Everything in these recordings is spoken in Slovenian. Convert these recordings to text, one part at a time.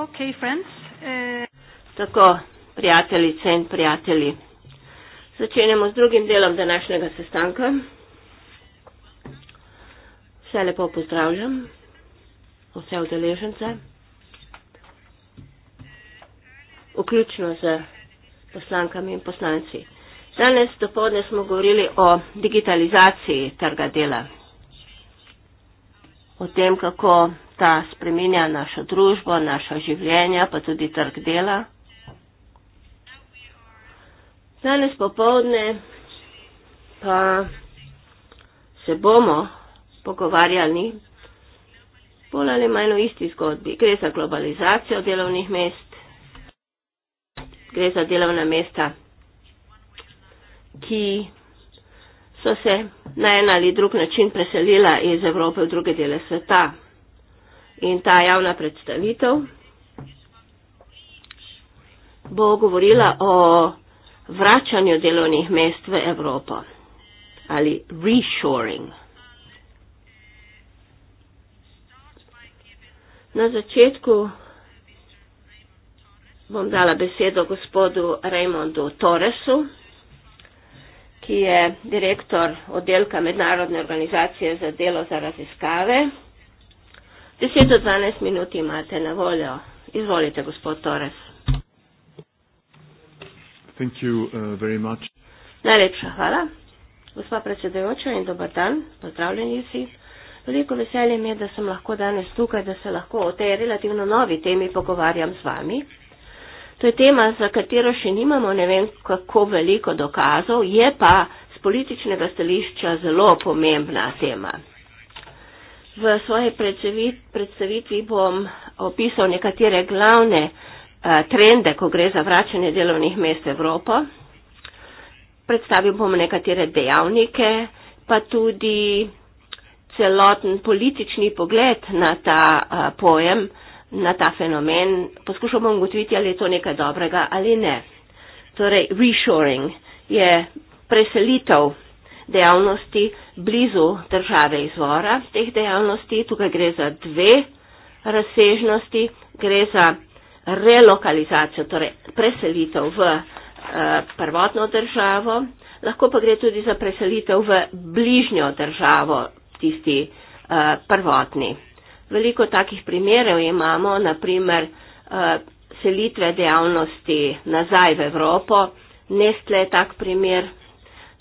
Okay, friends, eh... Tako, prijateljice in prijatelji, začenjamo z drugim delom današnjega sestanka. Vse lepo pozdravljam, vse udeležence, vključno z poslankami in poslanci. Danes dopoledne smo govorili o digitalizaciji trga dela, o tem, kako ta spremenja našo družbo, naša življenja, pa tudi trg dela. Danes popovdne pa se bomo pogovarjali bolj ali manj o isti zgodbi. Gre za globalizacijo delovnih mest, gre za delovna mesta, ki so se na en ali drug način preselila iz Evrope v druge dele sveta. In ta javna predstavitev bo govorila o vračanju delovnih mest v Evropo ali reshoring. Na začetku bom dala besedo gospodu Raymondu Torresu, ki je direktor oddelka Mednarodne organizacije za delo za raziskave 10 do 12 minut imate na voljo. Izvolite, gospod Torres. Thank you, uh, very much. Najlepša hvala. Gospa predsedujoča in dober dan, pozdravljeni vsi. Veliko veselje mi je, da sem lahko danes tukaj, da se lahko o tej relativno novi temi pogovarjam z vami. To je tema, za katero še nimamo ne vem kako veliko dokazov, je pa z političnega stališča zelo pomembna tema. V svoji predstavitvi bom opisal nekatere glavne eh, trende, ko gre za vračanje delovnih mest v Evropo. Predstavil bom nekatere dejavnike, pa tudi celoten politični pogled na ta eh, pojem, na ta fenomen. Poskušal bom ugotoviti, ali je to nekaj dobrega ali ne. Torej, reshoring je preselitev dejavnosti blizu države izvora teh dejavnosti. Tukaj gre za dve razsežnosti. Gre za relokalizacijo, torej preselitev v eh, prvotno državo, lahko pa gre tudi za preselitev v bližnjo državo, tisti eh, prvotni. Veliko takih primerov imamo, naprimer eh, selitve dejavnosti nazaj v Evropo. Nestle je tak primer,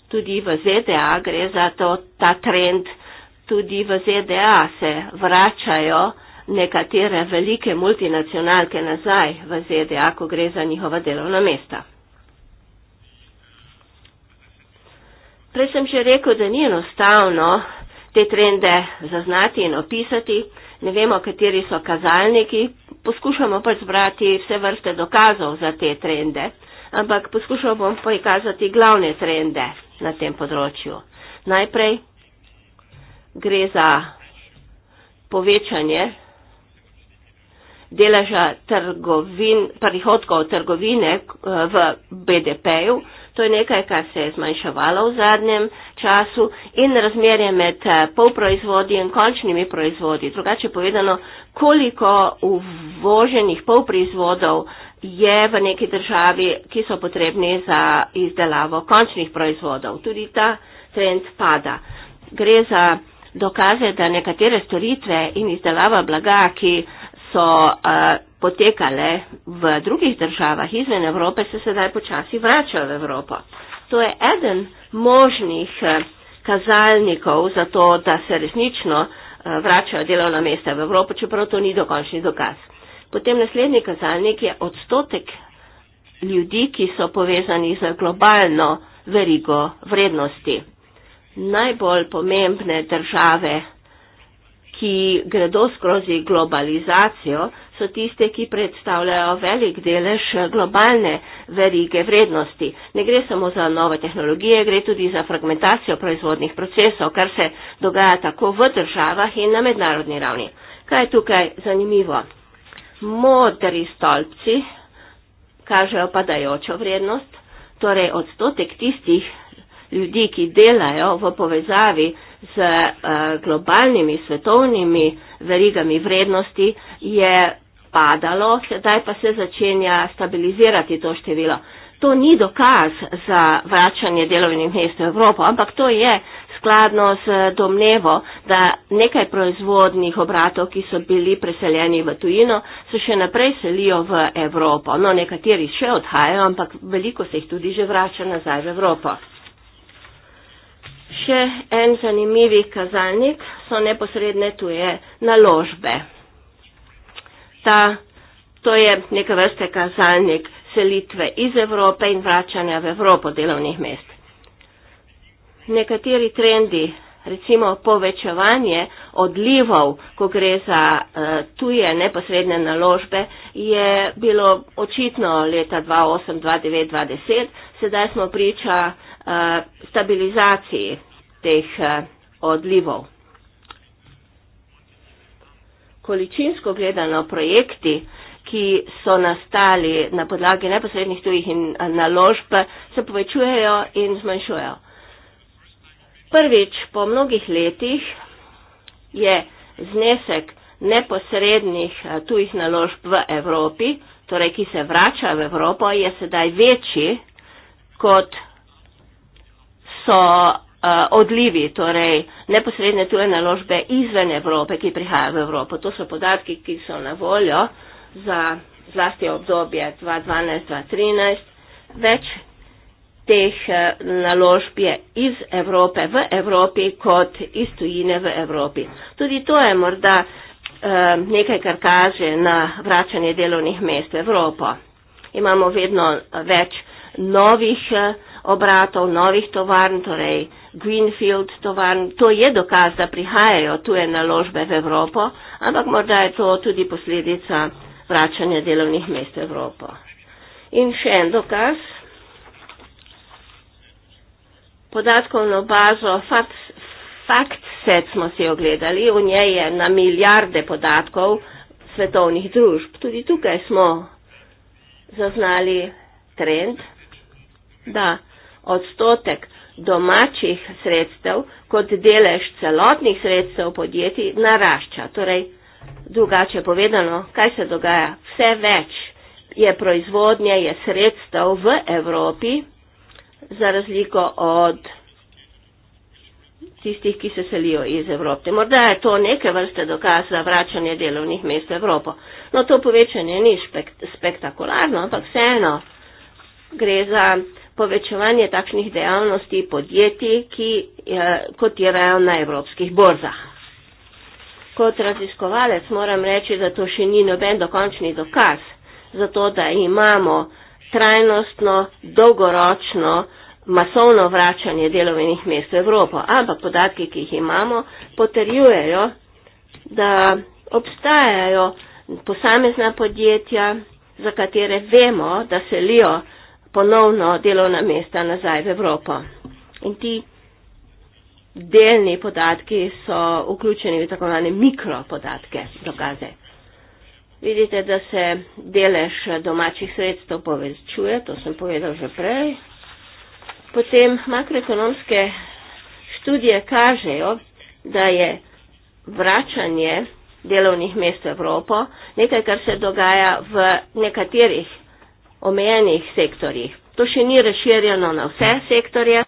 tudi v ZDA gre za to, ta trend, tudi v ZDA se vračajo nekatere velike multinacionalke nazaj v ZDA, ko gre za njihova delovna mesta. Prej sem že rekel, da ni enostavno te trende zaznati in opisati, ne vemo, kateri so kazalniki, poskušamo pa zbrati vse vrste dokazov za te trende, ampak poskušal bom prikazati glavne trende na tem področju. Najprej gre za povečanje deleža trgovin, prihodkov trgovine eh, v BDP-ju. To je nekaj, kar se je zmanjševalo v zadnjem času in razmerje med eh, polproizvodi in končnimi proizvodi. Drugače povedano, koliko uvoženih polproizvodov je v neki državi, ki so potrebni za izdelavo končnih proizvodov. Tudi ta trend pada. Gre za dokaze, da nekatere storitve in izdelava blaga, ki so uh, potekale v drugih državah izven Evrope, se sedaj počasi vračajo v Evropo. To je eden možnih eh, kazalnikov za to, da se resnično uh, vračajo delovna mesta v Evropo, čeprav to ni dokončni dokaz. Potem naslednji kazalnik je odstotek ljudi, ki so povezani z globalno verigo vrednosti. Najbolj pomembne države, ki gredo skozi globalizacijo, so tiste, ki predstavljajo velik delež globalne verige vrednosti. Ne gre samo za nove tehnologije, gre tudi za fragmentacijo proizvodnih procesov, kar se dogaja tako v državah in na mednarodni ravni. Kaj je tukaj zanimivo? modri stolpci kažejo padajočo vrednost, torej odstotek tistih ljudi, ki delajo v povezavi z eh, globalnimi svetovnimi verigami vrednosti, je padalo, sedaj pa se začenja stabilizirati to število. To ni dokaz za vračanje delovnih mest v Evropo, ampak to je skladno s domnevo, da nekaj proizvodnih obratov, ki so bili preseljeni v tujino, se še naprej selijo v Evropo. No, nekateri še odhajajo, ampak veliko se jih tudi že vrača nazaj v Evropo. Še en zanimivi kazalnik so neposredne tuje naložbe. Ta, to je neka vrste kazalnik selitve iz Evrope in vračanja v Evropo delovnih mest nekateri trendi, recimo povečevanje odlivov, ko gre za uh, tuje neposredne naložbe, je bilo očitno leta 2008, 2009, 2010, sedaj smo priča uh, stabilizaciji teh uh, odlivov. Količinsko gledano projekti, ki so nastali na podlagi neposrednih tujih naložb, se povečujejo in zmanjšujejo. Prvič, po mnogih letih je znesek neposrednih eh, tujih naložb v Evropi, torej ki se vračajo v Evropo, je sedaj večji kot so uh, odlivi, torej neposredne tuje naložbe izven Evrope, ki prihajajo v Evropo. To so podatki, ki so na voljo za zlasti obdobje 2012-2013. Več teh eh, naložb je iz Evrope v Evropi kot iz tujine v Evropi. Tudi to je morda eh, nekaj, kar kaže na vračanje delovnih mest v Evropo. Imamo vedno več novih eh, obratov, novih tovarn, torej Greenfield tovarn. To je dokaz, da prihajajo tuje naložbe v Evropo, ampak morda je to tudi posledica vračanja delovnih mest v Evropo. In še en dokaz, podatkovno bazo FactSet smo si ogledali, v njej je na milijarde podatkov svetovnih družb. Tudi tukaj smo zaznali trend, da odstotek domačih sredstev kot delež celotnih sredstev podjetij narašča. Torej, drugače povedano, kaj se dogaja? Vse več je proizvodnje, je sredstev v Evropi, za razliko od tistih, ki se selijo iz Evrope. Morda je to neke vrste dokaz za vračanje delovnih mest v Evropo. No, to povečanje ni spek spektakularno, ampak vseeno gre za povečevanje takšnih dejavnosti podjetij, ki eh, je, kotirajo na evropskih borzah. Kot raziskovalec moram reči, da to še ni noben dokončni dokaz za to, da imamo trajnostno, dolgoročno, masovno vračanje delovnih mest v Evropo. Ampak podatki, ki jih imamo, potrjujejo, da obstajajo posamezna podjetja, za katere vemo, da selijo ponovno delovna mesta nazaj v Evropo. In ti delni podatki so vključeni v tako imenovane mikropodatke, dokaze. Vidite, da se delež domačih sredstev povečuje, to sem povedal že prej. Potem makroekonomske študije kažejo, da je vračanje delovnih mest v Evropo nekaj, kar se dogaja v nekaterih omejenih sektorjih. To še ni razširjeno na vse sektorje,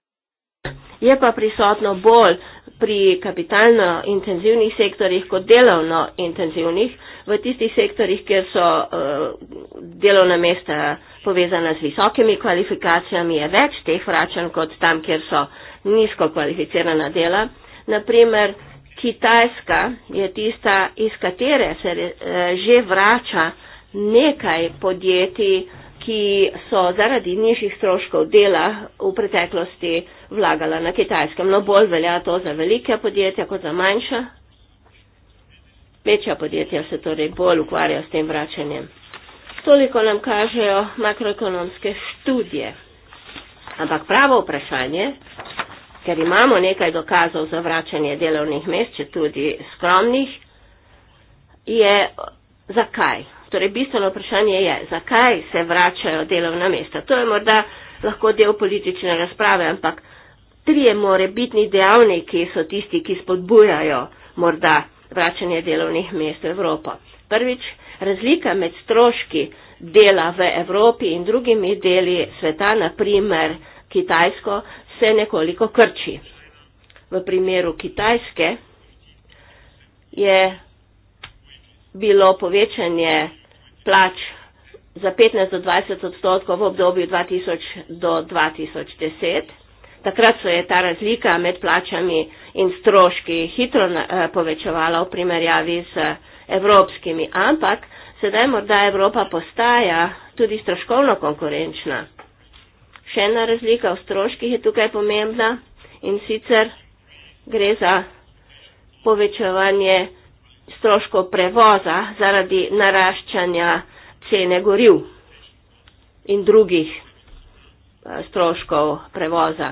je pa prisotno bolj pri kapitalno intenzivnih sektorjih kot delovno intenzivnih v tistih sektorjih, kjer so uh, delovna mesta povezana z visokimi kvalifikacijami, je več teh vračanj kot tam, kjer so nizko kvalificirana dela. Naprimer, Kitajska je tista, iz katere se uh, že vrača nekaj podjetij, ki so zaradi nižjih stroškov dela v preteklosti vlagala na kitajskem. No, bolj velja to za velike podjetja kot za manjša, Večja podjetja se torej bolj ukvarjajo s tem vračanjem. Toliko nam kažejo makroekonomske študije. Ampak pravo vprašanje, ker imamo nekaj dokazov za vračanje delovnih mest, če tudi skromnih, je zakaj. Torej, bistveno vprašanje je, zakaj se vračajo delovna mesta. To je morda lahko del politične razprave, ampak trije morebitni dejavniki so tisti, ki spodbujajo morda vračanje delovnih mest v Evropo. Prvič, razlika med stroški dela v Evropi in drugimi deli sveta, naprimer Kitajsko, se nekoliko krči. V primeru Kitajske je bilo povečanje plač za 15 do 20 odstotkov v obdobju 2000 do 2010. Takrat se je ta razlika med plačami in stroški hitro eh, povečevala v primerjavi z eh, evropskimi, ampak sedaj morda Evropa postaja tudi stroškovno konkurenčna. Še ena razlika v stroških je tukaj pomembna in sicer gre za povečevanje stroškov prevoza zaradi naraščanja cene goriv in drugih eh, stroškov prevoza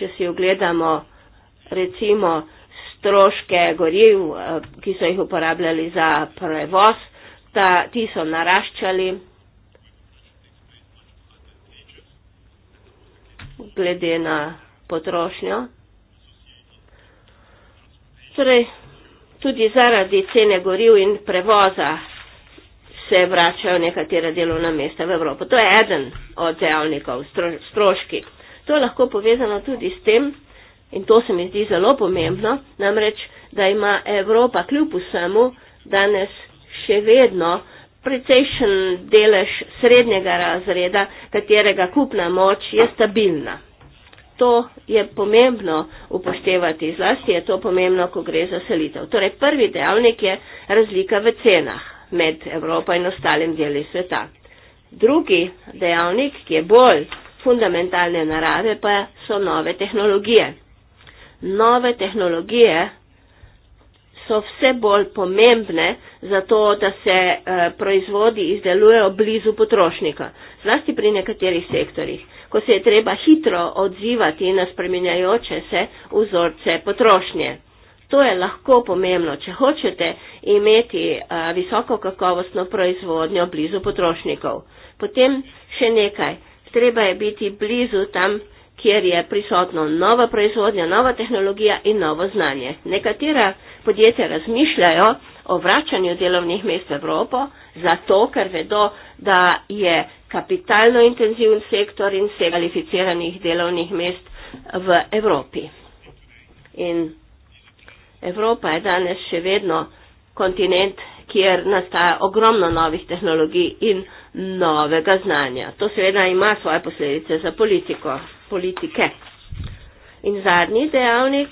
če si ogledamo recimo stroške goriv, eh, ki so jih uporabljali za prevoz, ta, ti so naraščali. glede na potrošnjo. Torej, tudi zaradi cene goriv in prevoza se vračajo nekatera delovna mesta v Evropo. To je eden od dejavnikov, stroški. To je lahko povezano tudi s tem, in to se mi zdi zelo pomembno, namreč, da ima Evropa kljub vsemu danes še vedno precejšen delež srednjega razreda, katerega kupna moč je stabilna. To je pomembno upoštevati, zlasti je to pomembno, ko gre za selitev. Torej, prvi dejavnik je razlika v cenah med Evropo in ostalim deli sveta. Drugi dejavnik, ki je bolj fundamentalne narave pa so nove tehnologije. Nove tehnologije so vse bolj pomembne za to, da se eh, proizvodi izdelujejo blizu potrošnika, zlasti pri nekaterih sektorjih, ko se je treba hitro odzivati na spreminjajoče se vzorce potrošnje. To je lahko pomembno, če hočete imeti eh, visoko kakovostno proizvodnjo blizu potrošnikov. Potem še nekaj treba je biti blizu tam, kjer je prisotno nova proizvodnja, nova tehnologija in novo znanje. Nekatera podjetja razmišljajo o vračanju delovnih mest v Evropo, zato ker vedo, da je kapitalno intenziven sektor in vse kvalificiranih delovnih mest v Evropi. In Evropa je danes še vedno kontinent, kjer nastaja ogromno novih tehnologij in tehnologij novega znanja. To seveda ima svoje posledice za politiko, politike. In zadnji dejavnik,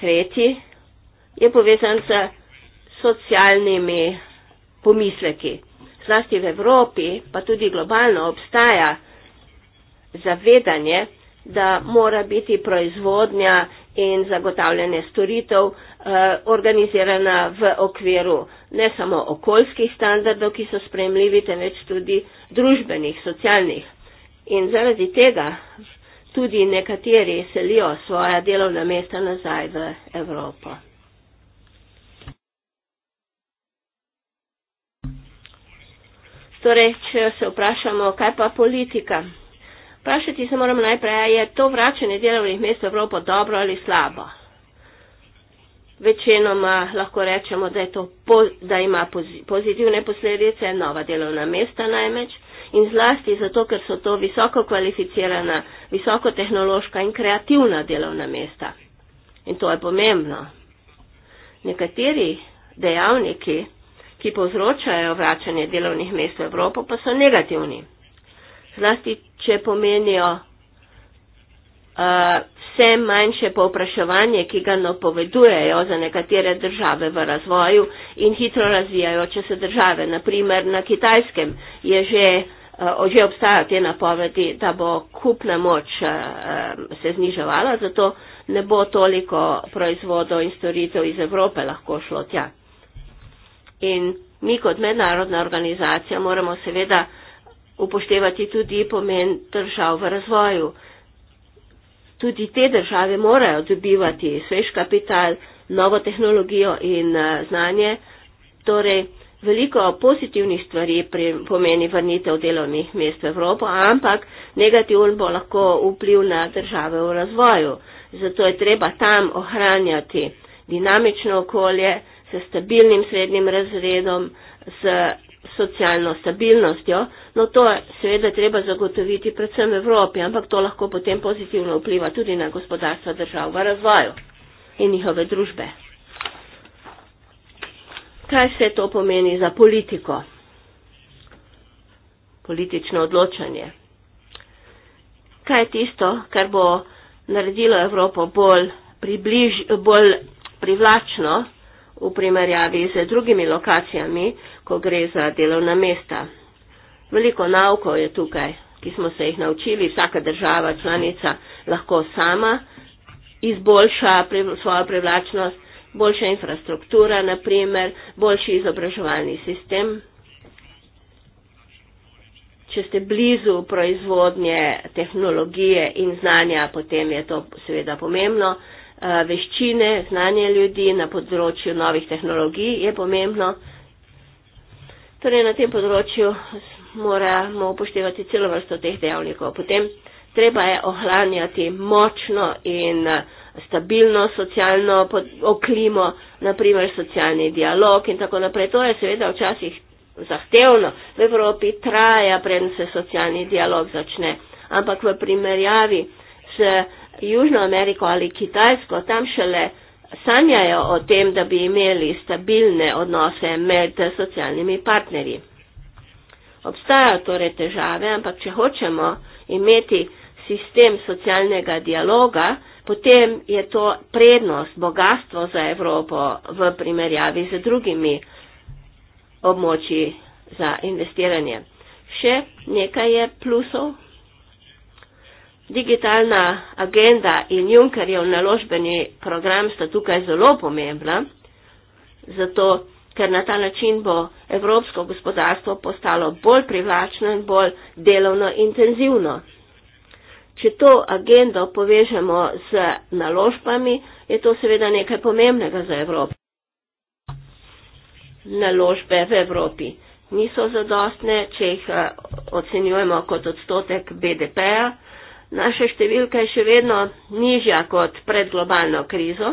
tretji, je povezan s socialnimi pomisleki. Zlasti v Evropi, pa tudi globalno obstaja zavedanje, da mora biti proizvodnja in zagotavljanje storitev eh, organizirana v okviru ne samo okoljskih standardov, ki so spremljivi, temveč tudi družbenih, socialnih. In zaradi tega tudi nekateri selijo svoja delovna mesta nazaj v Evropo. Torej, če se vprašamo, kaj pa politika? Vprašati se moramo najprej, je to vračanje delovnih mest v Evropo dobro ali slabo? večinoma lahko rečemo, da, po, da ima pozitivne posledice, nova delovna mesta največ in zlasti zato, ker so to visoko kvalificirana, visoko tehnološka in kreativna delovna mesta. In to je pomembno. Nekateri dejavniki, ki povzročajo vračanje delovnih mest v Evropo, pa so negativni. Zlasti, če pomenijo. Uh, vse manjše povpraševanje, ki ga napovedujejo za nekatere države v razvoju in hitro razvijajoče se države. Naprimer na kitajskem je že, eh, že obstajajo te napovedi, da bo kupna moč eh, se zniževala, zato ne bo toliko proizvodov in storitev iz Evrope lahko šlo tja. In mi kot mednarodna organizacija moramo seveda upoštevati tudi pomen držav v razvoju tudi te države morajo dobivati svež kapital, novo tehnologijo in eh, znanje. Torej, veliko pozitivnih stvari pri, pomeni vrnitev delovnih mest v Evropo, ampak negativen bo lahko vpliv na države v razvoju. Zato je treba tam ohranjati dinamično okolje s stabilnim srednjim razredom, s socialno stabilnostjo, no to je seveda treba zagotoviti predvsem Evropi, ampak to lahko potem pozitivno vpliva tudi na gospodarstva držav v razvoju in njihove družbe. Kaj vse to pomeni za politiko? Politično odločanje. Kaj je tisto, kar bo naredilo Evropo bolj, približ, bolj privlačno? v primerjavi z drugimi lokacijami, ko gre za delovna mesta. Veliko naukov je tukaj, ki smo se jih naučili, vsaka država članica lahko sama izboljša svojo privlačnost, boljša infrastruktura, naprimer, boljši izobraževalni sistem. Če ste blizu proizvodnje, tehnologije in znanja, potem je to seveda pomembno veščine, znanje ljudi na področju novih tehnologij je pomembno. Torej, na tem področju moramo upoštevati celo vrsto teh dejavnikov. Potem treba je ohranjati močno in stabilno socialno oklimo, naprimer socialni dialog in tako naprej. To je seveda včasih zahtevno. V Evropi traja, preden se socialni dialog začne. Ampak v primerjavi s Južno Ameriko ali Kitajsko, tam šele sanjajo o tem, da bi imeli stabilne odnose med socialnimi partnerji. Obstajajo torej težave, ampak če hočemo imeti sistem socialnega dialoga, potem je to prednost, bogatstvo za Evropo v primerjavi z drugimi območji za investiranje. Še nekaj je plusov digitalna agenda in Junkerjev naložbeni program sta tukaj zelo pomembna, zato ker na ta način bo evropsko gospodarstvo postalo bolj privlačno in bolj delovno intenzivno. Če to agendo povežemo z naložbami, je to seveda nekaj pomembnega za Evropo. Naložbe v Evropi niso zadostne, če jih eh, ocenjujemo kot odstotek BDP-ja naša številka je še vedno nižja kot pred globalno krizo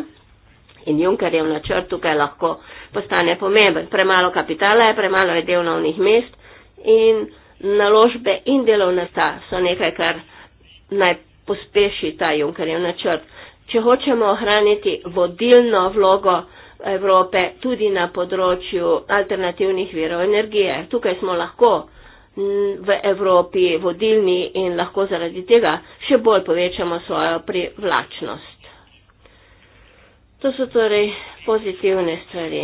in Junker je v načrtu, kaj lahko postane pomemben. Premalo kapitala je, premalo je delovnih mest in naložbe in delovna sta so nekaj, kar naj pospeši ta Junkerjev načrt. Če hočemo ohraniti vodilno vlogo Evrope tudi na področju alternativnih virov energije, tukaj smo lahko Mm, v Evropi vodilni in lahko zaradi tega še bolj povečamo svojo privlačnost. To so torej pozitivne stvari.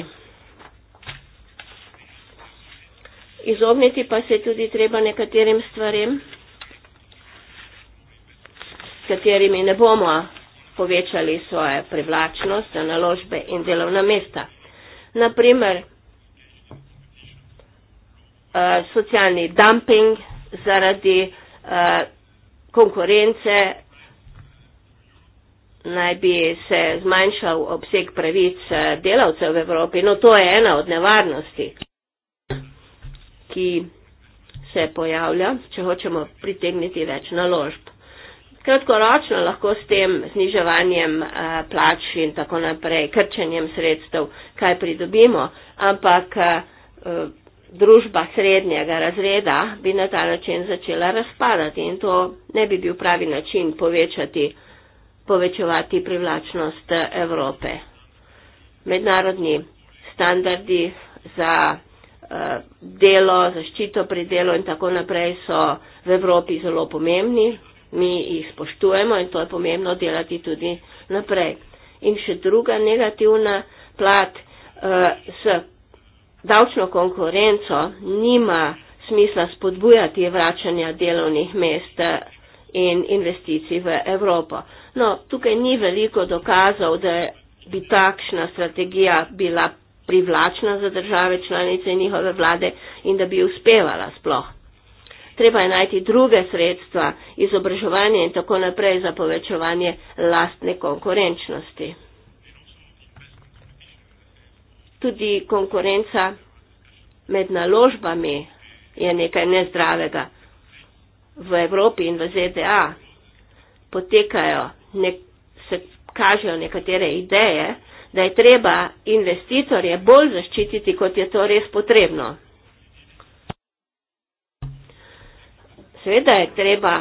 Izogniti pa se tudi treba nekaterim stvarem, s katerimi ne bomo povečali svoje privlačnost za naložbe in delovna mesta. Naprimer, Eh, socialni dumping zaradi eh, konkurence, naj bi se zmanjšal obseg pravic eh, delavcev v Evropi. No, to je ena od nevarnosti, ki se pojavlja, če hočemo pritegniti več naložb. Kratkoročno lahko s tem zniževanjem plač in tako naprej, krčenjem sredstev, kaj pridobimo, ampak družba srednjega razreda bi na ta način začela razpadati in to ne bi bil pravi način povečati, povečevati privlačnost Evrope. Mednarodni standardi za eh, delo, zaščito pri delu in tako naprej so v Evropi zelo pomembni, mi jih spoštujemo in to je pomembno delati tudi naprej. In še druga negativna plat eh, s davčno konkurenco nima smisla spodbujati vračanja delovnih mest eh, in investicij v Evropo. No, tukaj ni veliko dokazov, da bi takšna strategija bila privlačna za države članice in njihove vlade in da bi uspevala sploh. Treba je najti druge sredstva, izobraževanje in tako naprej za povečovanje lastne konkurenčnosti tudi konkurenca med naložbami je nekaj nezdravega. V Evropi in v ZDA potekajo, nek, se kažejo nekatere ideje, da je treba investitorje bolj zaščititi, kot je to res potrebno. Seveda je treba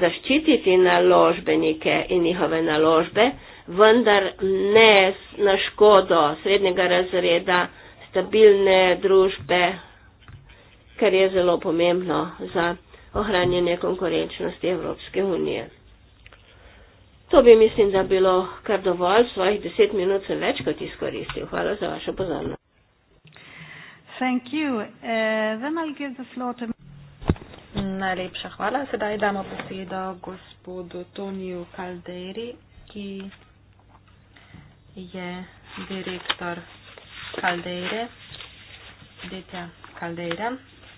zaščititi naložbenike in njihove naložbe, vendar ne na škodo srednjega razreda, stabilne družbe, kar je zelo pomembno za ohranjanje konkurenčnosti Evropske unije. To bi mislim, da bilo kar dovolj, svojih deset minut sem več kot izkoristil. Hvala za vašo pozornost. Thank you. Uh, then I'll give the floor to... Najlepša hvala. Sedaj damo besedo gospodu Toniju Calderi, ki je direktor Kaldeire, Detja Kaldeira.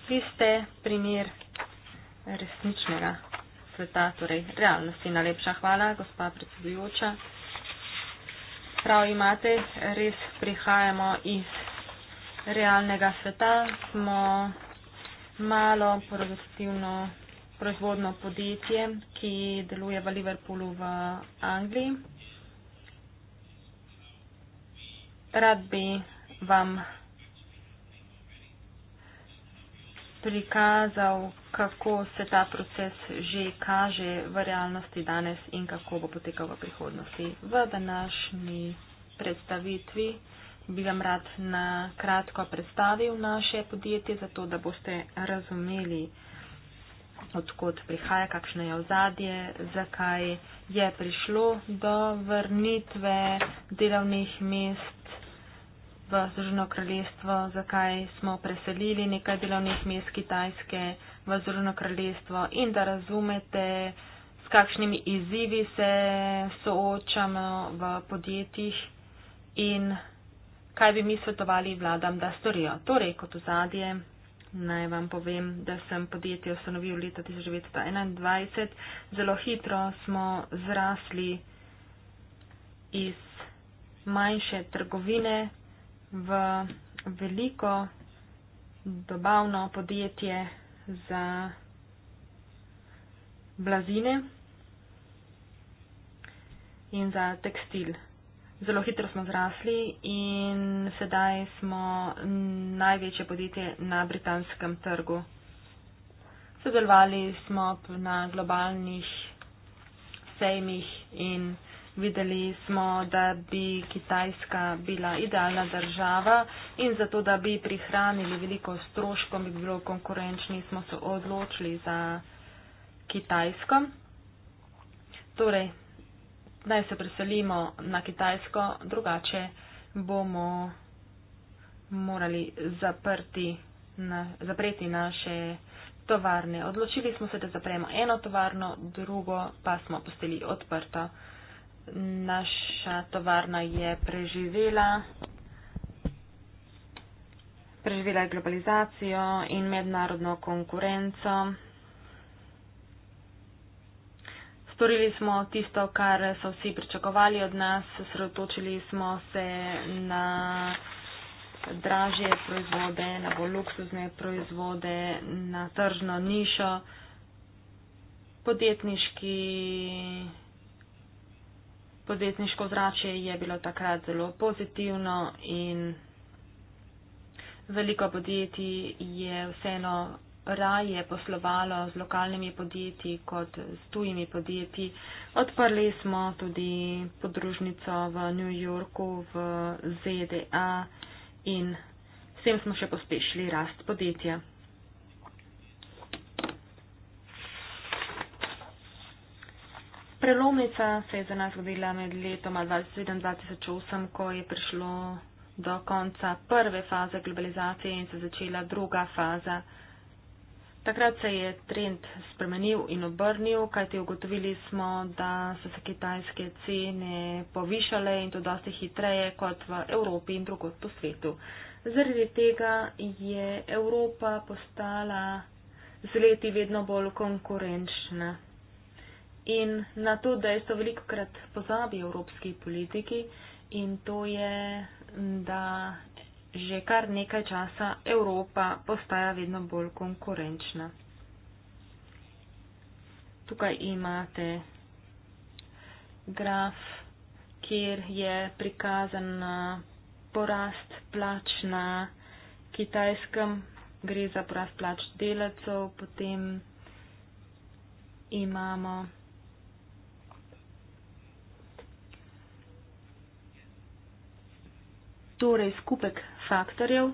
Vi ste primer resničnega sveta, torej realnosti. Najlepša hvala, gospa predsedujoča. Prav imate, res prihajamo iz realnega sveta. Smo malo produktivno proizvodno podjetje, ki deluje v Liverpoolu v Angliji. rad bi vam prikazal, kako se ta proces že kaže v realnosti danes in kako bo potekal v prihodnosti. V današnji predstavitvi bi vam rad na kratko predstavil naše podjetje, zato da boste razumeli, odkot prihaja, kakšno je ozadje, zakaj je prišlo do vrnitve delovnih mest v Združeno kraljestvo, zakaj smo preselili nekaj delovnih mest Kitajske v Združeno kraljestvo in da razumete, s kakšnimi izzivi se soočamo v podjetjih in kaj bi mi svetovali vladam, da storijo. Torej, kot ozadje, naj vam povem, da sem podjetje ustanovil leta 1921. Zelo hitro smo zrasli iz manjše trgovine v veliko dobavno podjetje za blazine in za tekstil. Zelo hitro smo zrasli in sedaj smo največje podjetje na britanskem trgu. Sodelovali smo na globalnih sejmih in Videli smo, da bi Kitajska bila idealna država in zato, da bi prihranili veliko stroškov, bi bilo konkurenčni, smo se odločili za Kitajsko. Torej, naj se preselimo na Kitajsko, drugače bomo morali zaprti, na, zapreti naše tovarne. Odločili smo se, da zapremo eno tovarno, drugo pa smo postili odprto naša tovarna je preživela, preživela je globalizacijo in mednarodno konkurenco. Storili smo tisto, kar so vsi pričakovali od nas, sredotočili smo se na dražje proizvode, na bolj luksuzne proizvode, na tržno nišo, podjetniški podjetniško zračje je bilo takrat zelo pozitivno in veliko podjetij je vseeno raje poslovalo z lokalnimi podjetji kot s tujimi podjetji. Odprli smo tudi podružnico v New Yorku, v ZDA in s tem smo še pospešili rast podjetja. Prelomnica se je za nas zgodila med letoma 2007-2008, ko je prišlo do konca prve faze globalizacije in se začela druga faza. Takrat se je trend spremenil in obrnil, kajti ugotovili smo, da so se kitajske cene povišale in to dosti hitreje kot v Evropi in drugot po svetu. Zaradi tega je Evropa postala z leti vedno bolj konkurenčna in na to, da so veliko krat pozabi evropski politiki in to je, da že kar nekaj časa Evropa postaja vedno bolj konkurenčna. Tukaj imate graf, kjer je prikazan porast plač na kitajskem, gre za porast plač delavcev, potem imamo torej skupek faktorjev,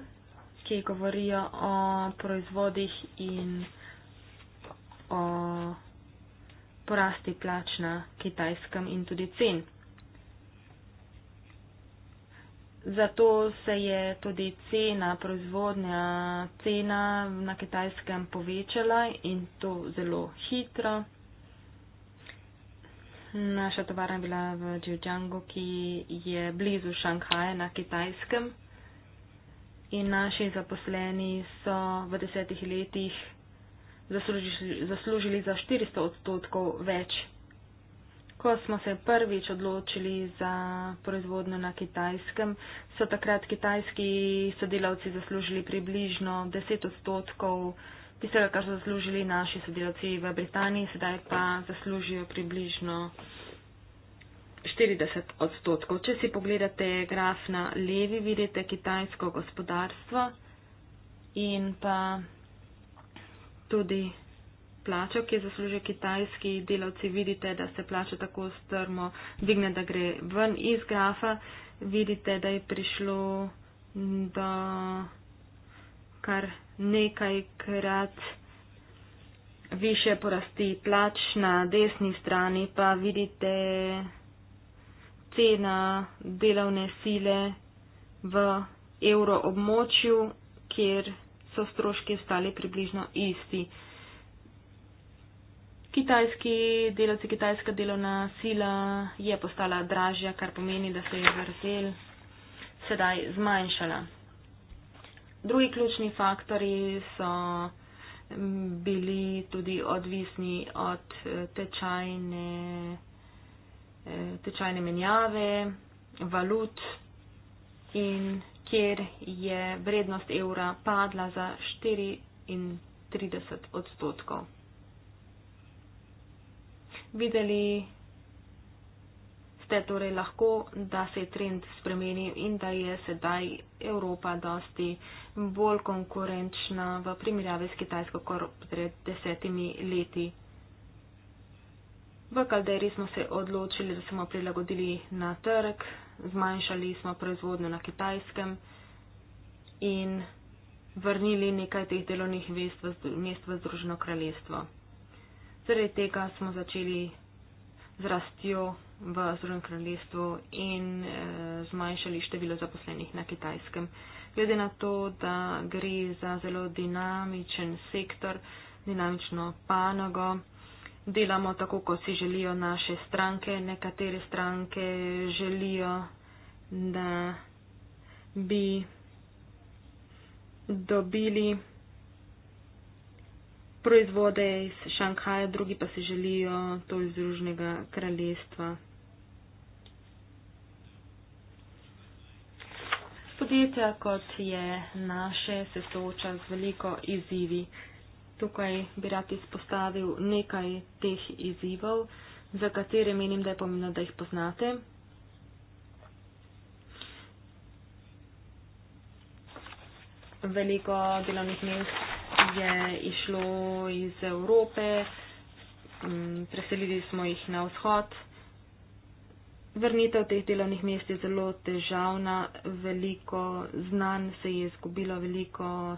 ki govorijo o proizvodih in o porasti plač na kitajskem in tudi cen. Zato se je tudi cena, proizvodnja cena na kitajskem povečala in to zelo hitro. Naša tovarna je bila v Zhejiangu, ki je blizu Šanghaja na Kitajskem. In naši zaposleni so v desetih letih zaslužili, zaslužili za 400 odstotkov več. Ko smo se prvič odločili za proizvodno na Kitajskem, so takrat kitajski sodelavci zaslužili približno 10 odstotkov več tistega, kar so zaslužili naši sodelavci v Britaniji, sedaj pa zaslužijo približno 40 odstotkov. Če si pogledate graf na levi, vidite kitajsko gospodarstvo in pa tudi plačo, ki zasluži kitajski delavci, vidite, da se plača tako strmo digne, da gre ven iz grafa, vidite, da je prišlo do kar nekajkrat više porasti plač, na desni strani pa vidite cena delovne sile v evroobmočju, kjer so stroški stali približno isti. Kitajski delavci, kitajska delovna sila je postala dražja, kar pomeni, da se je vrtel sedaj zmanjšala. Drugi ključni faktori so bili tudi odvisni od e, tečajne, e, tečajne menjave, valut in kjer je vrednost evra padla za 34 odstotkov. Videli ste torej lahko, da se je trend spremenil in da je sedaj Evropa dosti bolj konkurenčna v primerjavi s Kitajsko kot pred desetimi leti. V Kalderi smo se odločili, da smo prilagodili na trg, zmanjšali smo proizvodnjo na Kitajskem in vrnili nekaj teh delovnih mest v Združeno kraljestvo. Zaradi tega smo začeli z rastjo v Združenem kraljestvu in eh, zmanjšali število zaposlenih na kitajskem. Glede na to, da gre za zelo dinamičen sektor, dinamično panogo, delamo tako, kot si želijo naše stranke. Nekatere stranke želijo, da bi dobili proizvode iz Šanghaja, drugi pa si želijo to iz Združnega kraljestva. Podjetja, kot je naše, se sooča z veliko izzivi. Tukaj bi rad izpostavil nekaj teh izzivov, za katere menim, da je pomembno, da jih poznate. Veliko delovnih mest je išlo iz Evrope, mm, preselili smo jih na vzhod. Vrnitev teh delovnih mest je zelo težavna, veliko znanj se je izgubilo, veliko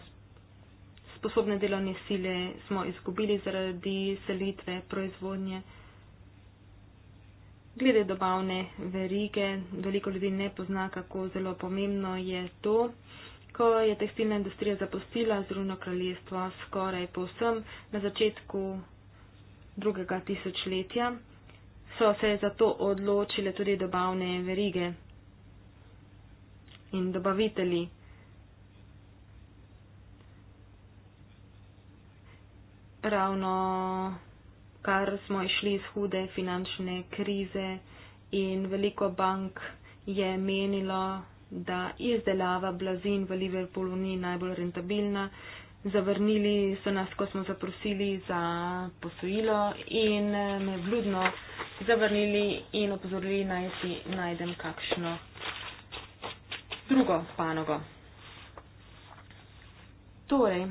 sposobne delovne sile smo izgubili zaradi selitve proizvodnje. Glede dobavne verige, veliko ljudi ne pozna, kako zelo pomembno je to ko je tekstilna industrija zapustila Zruno kraljestvo skoraj povsem na začetku drugega tisočletja, so se zato odločile tudi dobavne verige in dobavitelji. Ravno kar smo išli iz hude finančne krize in veliko bank je menilo, da je izdelava blazin v Liverpoolu ni najbolj rentabilna. Zavrnili so nas, ko smo zaprosili za posojilo in eh, me vludno zavrnili in opozorili, naj si najdem kakšno drugo panogo. Torej,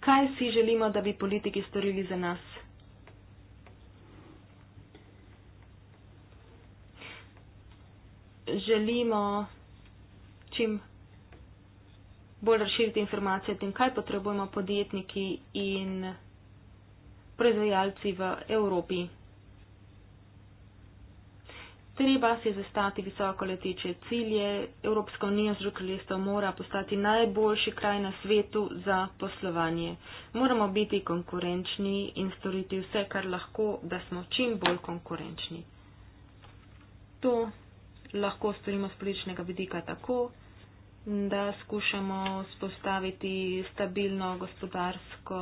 kaj si želimo, da bi politiki storili za nas? Želimo čim bolj razširiti informacije o tem, kaj potrebujemo podjetniki in proizvajalci v Evropi. Treba si zastati visoko leteče cilje. Evropska unija z rokljestvo mora postati najboljši kraj na svetu za poslovanje. Moramo biti konkurenčni in storiti vse, kar lahko, da smo čim bolj konkurenčni. To lahko storimo z političnega vidika tako, da skušamo spostaviti stabilno gospodarsko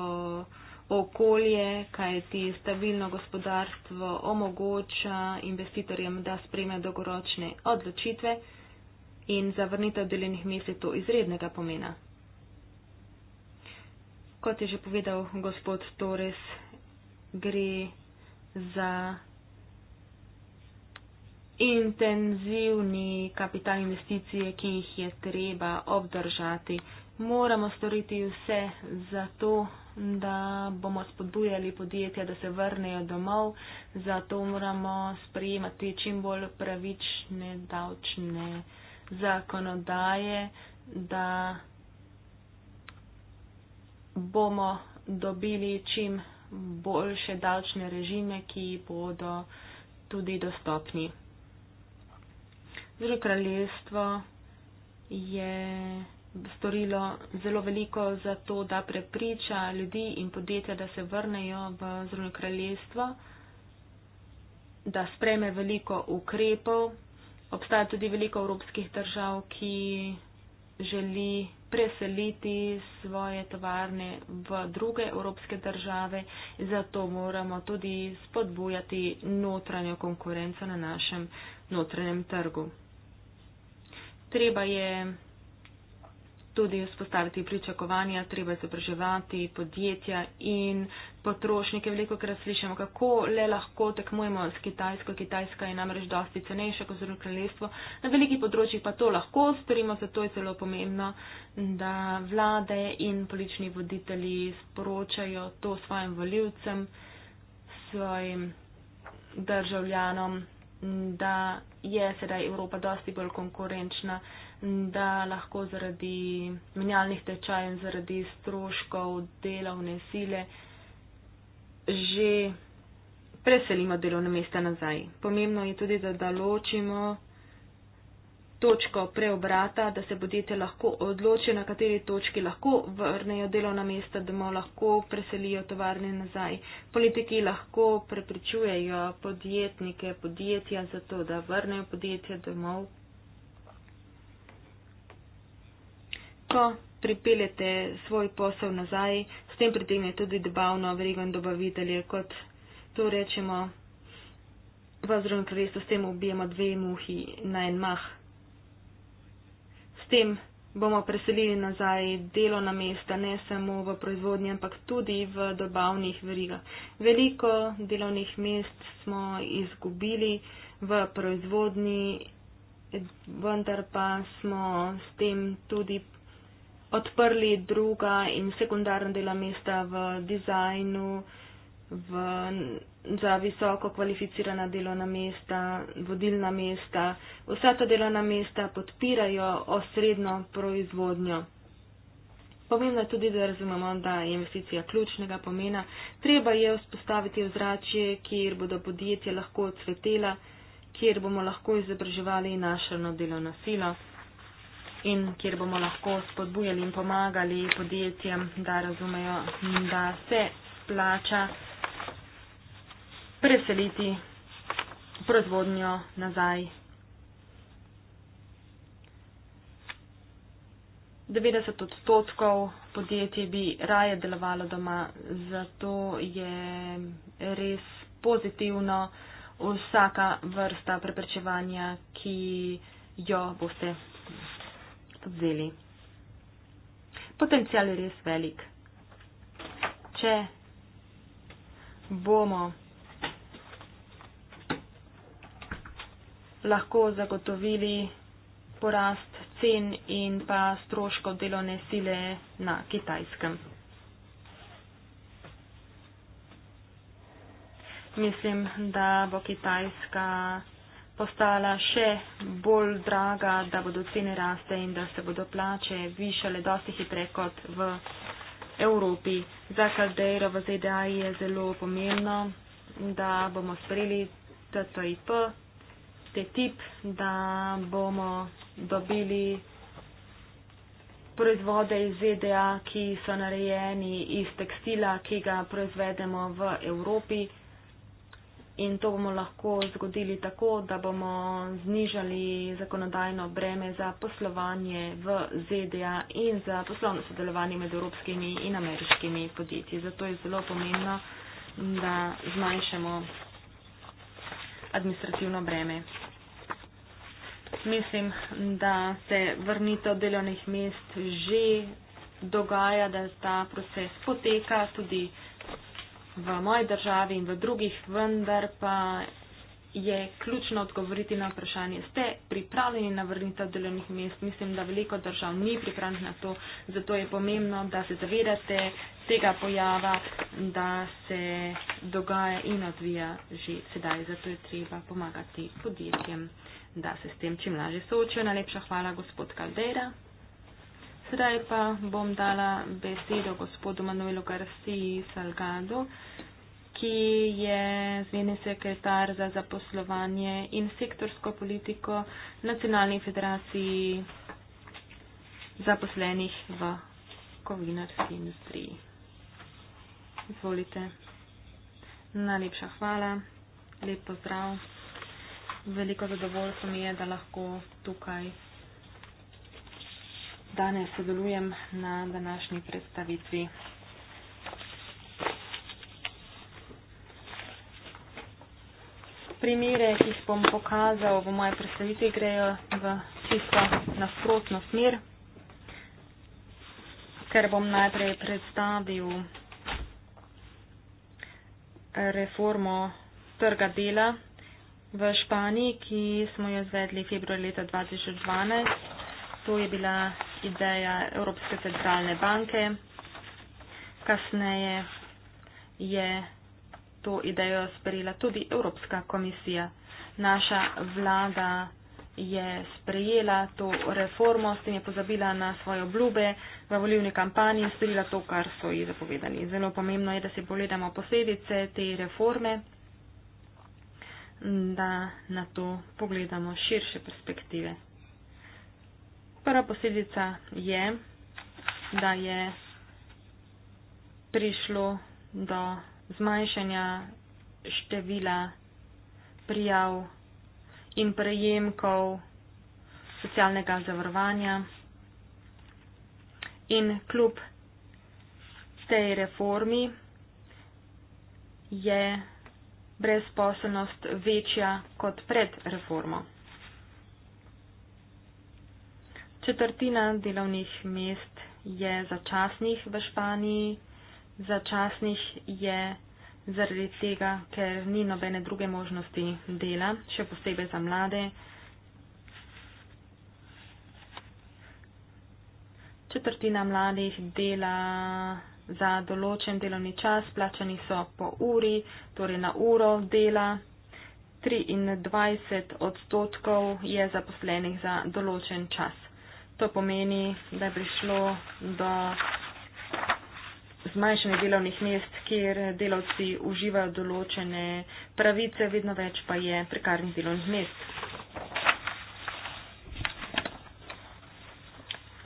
okolje, kajti stabilno gospodarstvo omogoča investitorjem, da spreme dolgoročne odločitve in zavrnitev delenih mest je to izrednega pomena. Kot je že povedal gospod Torres, gre za intenzivni kapital investicije, ki jih je treba obdržati. Moramo storiti vse za to, da bomo spodbujali podjetja, da se vrnejo domov, zato moramo sprejemati čim bolj pravične davčne zakonodaje, da bomo dobili čim boljše davčne režime, ki bodo tudi dostopni. Združeno kraljestvo je storilo zelo veliko za to, da prepriča ljudi in podjetja, da se vrnejo v Združeno kraljestvo, da spreme veliko ukrepov. Obstaja tudi veliko evropskih držav, ki želi preseliti svoje tovarne v druge evropske države, zato moramo tudi spodbujati notranjo konkurenco na našem notranjem trgu treba je tudi vzpostaviti pričakovanja, treba je zapraževati podjetja in potrošnike. Veliko krat slišimo, kako le lahko tekmujemo s Kitajsko. Kitajska je namreč dosti cenejša kot Združeno kraljestvo. Na velikih področjih pa to lahko storimo, zato je zelo pomembno, da vlade in politični voditelji sporočajo to svojim voljivcem, svojim državljanom, da je sedaj Evropa dosti bolj konkurenčna, da lahko zaradi menjalnih tečajev in zaradi stroškov delovne sile že preselimo delovne mesta nazaj. Pomembno je tudi, da določimo, da točko preobrata, da se podjetje lahko odloči, na kateri točki lahko vrnejo delovna mesta, da mu lahko preselijo tovarne nazaj. Politiki lahko prepričujejo podjetnike, podjetja za to, da vrnejo podjetje domov. Ko pripeljete svoj posel nazaj, s tem pritem je tudi debavno verigo in dobavitelje, kot to rečemo, v zdravem kraljestvu s tem ubijemo dve muhi na en mah tem bomo preselili nazaj delo na mesta, ne samo v proizvodnji, ampak tudi v dobavnih verigah. Veliko delovnih mest smo izgubili v proizvodnji, vendar pa smo s tem tudi odprli druga in sekundarna dela mesta v dizajnu, v za visoko kvalificirana delovna mesta, vodilna mesta. Vsa ta delovna mesta podpirajo osredno proizvodnjo. Pomembno je tudi, da razumemo, da je investicija ključnega pomena. Treba je vzpostaviti ozračje, kjer bodo podjetja lahko cvetela, kjer bomo lahko izobraževali našo delovno silo in kjer bomo lahko spodbujali in pomagali podjetjem, da razumejo, da se plača preseliti proizvodnjo nazaj. 90 odstotkov podjetij bi raje delovalo doma, zato je res pozitivno vsaka vrsta preprečevanja, ki jo boste vzeli. Potencial je res velik. Če bomo lahko zagotovili porast cen in pa stroško delovne sile na kitajskem. Mislim, da bo kitajska postala še bolj draga, da bodo cene raste in da se bodo plače višale dosti hitre kot v Evropi. Za Kaldero v ZDA je zelo pomembno, da bomo sprejeli TTIP te tip, da bomo dobili proizvode iz ZDA, ki so narejeni iz tekstila, ki ga proizvedemo v Evropi. In to bomo lahko zgodili tako, da bomo znižali zakonodajno breme za poslovanje v ZDA in za poslovno sodelovanje med evropskimi in ameriškimi podjetji. Zato je zelo pomembno, da zmanjšamo administrativno breme mislim, da se vrnitev delovnih mest že dogaja, da ta proces poteka tudi v moji državi in v drugih, vendar pa je ključno odgovoriti na vprašanje, ste pripravljeni na vrnitev delovnih mest. Mislim, da veliko držav ni pripravljenih na to, zato je pomembno, da se zavedate tega pojava, da se dogaja in odvija že sedaj. Zato je treba pomagati podjetjem da se s tem čim lažje soočajo. Najlepša hvala, gospod Kaldera. Sedaj pa bom dala besedo gospodu Manuelu Garciji Salgado, ki je zmeni sekretar za zaposlovanje in sektorsko politiko Nacionalni federaciji zaposlenih v kovinarski industriji. Izvolite. Najlepša hvala. Lep pozdrav veliko zadovoljstvo mi je, da lahko tukaj danes sodelujem na današnji predstavitvi. Primere, ki jih bom pokazal v moje predstavitvi, grejo v čisto nasprotno smer, ker bom najprej predstavil reformo trga dela V Španiji, ki smo jo izvedli februar leta 2012, to je bila ideja Evropske centralne banke. Kasneje je to idejo sprejela tudi Evropska komisija. Naša vlada je sprejela to reformo, s tem je pozabila na svoje obljube v volivni kampanji in sprejela to, kar so ji zapovedali. Zelo pomembno je, da se pogledamo posledice te reforme da na to pogledamo širše perspektive. Prva posledica je, da je prišlo do zmanjšanja števila prijav in prejemkov socialnega zavarovanja in kljub tej reformi je brezposobnost večja kot pred reformo. Četrtina delovnih mest je začasnih v Španiji, začasnih je zaradi tega, ker ni nobene druge možnosti dela, še posebej za mlade. Četrtina mladih dela za določen delovni čas, plačani so po uri, torej na uro dela. 23 odstotkov je zaposlenih za določen čas. To pomeni, da je prišlo do zmanjšanja delovnih mest, kjer delavci uživajo določene pravice, vedno več pa je prekarnih delovnih mest.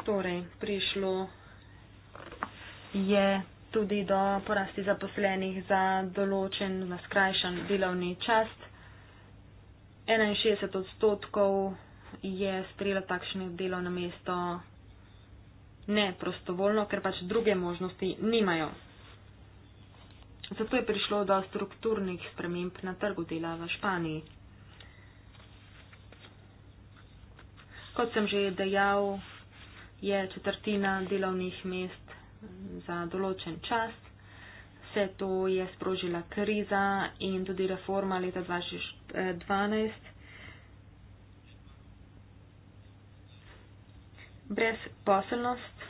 Torej, prišlo je tudi do porasti zaposlenih za določen, za skrajšan delovni čas. 61 odstotkov je sprejelo takšno delovno mesto ne prostovoljno, ker pač druge možnosti nimajo. Zato je prišlo do strukturnih sprememb na trgu dela v Španiji. Kot sem že dejal, je četrtina delovnih mest za določen čas. Vse to je sprožila kriza in tudi reforma leta 2012. Eh, Brezposelnost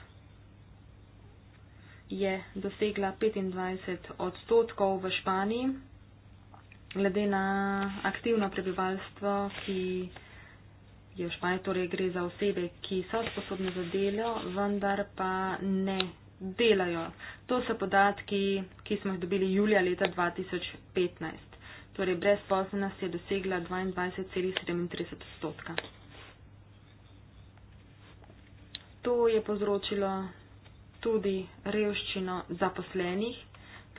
je dosegla 25 odstotkov v Španiji, glede na aktivno prebivalstvo, ki je v Španiji, torej gre za osebe, ki so sposobne za delo, vendar pa ne delajo. To so podatki, ki smo jih dobili julija leta 2015. Torej, brezposobnost je dosegla 22,37 odstotka. To je povzročilo tudi revščino zaposlenih,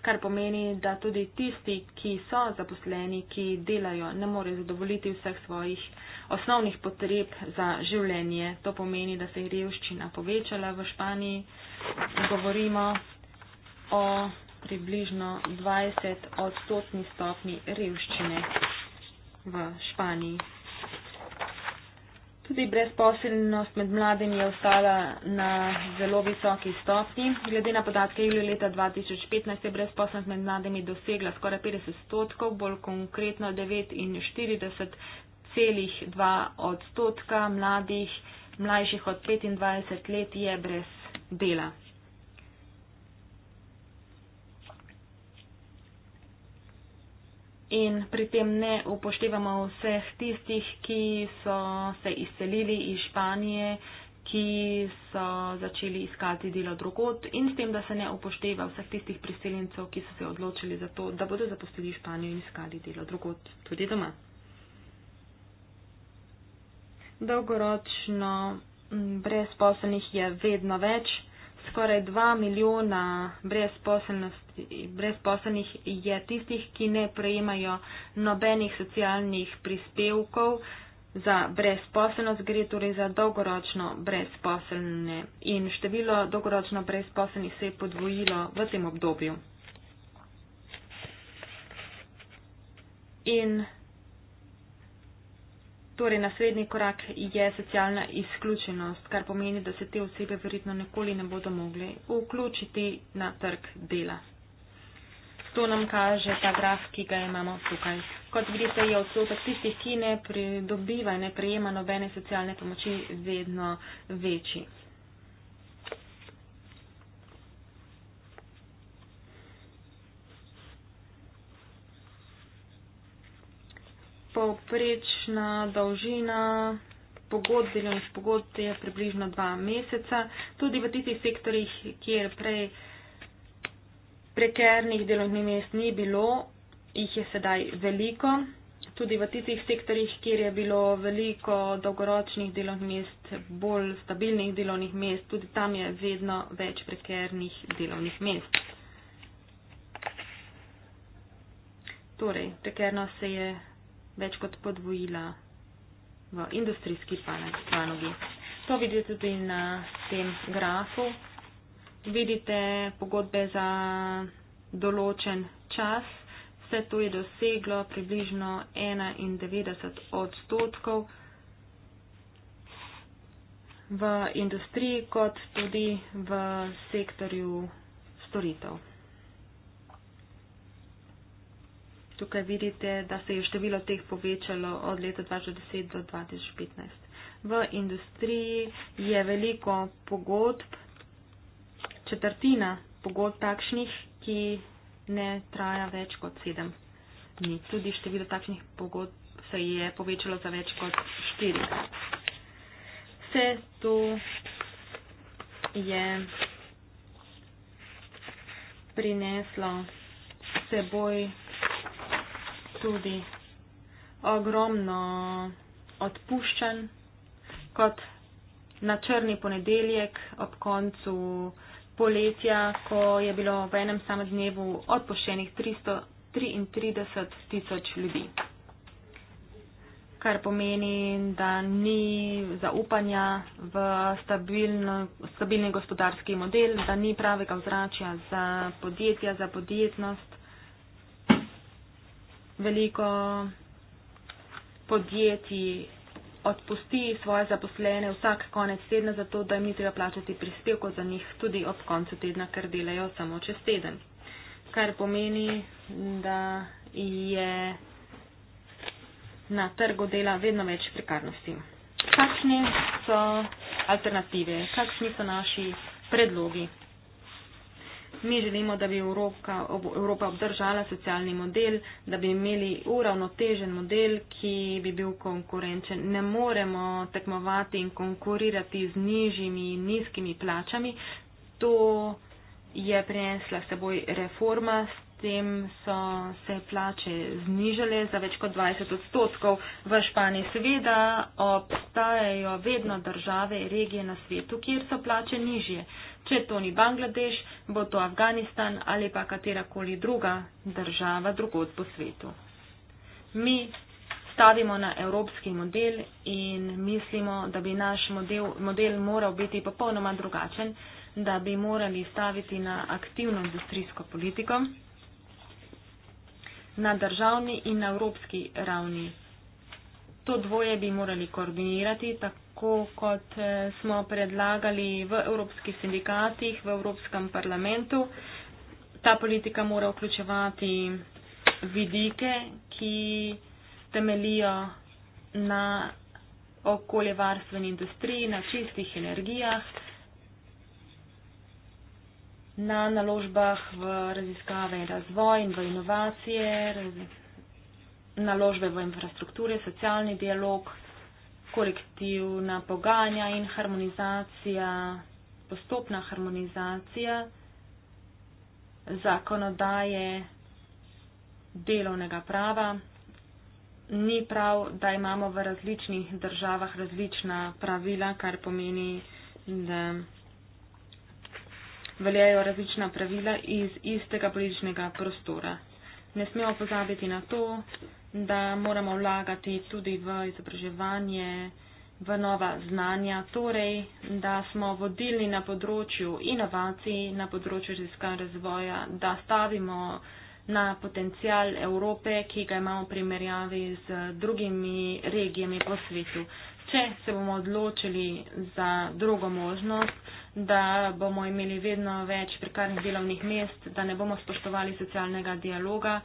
kar pomeni, da tudi tisti, ki so zaposleni, ki delajo, ne morejo zadovoljiti vseh svojih osnovnih potreb za življenje. To pomeni, da se je revščina povečala v Španiji. Govorimo o približno 20 odstotni stopni revščine v Španiji. Tudi brezposelnost med mladimi je ostala na zelo visoki stopnji. Glede na podatke julija leta 2015 je brezposelnost med mladimi dosegla skoraj 50 odstotkov, bolj konkretno 49,2 odstotka mladih, mlajših od 25 let je brez dela. in pri tem ne upoštevamo vseh tistih, ki so se izselili iz Španije, ki so začeli iskati delo drugot in s tem, da se ne upošteva vseh tistih priseljencev, ki so se odločili za to, da bodo zapustili Španijo in iskali delo drugot tudi doma. Dolgoročno brezposobnih je vedno več skoraj 2 milijona brezposelnih je tistih, ki ne prejemajo nobenih socialnih prispevkov za brezposelnost, gre torej za dolgoročno brezposelne in število dolgoročno brezposelnih se je podvojilo v tem obdobju. In Torej, naslednji korak je socialna izključenost, kar pomeni, da se te osebe verjetno nikoli ne bodo mogli vključiti na trg dela. To nam kaže ta graf, ki ga imamo tukaj. Kot vidite, je odstotek tistih, ki ne pridobiva in ne prejema nobene socialne pomoči, vedno večji. Povprečna dolžina pogodb, delovnih pogodb je približno dva meseca. Tudi v tistih sektorjih, kjer prej prekernih delovnih mest ni bilo, jih je sedaj veliko. Tudi v tistih sektorjih, kjer je bilo veliko dolgoročnih delovnih mest, bolj stabilnih delovnih mest, tudi tam je vedno več prekernih delovnih mest. Torej, prekernost se je več kot podvojila v industrijski panogi. To vidite tudi na tem grafu. Vidite pogodbe za določen čas. Vse to je doseglo približno 91 odstotkov v industriji kot tudi v sektorju storitev. Tukaj vidite, da se je število teh povečalo od leta 2010 do 2015. V industriji je veliko pogodb, četrtina pogodb takšnih, ki ne traja več kot sedem dni. Tudi število takšnih pogodb se je povečalo za več kot štiri. Vse to je prineslo seboj tudi ogromno odpuščen, kot na črni ponedeljek ob koncu poletja, ko je bilo v enem samem dnevu odpuščenih 333 tisoč ljudi. Kar pomeni, da ni zaupanja v stabilni gospodarski model, da ni pravega vzračja za podjetja, za podjetnost, veliko podjetij odpusti svoje zaposlene vsak konec tedna, zato da jim ni treba plačati prispevko za njih tudi ob koncu tedna, ker delajo samo čez teden. Kar pomeni, da je na trgu dela vedno več prekarnosti. Kakšne so alternative, kakšni so naši predlogi? Mi želimo, da bi Evropa, Evropa obdržala socialni model, da bi imeli uravnotežen model, ki bi bil konkurenčen. Ne moremo tekmovati in konkurirati z nižjimi in nizkimi plačami. To je prinesla s seboj reforma, medtem so se plače znižale za več kot 20 odstotkov. V Španiji seveda obstajajo vedno države, regije na svetu, kjer so plače nižje. Če to ni Bangladeš, bo to Afganistan ali pa katerakoli druga država drugod po svetu. Mi stavimo na evropski model in mislimo, da bi naš model, model moral biti popolnoma drugačen da bi morali staviti na aktivno industrijsko politiko na državni in na evropski ravni. To dvoje bi morali koordinirati, tako kot eh, smo predlagali v evropskih sindikatih, v evropskem parlamentu. Ta politika mora vključevati vidike, ki temelijo na okoljevarstveni industriji, na čistih energijah, na naložbah v raziskave in razvoj in v inovacije, naložbe v infrastrukture, socialni dialog, kolektivna pogajanja in harmonizacija, postopna harmonizacija zakonodaje delovnega prava. Ni prav, da imamo v različnih državah različna pravila, kar pomeni, da veljajo različna pravila iz istega političnega prostora. Ne smemo pozabiti na to, da moramo vlagati tudi v izobraževanje, v nova znanja, torej, da smo vodili na področju inovacij, na področju raziskav razvoja, da stavimo na potencial Evrope, ki ga imamo v primerjavi z drugimi regijami po svetu. Če se bomo odločili za drugo možnost, da bomo imeli vedno več prekarnih delovnih mest, da ne bomo spoštovali socialnega dialoga,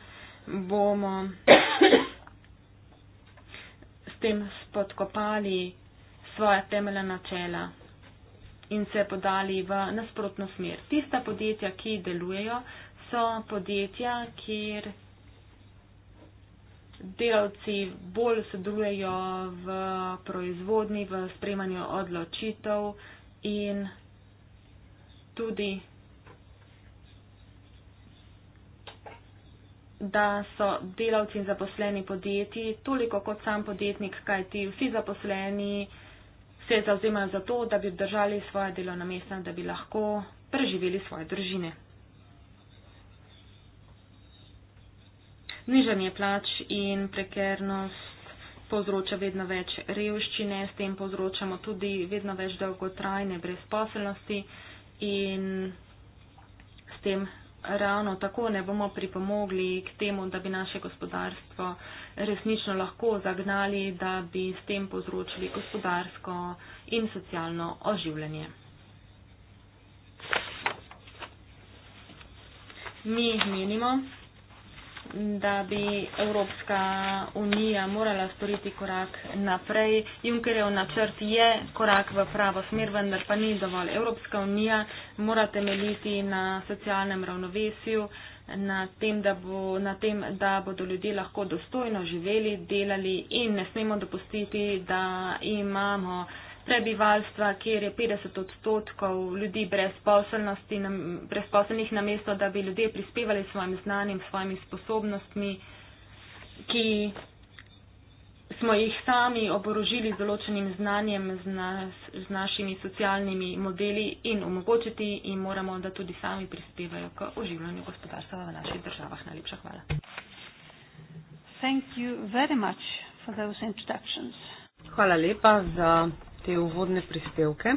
bomo s tem spodkopali svoje temeljne načela in se podali v nasprotno smer. Tista podjetja, ki delujejo, so podjetja, kjer delavci bolj sodelujejo v proizvodni, v spremanju odločitev in tudi, da so delavci in zaposleni podjetji toliko kot sam podjetnik, kajti vsi zaposleni se zauzemajo za to, da bi držali svoje delo na mesta, da bi lahko preživeli svoje družine. Nižanje plač in prekernost povzroča vedno več revščine, s tem povzročamo tudi vedno več dolgotrajne brezposelnosti in s tem ravno tako ne bomo pripomogli k temu, da bi naše gospodarstvo resnično lahko zagnali, da bi s tem povzročili gospodarsko in socialno oživljanje. Mi menimo, da bi Evropska unija morala storiti korak naprej. Junkerjev načrt je korak v pravo smer, vendar pa ni dovolj. Evropska unija mora temeljiti na socialnem ravnovesju, na tem, da, bo, na tem, da bodo ljudje lahko dostojno živeli, delali in ne smemo dopustiti, da imamo prebivalstva, kjer je 50 odstotkov ljudi brezposelnih, namesto da bi ljudje prispevali svojim znanjem, svojimi sposobnostmi, ki smo jih sami oborožili z določenim znanjem z, nas, z našimi socialnimi modeli in omogočiti in moramo, da tudi sami prispevajo k oživljanju gospodarstva v naših državah. Najlepša hvala. Hvala lepa za te uvodne prispevke.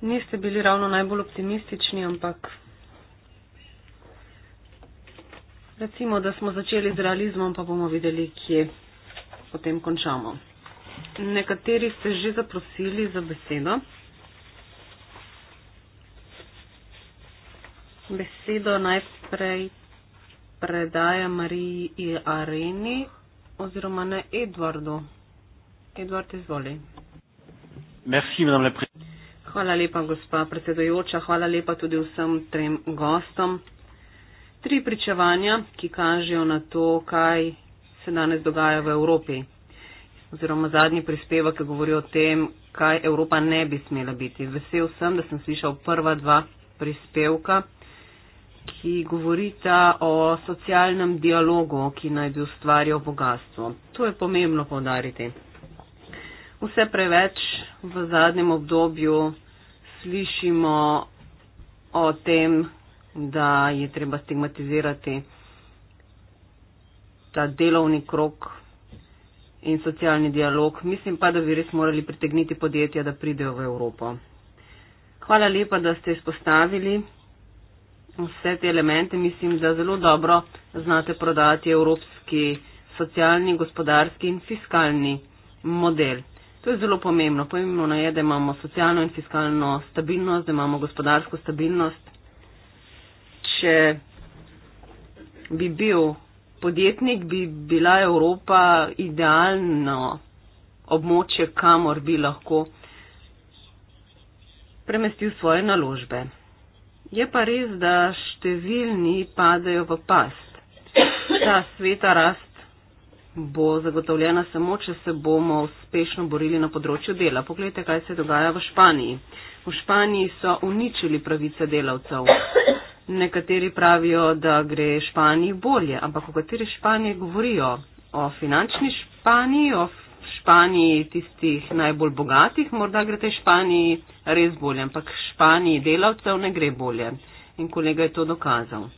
Niste bili ravno najbolj optimistični, ampak recimo, da smo začeli z realizmom, pa bomo videli, kje potem končamo. Nekateri ste že zaprosili za besedo. Besedo najprej predaja Mariji Areni oziroma ne Edvardu. Edward, izvoli. Merci, hvala lepa, gospa predsedojoča. Hvala lepa tudi vsem trem gostom. Tri pričevanja, ki kažejo na to, kaj se danes dogaja v Evropi. Oziroma zadnji prispevek, ki govori o tem, kaj Evropa ne bi smela biti. Vesel sem, da sem slišal prva dva prispevka, ki govorita o socialnem dialogu, ki naj bi ustvarjal bogatstvo. To je pomembno povdariti. Vse preveč v zadnjem obdobju slišimo o tem, da je treba stigmatizirati ta delovni krok in socialni dialog. Mislim pa, da bi res morali pritegniti podjetja, da pridejo v Evropo. Hvala lepa, da ste izpostavili vse te elemente. Mislim, da zelo dobro znate prodati evropski socialni, gospodarski in fiskalni model. To je zelo pomembno. Pomembno je, da imamo socialno in fiskalno stabilnost, da imamo gospodarsko stabilnost. Če bi bil podjetnik, bi bila Evropa idealno območje, kamor bi lahko premestil svoje naložbe. Je pa res, da številni padajo v past. Ta sveta rast bo zagotovljena samo, če se bomo uspešno borili na področju dela. Poglejte, kaj se dogaja v Španiji. V Španiji so uničili pravice delavcev. Nekateri pravijo, da gre Španiji bolje, ampak o kateri Španiji govorijo? O finančni Španiji, o Španiji tistih najbolj bogatih, morda gre tej Španiji res bolje, ampak Španiji delavcev ne gre bolje. In kolega je to dokazal.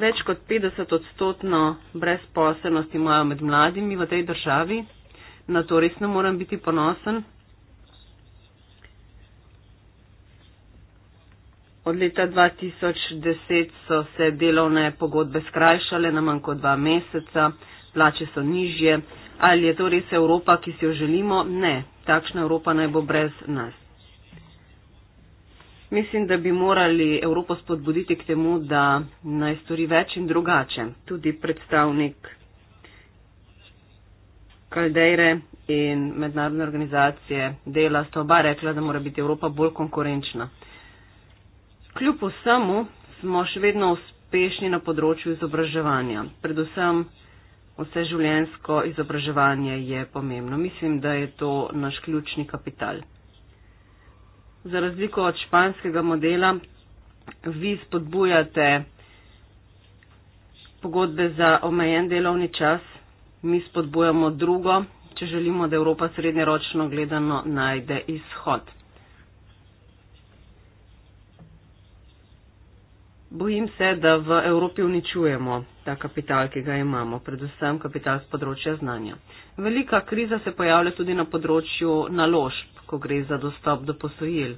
Več kot 50 odstotno brezposelnost imajo med mladimi v tej državi. Na to res ne moram biti ponosen. Od leta 2010 so se delovne pogodbe skrajšale na manj kot dva meseca, plače so nižje. Ali je to res Evropa, ki si jo želimo? Ne, takšna Evropa naj bo brez nas. Mislim, da bi morali Evropo spodbuditi k temu, da naj stori več in drugače. Tudi predstavnik Kaldejre in mednarodne organizacije dela sta oba rekla, da mora biti Evropa bolj konkurenčna. Kljub vsemu smo še vedno uspešni na področju izobraževanja. Predvsem vse življensko izobraževanje je pomembno. Mislim, da je to naš ključni kapital za razliko od španskega modela, vi spodbujate pogodbe za omejen delovni čas, mi spodbujamo drugo, če želimo, da Evropa srednjeročno gledano najde izhod. Bojim se, da v Evropi uničujemo ta kapital, ki ga imamo, predvsem kapital z področja znanja. Velika kriza se pojavlja tudi na področju naložb ko gre za dostop do posojil.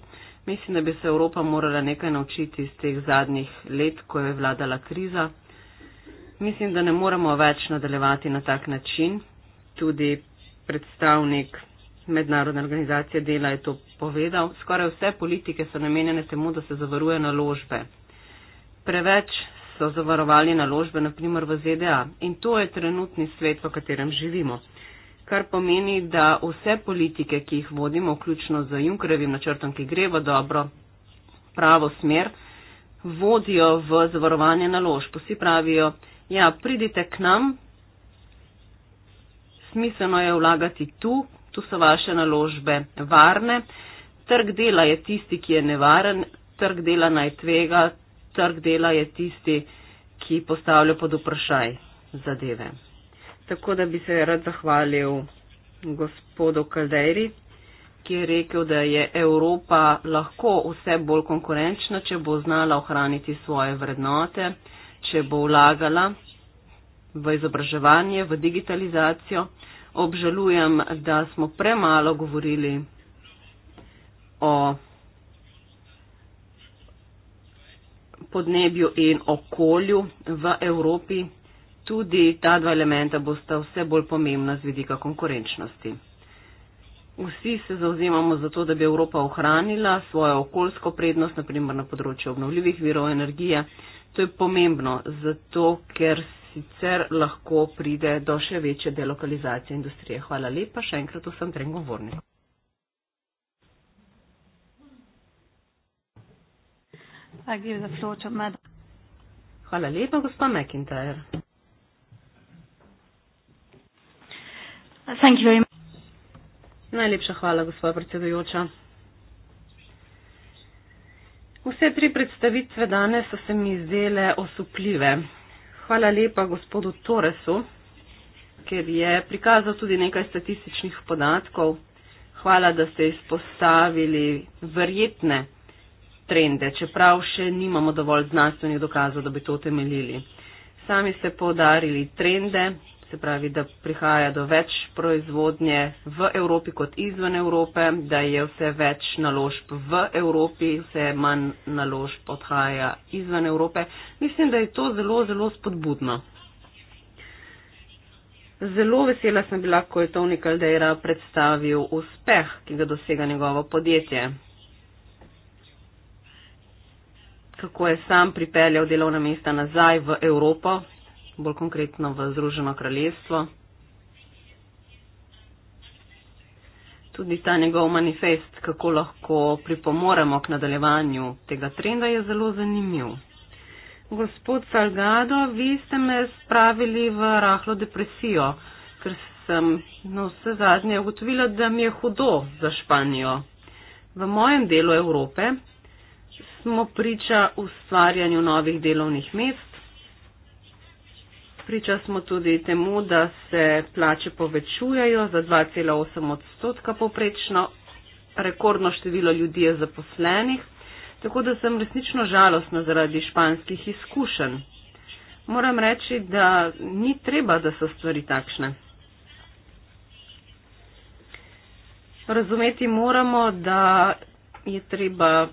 Mislim, da bi se Evropa morala nekaj naučiti iz teh zadnjih let, ko je vladala kriza. Mislim, da ne moremo več nadaljevati na tak način. Tudi predstavnik mednarodne organizacije dela je to povedal. Skoraj vse politike so namenjene temu, da se zavaruje naložbe. Preveč so zavarovali naložbe, naprimer v ZDA. In to je trenutni svet, v katerem živimo kar pomeni, da vse politike, ki jih vodimo, vključno z Junkerjevim načrtom, ki gre v dobro pravo smer, vodijo v zavarovanje naložb. Vsi pravijo, ja, pridite k nam, smiselno je vlagati tu, tu so vaše naložbe varne, trg dela je tisti, ki je nevaren, trg dela naj tvega, trg dela je tisti, ki postavlja pod vprašaj zadeve. Tako da bi se rad zahvalil gospodu Kaldejri, ki je rekel, da je Evropa lahko vse bolj konkurenčna, če bo znala ohraniti svoje vrednote, če bo vlagala v izobraževanje, v digitalizacijo. Obžalujem, da smo premalo govorili o podnebju in okolju v Evropi. Tudi ta dva elementa bosta vse bolj pomembna z vidika konkurenčnosti. Vsi se zauzemamo za to, da bi Evropa ohranila svojo okoljsko prednost, naprimer na področju obnovljivih virov energije. To je pomembno, zato ker sicer lahko pride do še večje delokalizacije industrije. Hvala lepa, še enkrat vsem trem govornikom. Hvala lepa, gospa McIntyre. Najlepša hvala, gospod predsedujoča. Vse tri predstavitve danes so se mi zdele osupljive. Hvala lepa gospodu Toresu, ker je prikazal tudi nekaj statističnih podatkov. Hvala, da ste izpostavili verjetne trende, čeprav še nimamo dovolj znanstvenih dokazov, da bi to temeljili. Sami ste podarili trende, se pravi, da prihaja do več proizvodnje v Evropi kot izven Evrope, da je vse več naložb v Evropi, vse manj naložb odhaja izven Evrope. Mislim, da je to zelo, zelo spodbudno. Zelo vesela sem bila, ko je Tony Caldera predstavil uspeh, ki ga dosega njegovo podjetje. Kako je sam pripeljal delovna mesta nazaj v Evropo, bolj konkretno v Združeno kraljestvo. Tudi ta njegov manifest, kako lahko pripomoremo k nadaljevanju tega trenda, je zelo zanimiv. Gospod Salgado, vi ste me spravili v rahlo depresijo, ker sem na no, vse zadnje ugotovila, da mi je hudo za Španijo. V mojem delu Evrope smo priča ustvarjanju novih delovnih mest, Priča smo tudi temu, da se plače povečujajo za 2,8 odstotka poprečno. Rekordno število ljudi je zaposlenih, tako da sem resnično žalostna zaradi španskih izkušenj. Moram reči, da ni treba, da so stvari takšne. Razumeti moramo, da je treba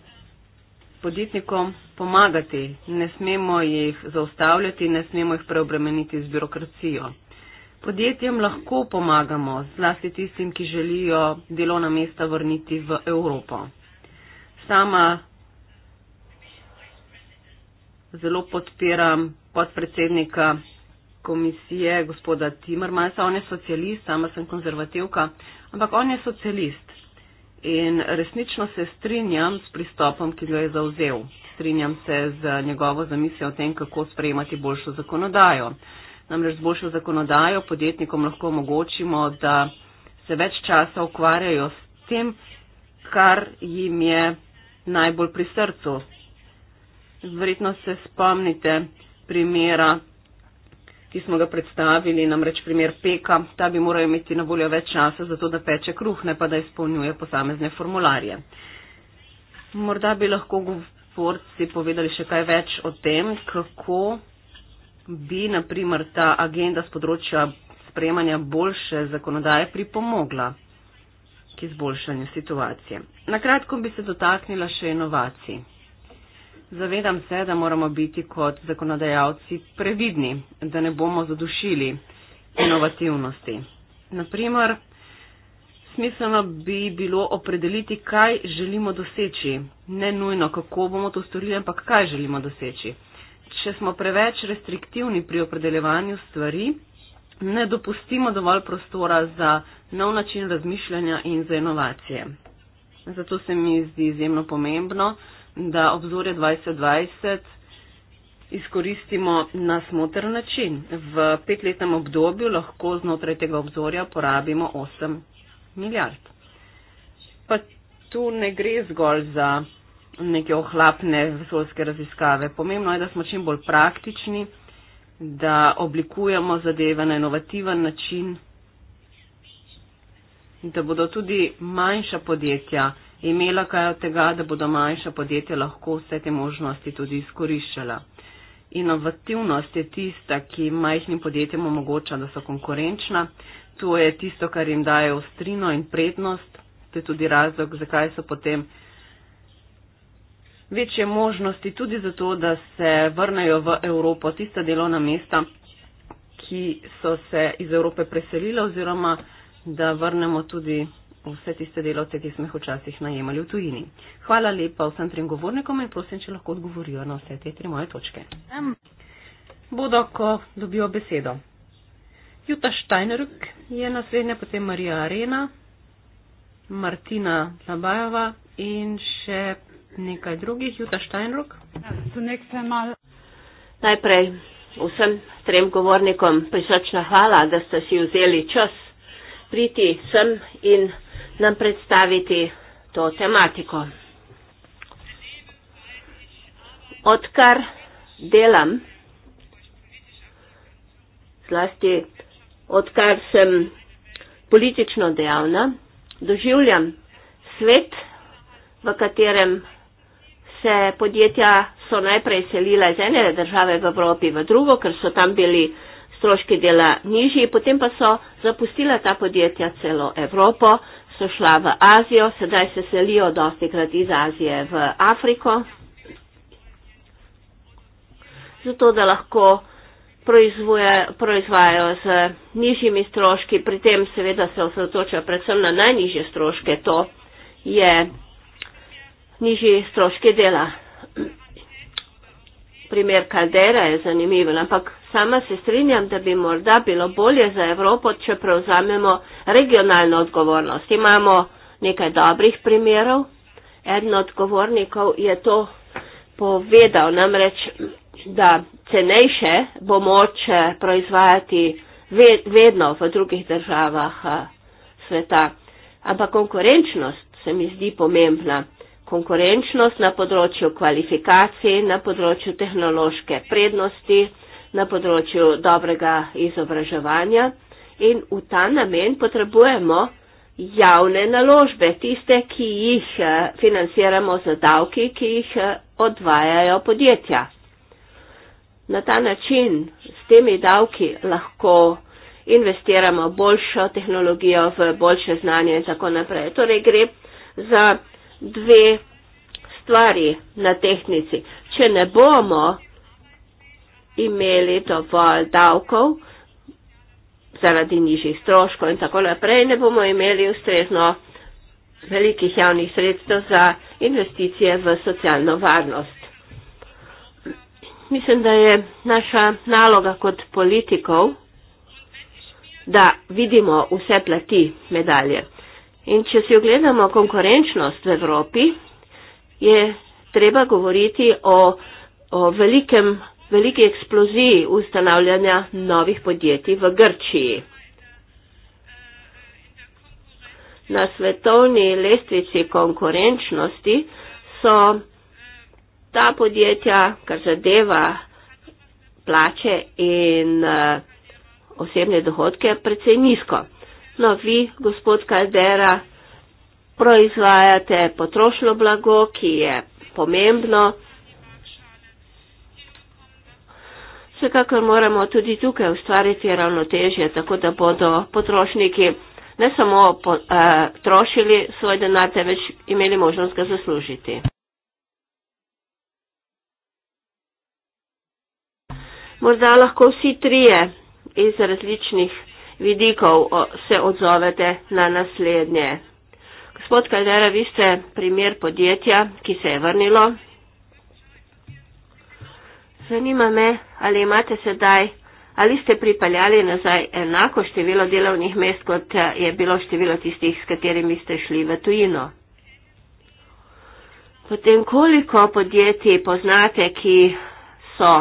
podjetnikom pomagati, ne smemo jih zaustavljati, ne smemo jih preobremeniti z birokracijo. Podjetjem lahko pomagamo, zlasti tistim, ki želijo delovna mesta vrniti v Evropo. Sama zelo podpiram podpredsednika komisije, gospoda Timrmansa, on je socialist, sama sem konzervativka, ampak on je socialist in resnično se strinjam s pristopom, ki ga je zauzel. Strinjam se z njegovo zamisijo o tem, kako sprejemati boljšo zakonodajo. Namreč z boljšo zakonodajo podjetnikom lahko omogočimo, da se več časa ukvarjajo s tem, kar jim je najbolj pri srcu. Verjetno se spomnite primera ki smo ga predstavili, namreč primer peka, ta bi moral imeti na voljo več časa za to, da peče kruh, ne pa da izpolnjuje posamezne formularje. Morda bi lahko govorci povedali še kaj več o tem, kako bi naprimer ta agenda z področja sprejemanja boljše zakonodaje pripomogla k izboljšanju situacije. Na kratko bi se dotaknila še inovacij. Zavedam se, da moramo biti kot zakonodajalci previdni, da ne bomo zadušili inovativnosti. Naprimer, smiselno bi bilo opredeliti, kaj želimo doseči, ne nujno, kako bomo to storili, ampak kaj želimo doseči. Če smo preveč restriktivni pri opredeljevanju stvari, ne dopustimo dovolj prostora za nov način razmišljanja in za inovacije. Zato se mi zdi izjemno pomembno, da obzorje 2020 izkoristimo na smotr način. V petletnem obdobju lahko znotraj tega obzorja porabimo 8 milijard. Pa tu ne gre zgolj za neke ohlapne vesolske raziskave. Pomembno je, da smo čim bolj praktični, da oblikujemo zadeve na inovativen način, da bodo tudi manjša podjetja imela kaj od tega, da bodo manjša podjetja lahko vse te možnosti tudi izkoriščala. Inovativnost je tista, ki majhnim podjetjem omogoča, da so konkurenčna. To je tisto, kar jim daje ostrino in prednost. To je tudi razlog, zakaj so potem večje možnosti tudi zato, da se vrnajo v Evropo tista delovna mesta, ki so se iz Evrope preselila oziroma da vrnemo tudi vse tiste delavce, ki smo jih včasih najemali v tujini. Hvala lepa vsem trem govornikom in prosim, če lahko odgovorijo na vse te tri moje točke. Um. Bodo, ko dobijo besedo. Juta Steinerk je naslednja, potem Marija Arena, Martina Labajeva in še nekaj drugih. Juta Steinerk. Najprej vsem trem govornikom prisrčna hvala, da ste si vzeli čas priti sem in nam predstaviti to tematiko. Odkar delam, zlasti odkar sem politično dejavna, doživljam svet, v katerem se podjetja so najprej selila iz ene države v Evropi v drugo, ker so tam bili stroški dela nižji, potem pa so zapustila ta podjetja celo Evropo, so šla v Azijo, sedaj se selijo dosti krat iz Azije v Afriko, zato da lahko proizvajajo z nižjimi stroški, pri tem seveda se osredotočajo predvsem na najnižje stroške, to je nižji stroški dela primer Kaldera je zanimiv, ampak sama se strinjam, da bi morda bilo bolje za Evropo, če prevzamemo regionalno odgovornost. Imamo nekaj dobrih primerov. Eden od govornikov je to povedal, namreč, da cenejše bo moče proizvajati vedno v drugih državah eh, sveta. Ampak konkurenčnost se mi zdi pomembna konkurenčnost na področju kvalifikacij, na področju tehnološke prednosti, na področju dobrega izobraževanja in v ta namen potrebujemo javne naložbe, tiste, ki jih eh, financiramo za davki, ki jih eh, odvajajo podjetja. Na ta način s temi davki lahko investiramo boljšo tehnologijo v boljše znanje in tako naprej. Torej gre za dve stvari na tehnici. Če ne bomo imeli dovolj davkov zaradi nižjih stroškov in tako naprej, ne bomo imeli ustrezno velikih javnih sredstev za investicije v socialno varnost. Mislim, da je naša naloga kot politikov, da vidimo vse plati medalje. In če si ogledamo konkurenčnost v Evropi, je treba govoriti o, o velikem, veliki eksploziji ustanavljanja novih podjetij v Grčiji. Na svetovni lestvici konkurenčnosti so ta podjetja, kar zadeva plače in uh, osebne dohodke, precej nizko. No, vi, gospod Kaldera, proizvajate potrošno blago, ki je pomembno. Vsekakor moramo tudi tukaj ustvariti ravnotežje, tako da bodo potrošniki ne samo po, eh, trošili svoj denar, temveč imeli možnost ga zaslužiti. Morda lahko vsi trije iz različnih vidikov se odzovete na naslednje. Gospod Kaldera, vi ste primer podjetja, ki se je vrnilo. Zanima me, ali imate sedaj, ali ste pripeljali nazaj enako število delovnih mest, kot eh, je bilo število tistih, s katerimi ste šli v tujino. Potem koliko podjetij poznate, ki so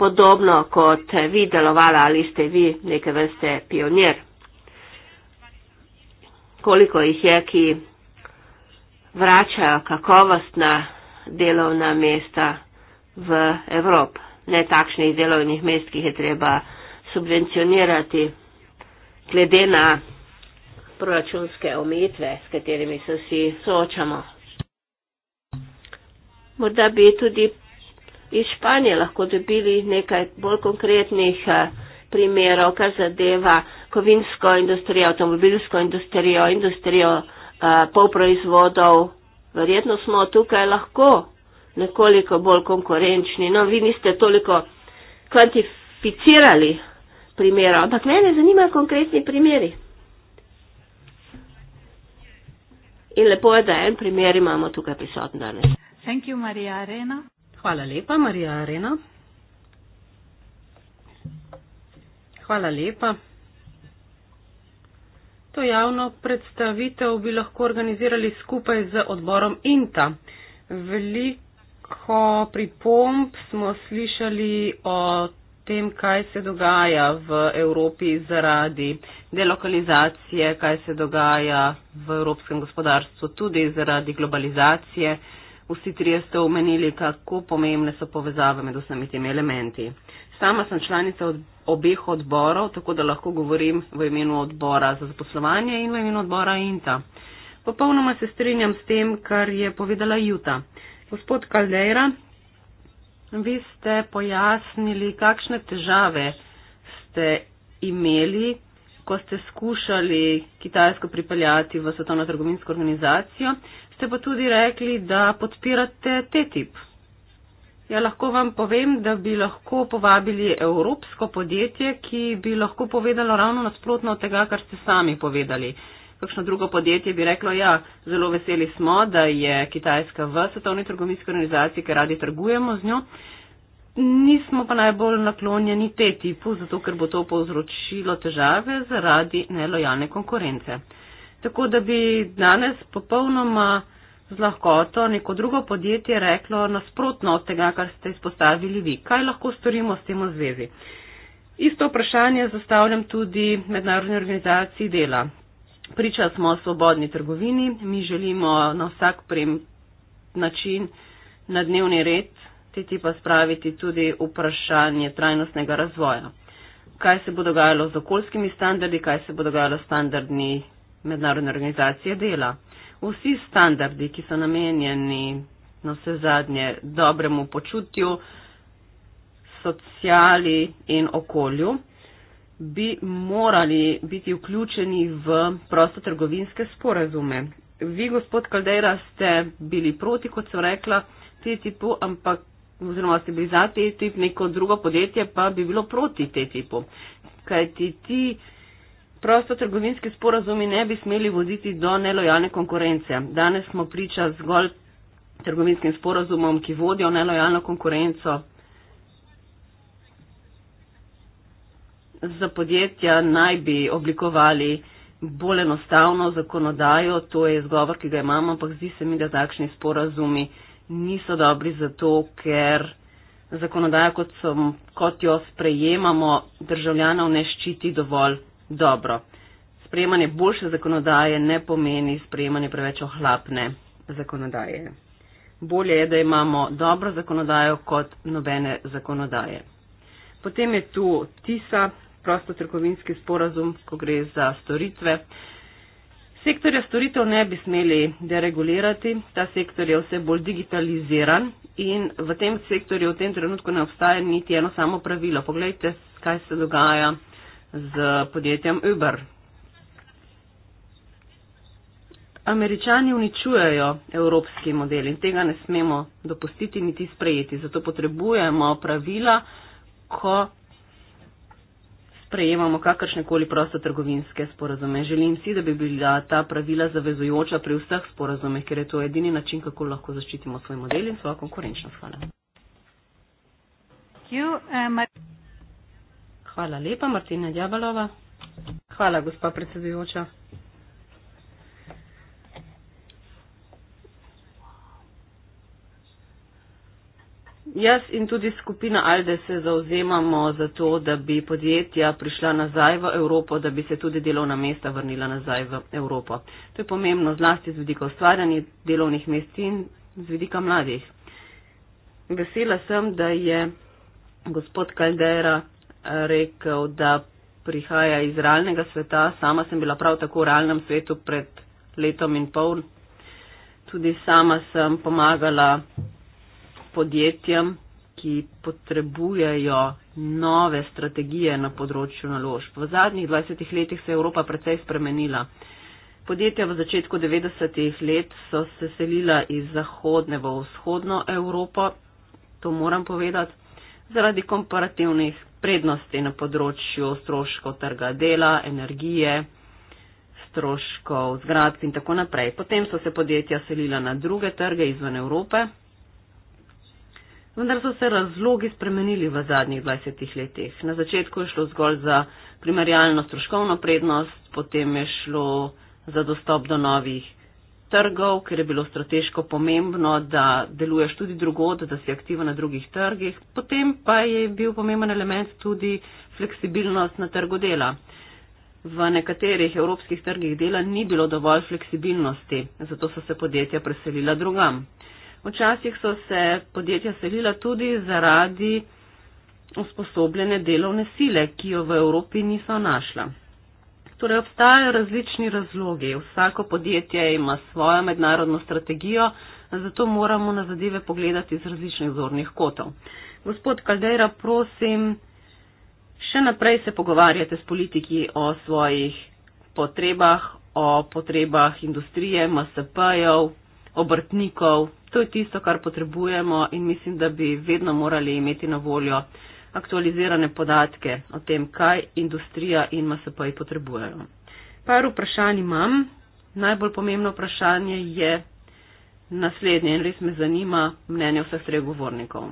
podobno kot vi delovala ali ste vi neke vrste pionir. Koliko jih je, ki vračajo kakovostna delovna mesta v Evrop, ne takšnih delovnih mest, ki jih je treba subvencionirati, glede na proračunske omejitve, s katerimi se vsi soočamo. Morda bi tudi iz Španije lahko dobili nekaj bolj konkretnih eh, primerov, kar zadeva kovinsko industrijo, avtomobilsko industrijo, industrijo eh, polproizvodov. Verjetno smo tukaj lahko nekoliko bolj konkurenčni. No, vi niste toliko kvantificirali primerov, ampak mene zanimajo konkretni primeri. In lepo je, da en primer imamo tukaj prisotno danes. Thank you, Maria Arena. Hvala lepa, Marija Arena. Hvala lepa. To javno predstavitev bi lahko organizirali skupaj z odborom INTA. Veliko pripomb smo slišali o tem, kaj se dogaja v Evropi zaradi delokalizacije, kaj se dogaja v evropskem gospodarstvu tudi zaradi globalizacije. Vsi trije ste omenili, kako pomembne so povezave med vsemi temi elementi. Sama sem članica od obeh odborov, tako da lahko govorim v imenu odbora za zaposlovanje in v imenu odbora INTA. Popolnoma se strinjam s tem, kar je povedala Juta. Gospod Kaldeira, vi ste pojasnili, kakšne težave ste imeli, ko ste skušali Kitajsko pripeljati v svetovno trgovinsko organizacijo, ste pa tudi rekli, da podpirate TTIP. Ja, lahko vam povem, da bi lahko povabili evropsko podjetje, ki bi lahko povedalo ravno nasprotno od tega, kar ste sami povedali. Kakšno drugo podjetje bi reklo, ja, zelo veseli smo, da je Kitajska v svetovni trgovinski organizaciji, ker radi trgujemo z njo nismo pa najbolj naklonjeni te tipu, zato ker bo to povzročilo težave zaradi nelojalne konkurence. Tako da bi danes popolnoma z lahkoto neko drugo podjetje reklo nasprotno od tega, kar ste izpostavili vi. Kaj lahko storimo s tem v zvezi? Isto vprašanje zastavljam tudi mednarodni organizaciji dela. Priča smo o svobodni trgovini, mi želimo na vsak prem način na dnevni red ti pa spraviti tudi vprašanje trajnostnega razvoja. Kaj se bo dogajalo z okoljskimi standardi, kaj se bo dogajalo s standardni mednarodne organizacije dela. Vsi standardi, ki so namenjeni na vse zadnje dobremu počutju, socijali in okolju, bi morali biti vključeni v prostotrgovinske sporazume. Vi, gospod Kaldera, ste bili proti, kot sem rekla, TTIP-u, ampak oziroma ste bili za TTIP, neko drugo podjetje pa bi bilo proti TTIP-u. Kaj ti ti prosto trgovinski sporazumi ne bi smeli voditi do nelojalne konkurence. Danes smo priča zgolj trgovinskim sporazumom, ki vodijo nelojalno konkurenco za podjetja, naj bi oblikovali bolj enostavno zakonodajo, to je izgovor, ki ga imamo, ampak zdi se mi, da takšni sporazumi niso dobri zato, ker zakonodaja, kot, sem, kot jo sprejemamo, državljanov ne ščiti dovolj dobro. Sprejemanje boljše zakonodaje ne pomeni sprejemanje preveč ohlapne zakonodaje. Bolje je, da imamo dobro zakonodajo kot nobene zakonodaje. Potem je tu TISA, prostotrkovinski sporazum, ko gre za storitve. Uh, Sektorja storitev ne bi smeli deregulirati, ta sektor je vse bolj digitaliziran in v tem sektorju v tem trenutku ne obstaja niti eno samo pravilo. Poglejte, kaj se dogaja z podjetjem Uber. Američani uničujejo evropski model in tega ne smemo dopustiti niti sprejeti. Zato potrebujemo pravila, ko sprejemamo kakršne koli proste trgovinske sporazume. Želim si, da bi bila ta pravila zavezujoča pri vseh sporazumeh, ker je to edini način, kako lahko zaščitimo svoj model in svojo konkurenčnost. Hvala. Eh, Hvala lepa, Martina Djabalova. Hvala, gospa predsedujoča. Jaz in tudi skupina Alde se zauzemamo za to, da bi podjetja prišla nazaj v Evropo, da bi se tudi delovna mesta vrnila nazaj v Evropo. To je pomembno zlasti z vidika ustvarjanja delovnih mest in z vidika mladih. Vesela sem, da je gospod Caldera rekel, da prihaja iz realnega sveta. Sama sem bila prav tako v realnem svetu pred letom in pol. Tudi sama sem pomagala podjetjem, ki potrebujejo nove strategije na področju naložb. V zadnjih 20 letih se je Evropa precej spremenila. Podjetja v začetku 90. let so se selila iz zahodne v vzhodno Evropo, to moram povedati, zaradi komparativnih prednosti na področju stroškov trga dela, energije, stroškov zgradb in tako naprej. Potem so se podjetja selila na druge trge izven Evrope vendar so se razlogi spremenili v zadnjih 20 letih. Na začetku je šlo zgolj za primerjalno stroškovno prednost, potem je šlo za dostop do novih trgov, ker je bilo strateško pomembno, da deluješ tudi drugod, da si aktiva na drugih trgih. Potem pa je bil pomemben element tudi fleksibilnost na trgu dela. V nekaterih evropskih trgih dela ni bilo dovolj fleksibilnosti, zato so se podjetja preselila drugam. Včasih so se podjetja selila tudi zaradi usposobljene delovne sile, ki jo v Evropi niso našla. Torej obstajajo različni razlogi. Vsako podjetje ima svojo mednarodno strategijo, zato moramo na zadeve pogledati z različnih zornih kotov. Gospod Kaldera, prosim, še naprej se pogovarjate s politiki o svojih potrebah, o potrebah industrije, MSP-jev, obrtnikov. To je tisto, kar potrebujemo in mislim, da bi vedno morali imeti na voljo aktualizirane podatke o tem, kaj industrija in MSP-ji potrebujejo. Par vprašanj imam. Najbolj pomembno vprašanje je naslednje in res me zanima mnenje vseh treh govornikov.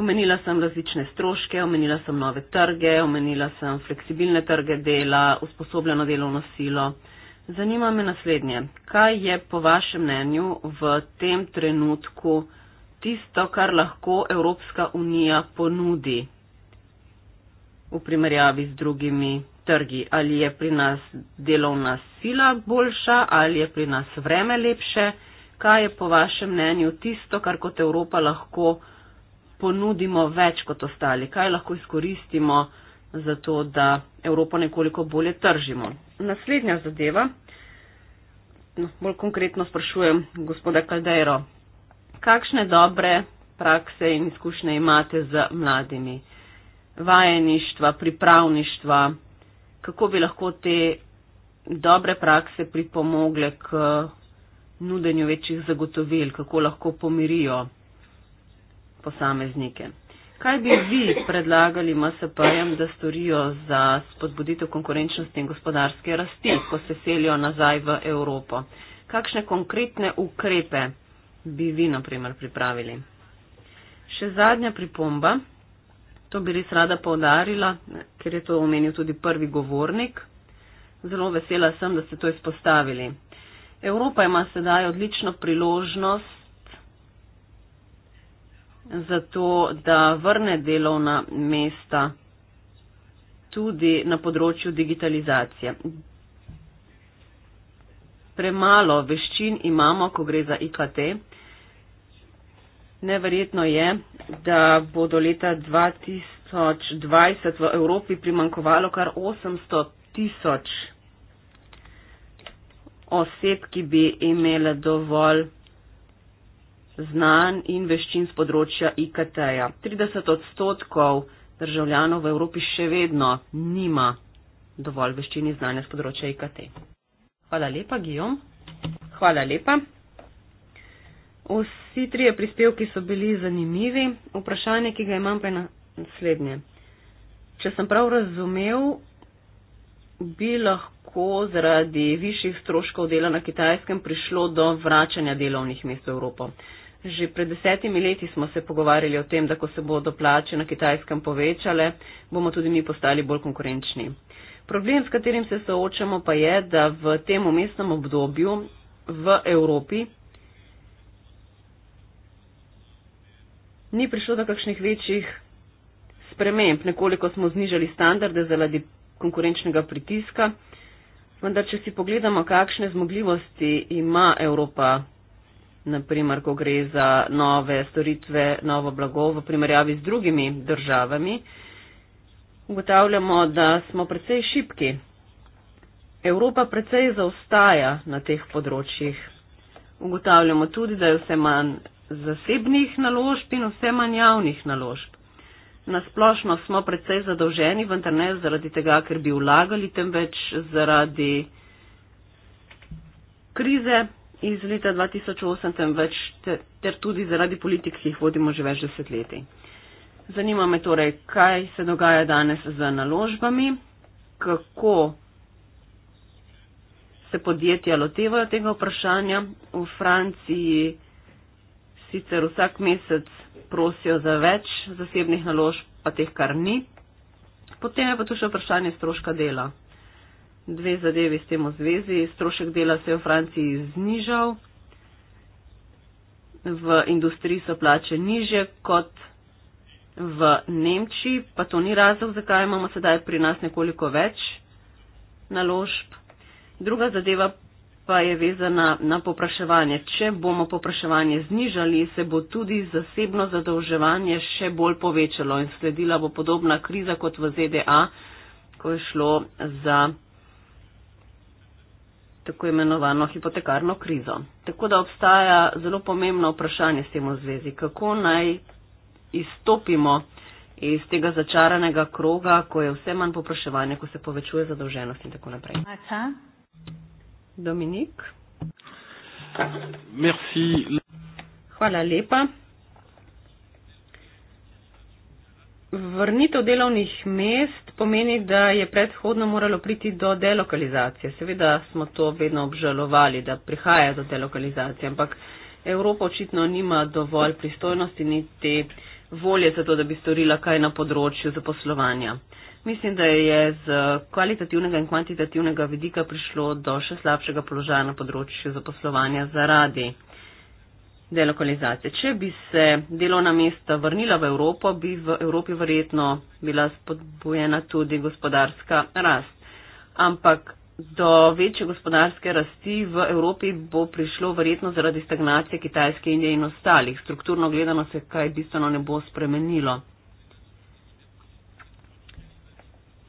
Omenila sem različne stroške, omenila sem nove trge, omenila sem fleksibilne trge dela, usposobljeno delovno silo. Uh, Zanima me naslednje. Kaj je po vašem mnenju v tem trenutku tisto, kar lahko Evropska unija ponudi v primerjavi z drugimi trgi? Ali je pri nas delovna sila boljša, ali je pri nas vreme lepše? Kaj je po vašem mnenju tisto, kar kot Evropa lahko ponudimo več kot ostali? Kaj lahko izkoristimo? zato da Evropo nekoliko bolje tržimo. Naslednja zadeva, no, bolj konkretno sprašujem gospoda Kaldero, kakšne dobre prakse in izkušnje imate z mladimi? Vajeništva, pripravništva, kako bi lahko te dobre prakse pripomogle k nudenju večjih zagotovil, kako lahko pomirijo posameznike. Kaj bi vi predlagali MSP-jem, da storijo za spodbuditev konkurenčnosti in gospodarske rasti, ko se selijo nazaj v Evropo? Kakšne konkretne ukrepe bi vi, na primer, pripravili? Še zadnja pripomba, to bi res rada povdarila, ker je to omenil tudi prvi govornik. Zelo vesela sem, da ste to izpostavili. Evropa ima sedaj odlično priložnost zato da vrne delovna mesta tudi na področju digitalizacije. Premalo veščin imamo, ko gre za IKT. Neverjetno je, da bo do leta 2020 v Evropi primankovalo kar 800 tisoč oseb, ki bi imele dovolj znanj in veščin z področja IKT-ja. 30 odstotkov državljanov v Evropi še vedno nima dovolj veščin in znanja z področja IKT. Hvala lepa, Gijom. Hvala lepa. Vsi trije prispevki so bili zanimivi. Vprašanje, ki ga imam, pa je naslednje. Če sem prav razumev, bi lahko zaradi višjih stroškov dela na kitajskem prišlo do vračanja delovnih mest v Evropo. Že pred desetimi leti smo se pogovarjali o tem, da ko se bodo plače na kitajskem povečale, bomo tudi mi postali bolj konkurenčni. Problem, s katerim se soočamo, pa je, da v tem umestnem obdobju v Evropi ni prišlo do kakšnih večjih sprememb. Nekoliko smo znižali standarde zaradi konkurenčnega pritiska, vendar če si pogledamo, kakšne zmogljivosti ima Evropa naprimer, ko gre za nove storitve, novo blago v primerjavi z drugimi državami, ugotavljamo, da smo precej šipki. Evropa precej zaostaja na teh področjih. Ugotavljamo tudi, da je vse manj zasebnih naložb in vse manj javnih naložb. Nasplošno smo precej zadolženi, vendar ne zaradi tega, ker bi vlagali, temveč zaradi krize, iz leta 2008, temveč ter, ter tudi zaradi politik, ki jih vodimo že več desetletij. Zanima me torej, kaj se dogaja danes z naložbami, kako se podjetja lotevajo tega vprašanja. V Franciji sicer vsak mesec prosijo za več zasebnih naložb, pa teh kar ni. Potem je pa tu še vprašanje stroška dela dve zadevi s tem v zvezi. Strošek dela se je v Franciji znižal, v industriji so plače niže kot v Nemčiji, pa to ni razlog, zakaj imamo sedaj pri nas nekoliko več naložb. Druga zadeva pa je vezana na popraševanje. Če bomo popraševanje znižali, se bo tudi zasebno zadolževanje še bolj povečalo in sledila bo podobna kriza kot v ZDA, ko je šlo za tako imenovano hipotekarno krizo. Tako da obstaja zelo pomembno vprašanje s tem v zvezi, kako naj izstopimo iz tega začaranega kroga, ko je vse manj popraševanje, ko se povečuje zadolženost in tako naprej. Mača. Dominik. Merci. Hvala lepa. Vrnitev delovnih mest pomeni, da je predhodno moralo priti do delokalizacije. Seveda smo to vedno obžalovali, da prihaja do delokalizacije, ampak Evropa očitno nima dovolj pristojnosti ni te volje za to, da bi storila kaj na področju zaposlovanja. Mislim, da je z kvalitativnega in kvantitativnega vidika prišlo do še slabšega položaja na področju zaposlovanja zaradi delokalizacije. Če bi se delovna mesta vrnila v Evropo, bi v Evropi verjetno bila spodbujena tudi gospodarska rast. Ampak do večje gospodarske rasti v Evropi bo prišlo verjetno zaradi stagnacije Kitajske, Indije in ostalih. Strukturno gledano se kaj bistveno ne bo spremenilo.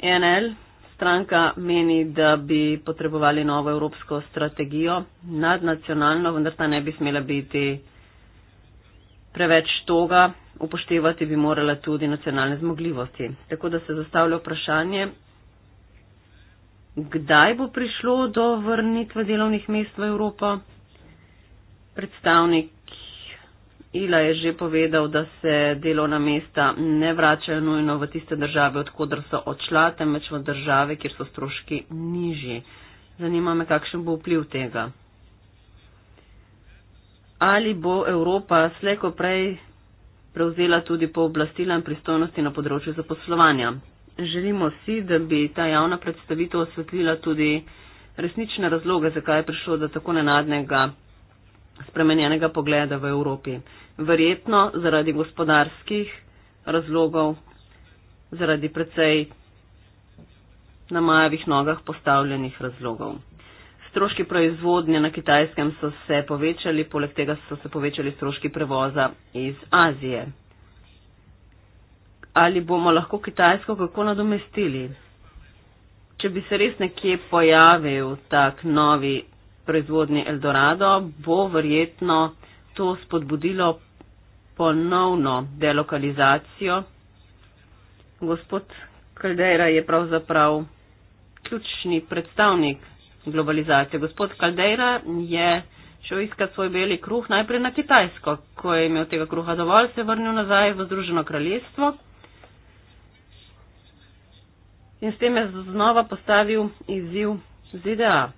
NL. Stranka meni, da bi potrebovali novo evropsko strategijo, nadnacionalno, vendar ta ne bi smela biti preveč toga, upoštevati bi morala tudi nacionalne zmogljivosti. Tako da se zastavlja vprašanje, kdaj bo prišlo do vrnitve delovnih mest v Evropo. Predstavnik ILA je že povedal, da se delovna mesta ne vračajo nujno v tiste države, odkudr so odšla, temveč v države, kjer so stroški nižji. Zanima me, kakšen bo vpliv tega ali bo Evropa slejko prej prevzela tudi pooblastila in pristojnosti na področju zaposlovanja. Želimo si, da bi ta javna predstavitev osvetlila tudi resnične razloge, zakaj je prišlo do tako nenadnega spremenjenega pogleda v Evropi. Verjetno zaradi gospodarskih razlogov, zaradi precej na majavih nogah postavljenih razlogov. Stroški proizvodnje na kitajskem so se povečali, poleg tega so se povečali stroški prevoza iz Azije. Ali bomo lahko kitajsko kako nadomestili? Če bi se res nekje pojavil tak novi proizvodni Eldorado, bo verjetno to spodbudilo ponovno delokalizacijo. Gospod Kaldera je pravzaprav ključni predstavnik globalizacije. Gospod Kaldeira je šel iskat svoj beli kruh najprej na Kitajsko, ko je imel tega kruha dovolj, se je vrnil nazaj v Združeno kraljestvo in s tem je znova postavil izziv ZDA.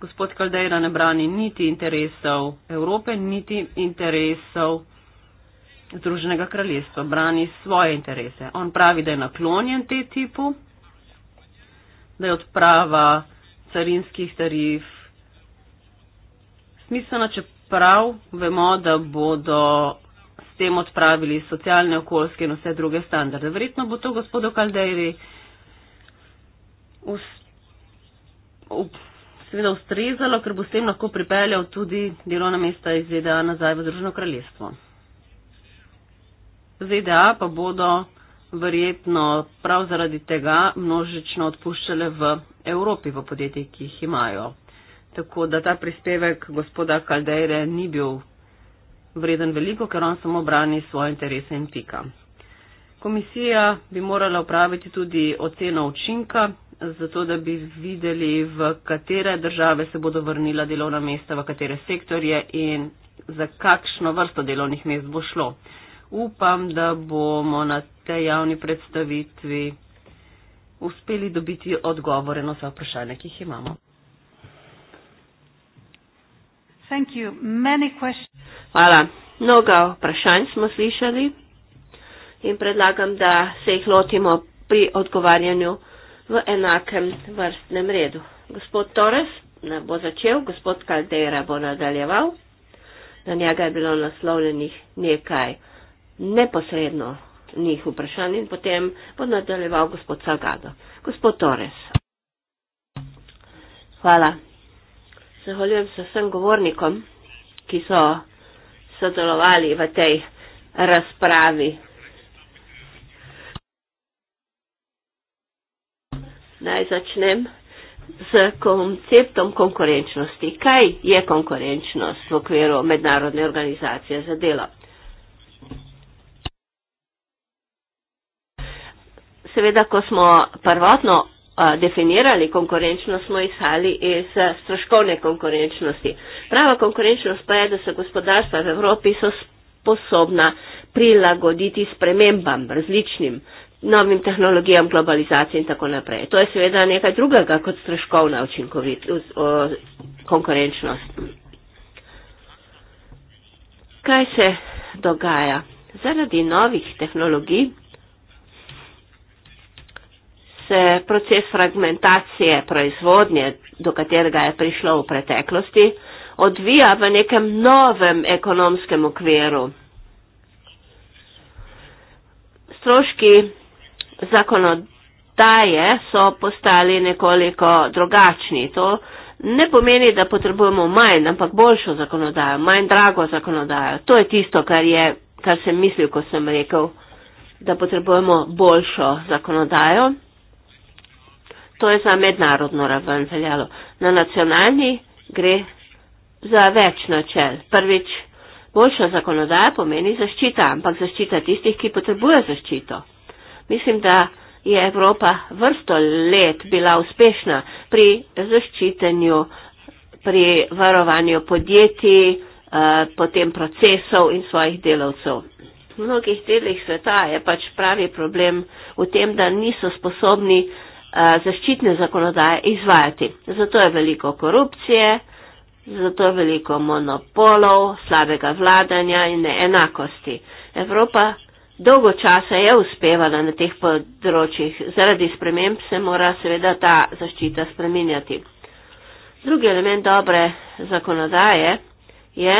Gospod Kaldeira ne brani niti interesov Evrope, niti interesov Združenega kraljestva, brani svoje interese. On pravi, da je naklonjen te tipu, da je odprava carinskih tarif. Smiselno, čeprav vemo, da bodo s tem odpravili socialne, okoljske in vse druge standarde. Verjetno bo to gospodo Kaldejri seveda ustrezalo, ker bo s tem lahko pripeljal tudi delovna mesta iz ZDA nazaj v Združeno kraljestvo. ZDA pa bodo verjetno prav zaradi tega množično odpuščale v Evropi v podjetjih, ki jih imajo. Tako da ta prispevek gospoda Kaldeire ni bil vreden veliko, ker on samo brani svoje interese in pika. Komisija bi morala upraviti tudi oceno učinka, zato da bi videli, v katere države se bodo vrnila delovna mesta, v katere sektorje in za kakšno vrsto delovnih mest bo šlo. Upam, da bomo na tej javni predstavitvi uspeli dobiti odgovore na vse vprašanja, ki jih imamo. Hvala. Mnogo vprašanj smo slišali in predlagam, da se jih lotimo pri odgovarjanju v enakem vrstnem redu. Gospod Torres bo začel, gospod Kaldera bo nadaljeval. Na njega je bilo naslovljenih nekaj neposredno njih vprašanj in potem bo nadaljeval gospod Salgado. Gospod Torres. Hvala. Zahvaljujem se vsem govornikom, ki so sodelovali v tej razpravi. Naj začnem z konceptom konkurenčnosti. Kaj je konkurenčnost v okviru mednarodne organizacije za delo? seveda, ko smo prvotno definirali konkurenčnost, smo izhali iz stroškovne konkurenčnosti. Prava konkurenčnost pa je, da so gospodarstva v Evropi so sposobna prilagoditi spremembam različnim novim tehnologijam, globalizaciji in tako naprej. To je seveda nekaj drugega kot stroškovna učinkovitost, konkurenčnost. Kaj se dogaja? Zaradi novih tehnologij se proces fragmentacije proizvodnje, do katerega je prišlo v preteklosti, odvija v nekem novem ekonomskem okviru. Stroški zakonodaje so postali nekoliko drugačni. To ne pomeni, da potrebujemo manj, ampak boljšo zakonodajo, manj drago zakonodajo. To je tisto, kar, je, kar sem mislil, ko sem rekel, da potrebujemo boljšo zakonodajo to je za mednarodno raven veljalo. Na nacionalni gre za več načel. Prvič, boljša zakonodaja pomeni zaščita, ampak zaščita tistih, ki potrebujejo zaščito. Mislim, da je Evropa vrsto let bila uspešna pri zaščitenju, pri varovanju podjetij, eh, potem procesov in svojih delavcev. V mnogih delih sveta je pač pravi problem v tem, da niso sposobni Eh, zaščitne zakonodaje izvajati. Zato je veliko korupcije, zato je veliko monopolov, slabega vladanja in neenakosti. Evropa dolgo časa je uspevala na teh področjih. Zaradi sprememb se mora seveda ta zaščita spreminjati. Drugi element dobre zakonodaje je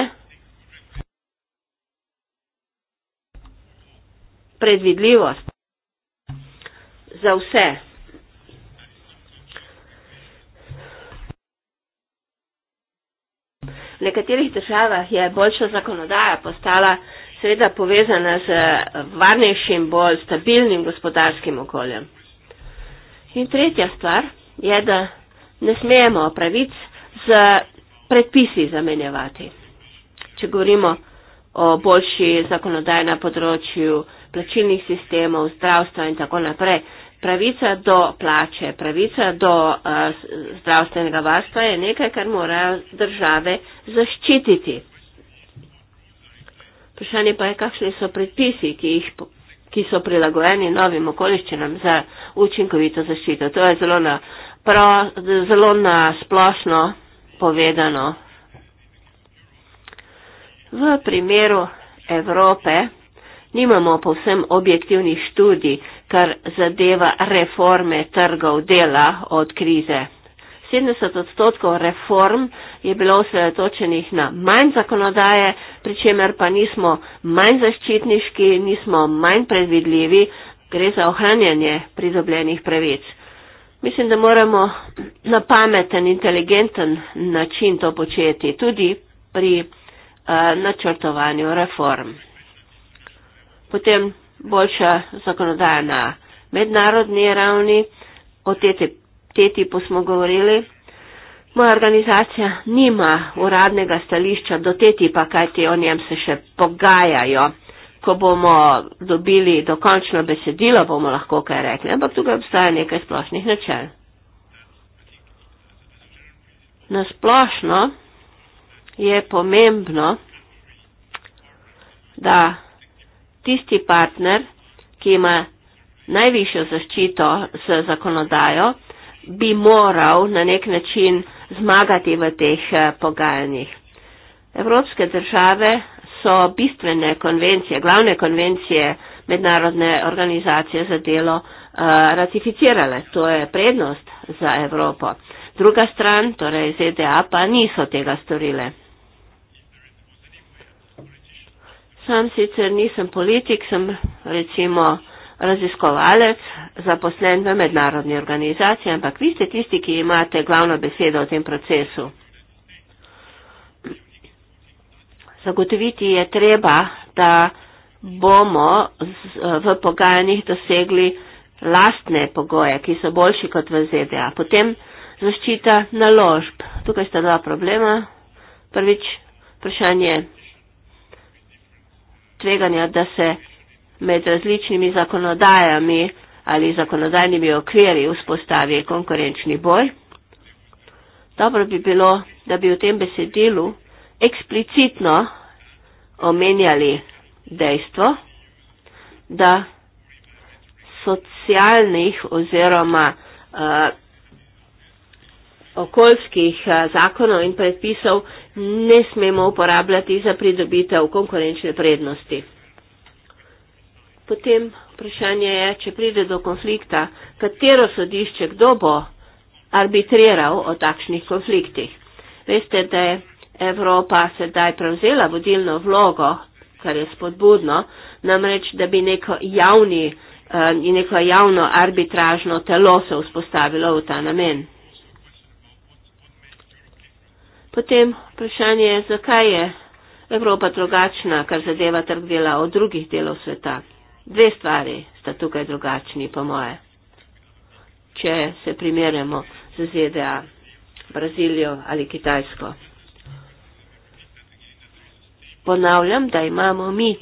predvidljivost za vse. V nekaterih državah je boljša zakonodaja postala seveda povezana z eh, varnejšim, bolj stabilnim gospodarskim okoljem. In tretja stvar je, da ne smejemo pravic z predpisi zamenjevati. Če govorimo o boljši zakonodaji na področju plačilnih sistemov, zdravstva in tako naprej, pravica do plače, pravica do uh, zdravstvenega varstva je nekaj, kar morajo države zaščititi. Vprašanje pa je, kakšni so predpisi, ki, jih, ki so prilagojeni novim okoliščinam za učinkovito zaščito. To je zelo na, pro, zelo na splošno povedano. V primeru Evrope nimamo povsem objektivnih študij, kar zadeva reforme trgov dela od krize. 70 odstotkov reform je bilo osredotočenih na manj zakonodaje, pri čemer pa nismo manj zaščitniški, nismo manj predvidljivi, gre za ohranjanje pridobljenih pravic. Mislim, da moramo na pameten, inteligenten način to početi, tudi pri uh, načrtovanju reform. Potem boljša zakonodaja na mednarodni ravni, o teti pa smo govorili. Moja organizacija nima uradnega stališča do teti pa, kajti o njem se še pogajajo. Ko bomo dobili dokončno besedilo, bomo lahko kaj rekli, ampak tukaj obstaja nekaj splošnih načel. Na splošno je pomembno, da tisti partner, ki ima najvišjo zaščito z zakonodajo, bi moral na nek način zmagati v teh eh, pogajanjih. Evropske države so bistvene konvencije, glavne konvencije mednarodne organizacije za delo eh, ratificirale. To je prednost za Evropo. Druga stran, torej ZDA, pa niso tega storile. sam sicer nisem politik, sem recimo raziskovalec, zaposlen v mednarodni organizaciji, ampak vi ste tisti, ki imate glavno besedo o tem procesu. Zagotoviti je treba, da bomo z, v pogajanjih dosegli lastne pogoje, ki so boljši kot v ZDA. Potem zaščita naložb. Tukaj sta dva problema. Prvič, vprašanje tveganja, da se med različnimi zakonodajami ali zakonodajnimi okviri vzpostavi konkurenčni boj. Dobro bi bilo, da bi v tem besedilu eksplicitno omenjali dejstvo, da socialnih oziroma uh, okoljskih eh, zakonov in predpisov ne smemo uporabljati za pridobitev konkurenčne prednosti. Potem vprašanje je, če pride do konflikta, katero sodišče, kdo bo arbitriral o takšnih konfliktih. Veste, da je Evropa sedaj prevzela vodilno vlogo, kar je spodbudno, namreč, da bi neko, javni, eh, neko javno arbitražno telo se vzpostavilo v ta namen. Potem vprašanje je, zakaj je Evropa drugačna, kar zadeva trg dela od drugih delov sveta. Dve stvari sta tukaj drugačni, po moje, če se primerjamo z ZDA, Brazilijo ali Kitajsko. Ponavljam, da imamo mi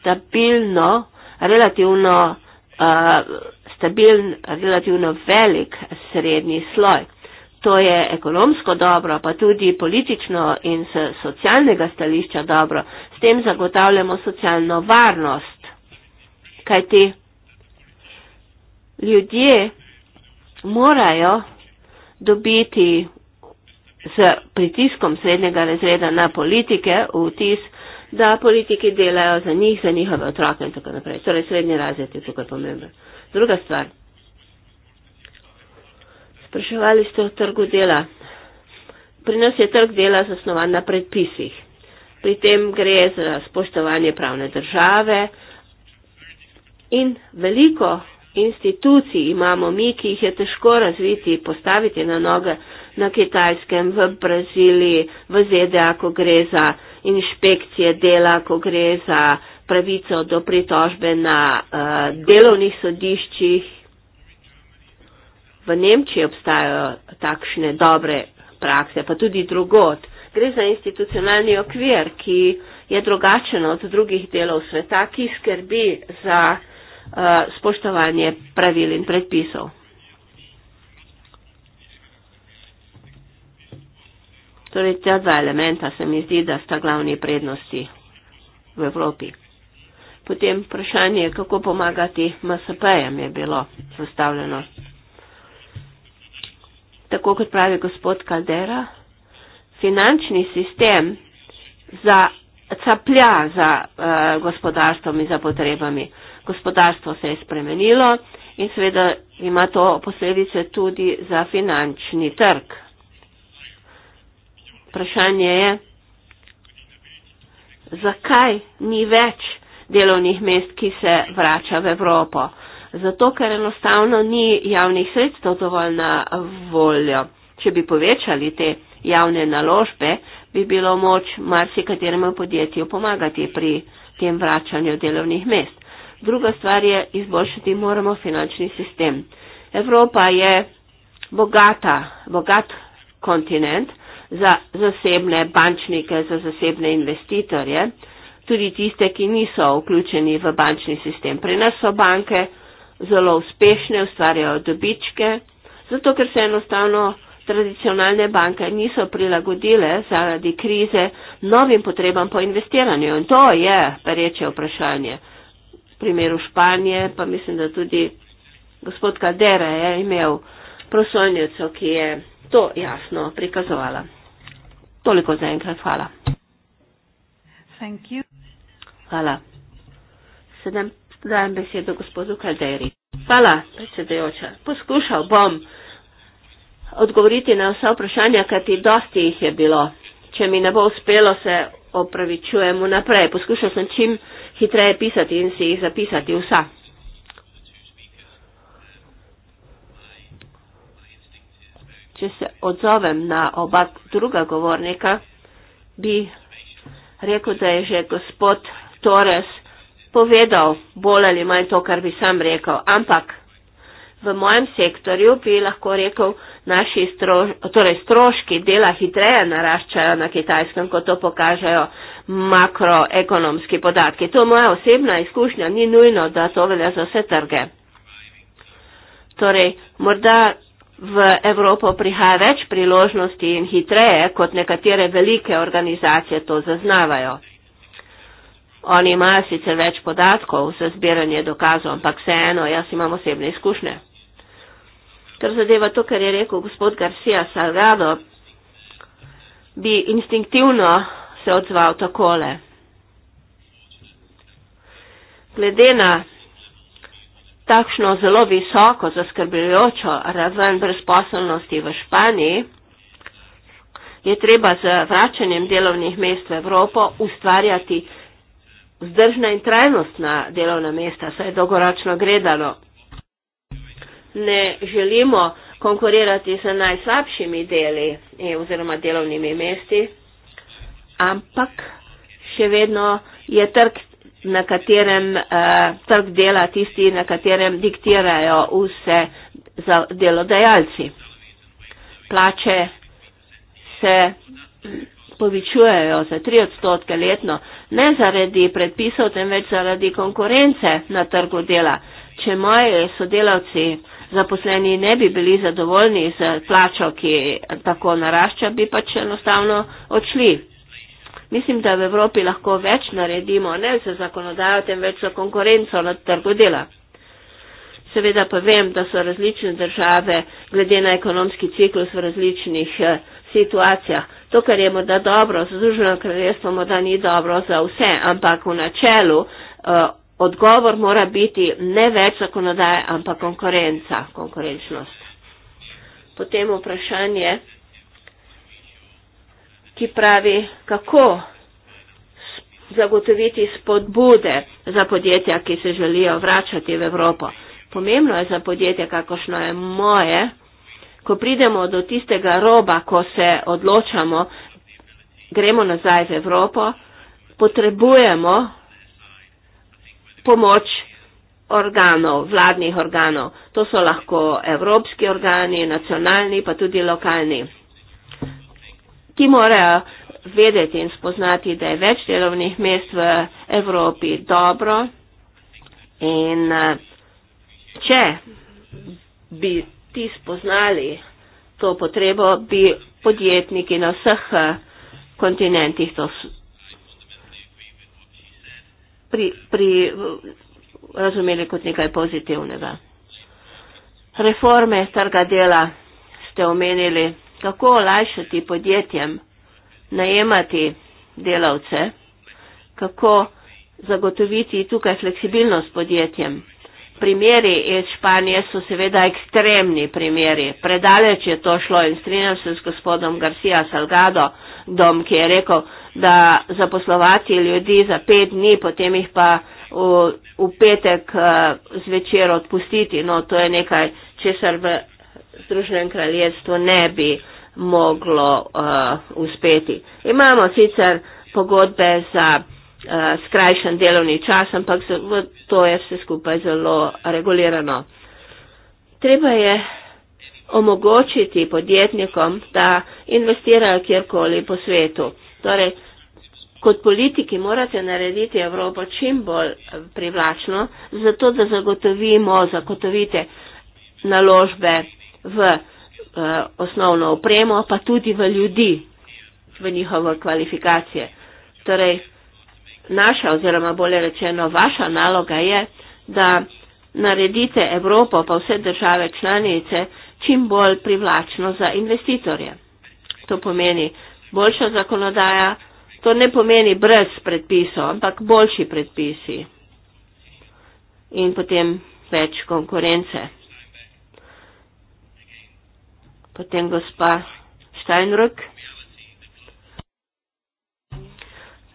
stabilno, relativno, uh, stabilno, relativno velik srednji sloj to je ekonomsko dobro, pa tudi politično in s socialnega stališča dobro. S tem zagotavljamo socialno varnost, kajti ljudje morajo dobiti z pritiskom srednjega razreda na politike vtis, da politiki delajo za njih, za njihove otroke in tako naprej. Torej, srednji razred je tukaj pomemben. Druga stvar. Spraševali ste o trgu dela. Pri nas je trg dela zasnovan na predpisih. Pri tem gre za spoštovanje pravne države in veliko institucij imamo mi, ki jih je težko razviti, postaviti na noge na Kitajskem, v Braziliji, v ZDA, ko gre za inšpekcije dela, ko gre za pravico do pritožbe na uh, delovnih sodiščih v Nemčiji obstajajo takšne dobre prakse, pa tudi drugot. Gre za institucionalni okvir, ki je drugačen od drugih delov sveta, ki skrbi za uh, spoštovanje pravil in predpisov. Torej, ta dva elementa se mi zdi, da sta glavni prednosti v Evropi. Potem vprašanje, kako pomagati MSP-jem je bilo zastavljeno tako kot pravi gospod Kaldera, finančni sistem za caplja za uh, gospodarstvom in za potrebami. Gospodarstvo se je spremenilo in seveda ima to posledice tudi za finančni trg. Vprašanje je, zakaj ni več delovnih mest, ki se vrača v Evropo zato ker enostavno ni javnih sredstev dovolj na voljo. Če bi povečali te javne naložbe, bi bilo moč marsikateremu podjetju pomagati pri tem vračanju delovnih mest. Druga stvar je izboljšati moramo finančni sistem. Evropa je bogata, bogat kontinent za zasebne bančnike, za zasebne investitorje, tudi tiste, ki niso vključeni v bančni sistem. Pri nas so banke zelo uspešne, ustvarjajo dobičke, zato ker se enostavno tradicionalne banke niso prilagodile zaradi krize novim potrebam po investiranju. In to je pereče vprašanje. V primeru Španije pa mislim, da tudi gospod Kadera je imel prosojnico, ki je to jasno prikazovala. Toliko za enkrat. Hvala. Thank you. Hvala. 7. Dajem besedo gospodu Kalderi. Hvala, predsedajoča. Poskušal bom odgovoriti na vsa vprašanja, kajti dosti jih je bilo. Če mi ne bo uspelo, se opravičujem vnaprej. Poskušal sem čim hitreje pisati in si jih zapisati vsa. Če se odzovem na oba druga govornika, bi rekel, da je že gospod Torres povedal bolj ali manj to, kar bi sam rekel, ampak v mojem sektorju bi lahko rekel, naši stroš torej stroški dela hitreje naraščajo na kitajskem, kot to pokažejo makroekonomski podatki. To je moja osebna izkušnja, ni nujno, da to velja za vse trge. Torej, morda v Evropo prihaja več priložnosti in hitreje, kot nekatere velike organizacije to zaznavajo. On ima sicer več podatkov za zbiranje dokazov, ampak vseeno, jaz imam osebne izkušnje. Kar zadeva to, kar je rekel gospod Garcia Salgado, bi instinktivno se odzval takole. Glede na takšno zelo visoko zaskrbljujočo raven brezposelnosti v Španiji, je treba z vračanjem delovnih mest v Evropo ustvarjati vzdržna in trajnostna delovna mesta, saj dolgoročno gledano. Ne želimo konkurirati z najslabšimi deli e oziroma delovnimi mesti, ampak še vedno je trg, na katerem eh, trg dela tisti, na katerem diktirajo vse delodajalci. Plače se povečujejo za tri odstotke letno, ne zaradi predpisov, temveč zaradi konkurence na trgu dela. Če moji sodelavci zaposleni ne bi bili zadovoljni z plačo, ki tako narašča, bi pač enostavno odšli. Mislim, da v Evropi lahko več naredimo, ne za zakonodajo, temveč za konkurenco na trgu dela. Seveda pa vem, da so različne države glede na ekonomski ciklus v različnih eh, situacijah to, kar je morda dobro za Združeno kraljestvo, morda ni dobro za vse, ampak v načelu eh, odgovor mora biti ne več zakonodaje, ampak konkurenca, konkurenčnost. Potem vprašanje, ki pravi, kako zagotoviti spodbude za podjetja, ki se želijo vračati v Evropo. Pomembno je za podjetje, kakošno je moje, ko pridemo do tistega roba, ko se odločamo, gremo nazaj v Evropo, potrebujemo pomoč organov, vladnih organov. To so lahko evropski organi, nacionalni, pa tudi lokalni. Ti morajo vedeti in spoznati, da je več delovnih mest v Evropi dobro in eh, če bi ti spoznali to potrebo, bi podjetniki na vseh eh, kontinentih to pri, pri, razumeli kot nekaj pozitivnega. Reforme trga dela ste omenili, kako olajšati podjetjem najemati delavce, kako zagotoviti tukaj fleksibilnost podjetjem. Primeri iz Španije so seveda ekstremni primeri. Predaleč je to šlo in strinjam se s gospodom Garcia Salgado, dom, ki je rekel, da zaposlovati ljudi za pet dni, potem jih pa v, v petek eh, zvečer odpustiti. No, to je nekaj, česar v Združenem kraljestvu ne bi moglo uh, uspeti. Imamo sicer pogodbe za Eh, skrajšan delovni čas, ampak to je vse skupaj zelo regulirano. Treba je omogočiti podjetnikom, da investirajo kjerkoli po svetu. Torej, kot politiki morate narediti Evropo čim bolj eh, privlačno, zato da zagotovimo, zagotovite naložbe v eh, osnovno opremo, pa tudi v ljudi, v njihove kvalifikacije. Torej, naša oziroma bolje rečeno vaša naloga je, da naredite Evropo pa vse države članice čim bolj privlačno za investitorje. To pomeni boljša zakonodaja, to ne pomeni brez predpisov, ampak boljši predpisi in potem več konkurence. Potem gospa Steinruck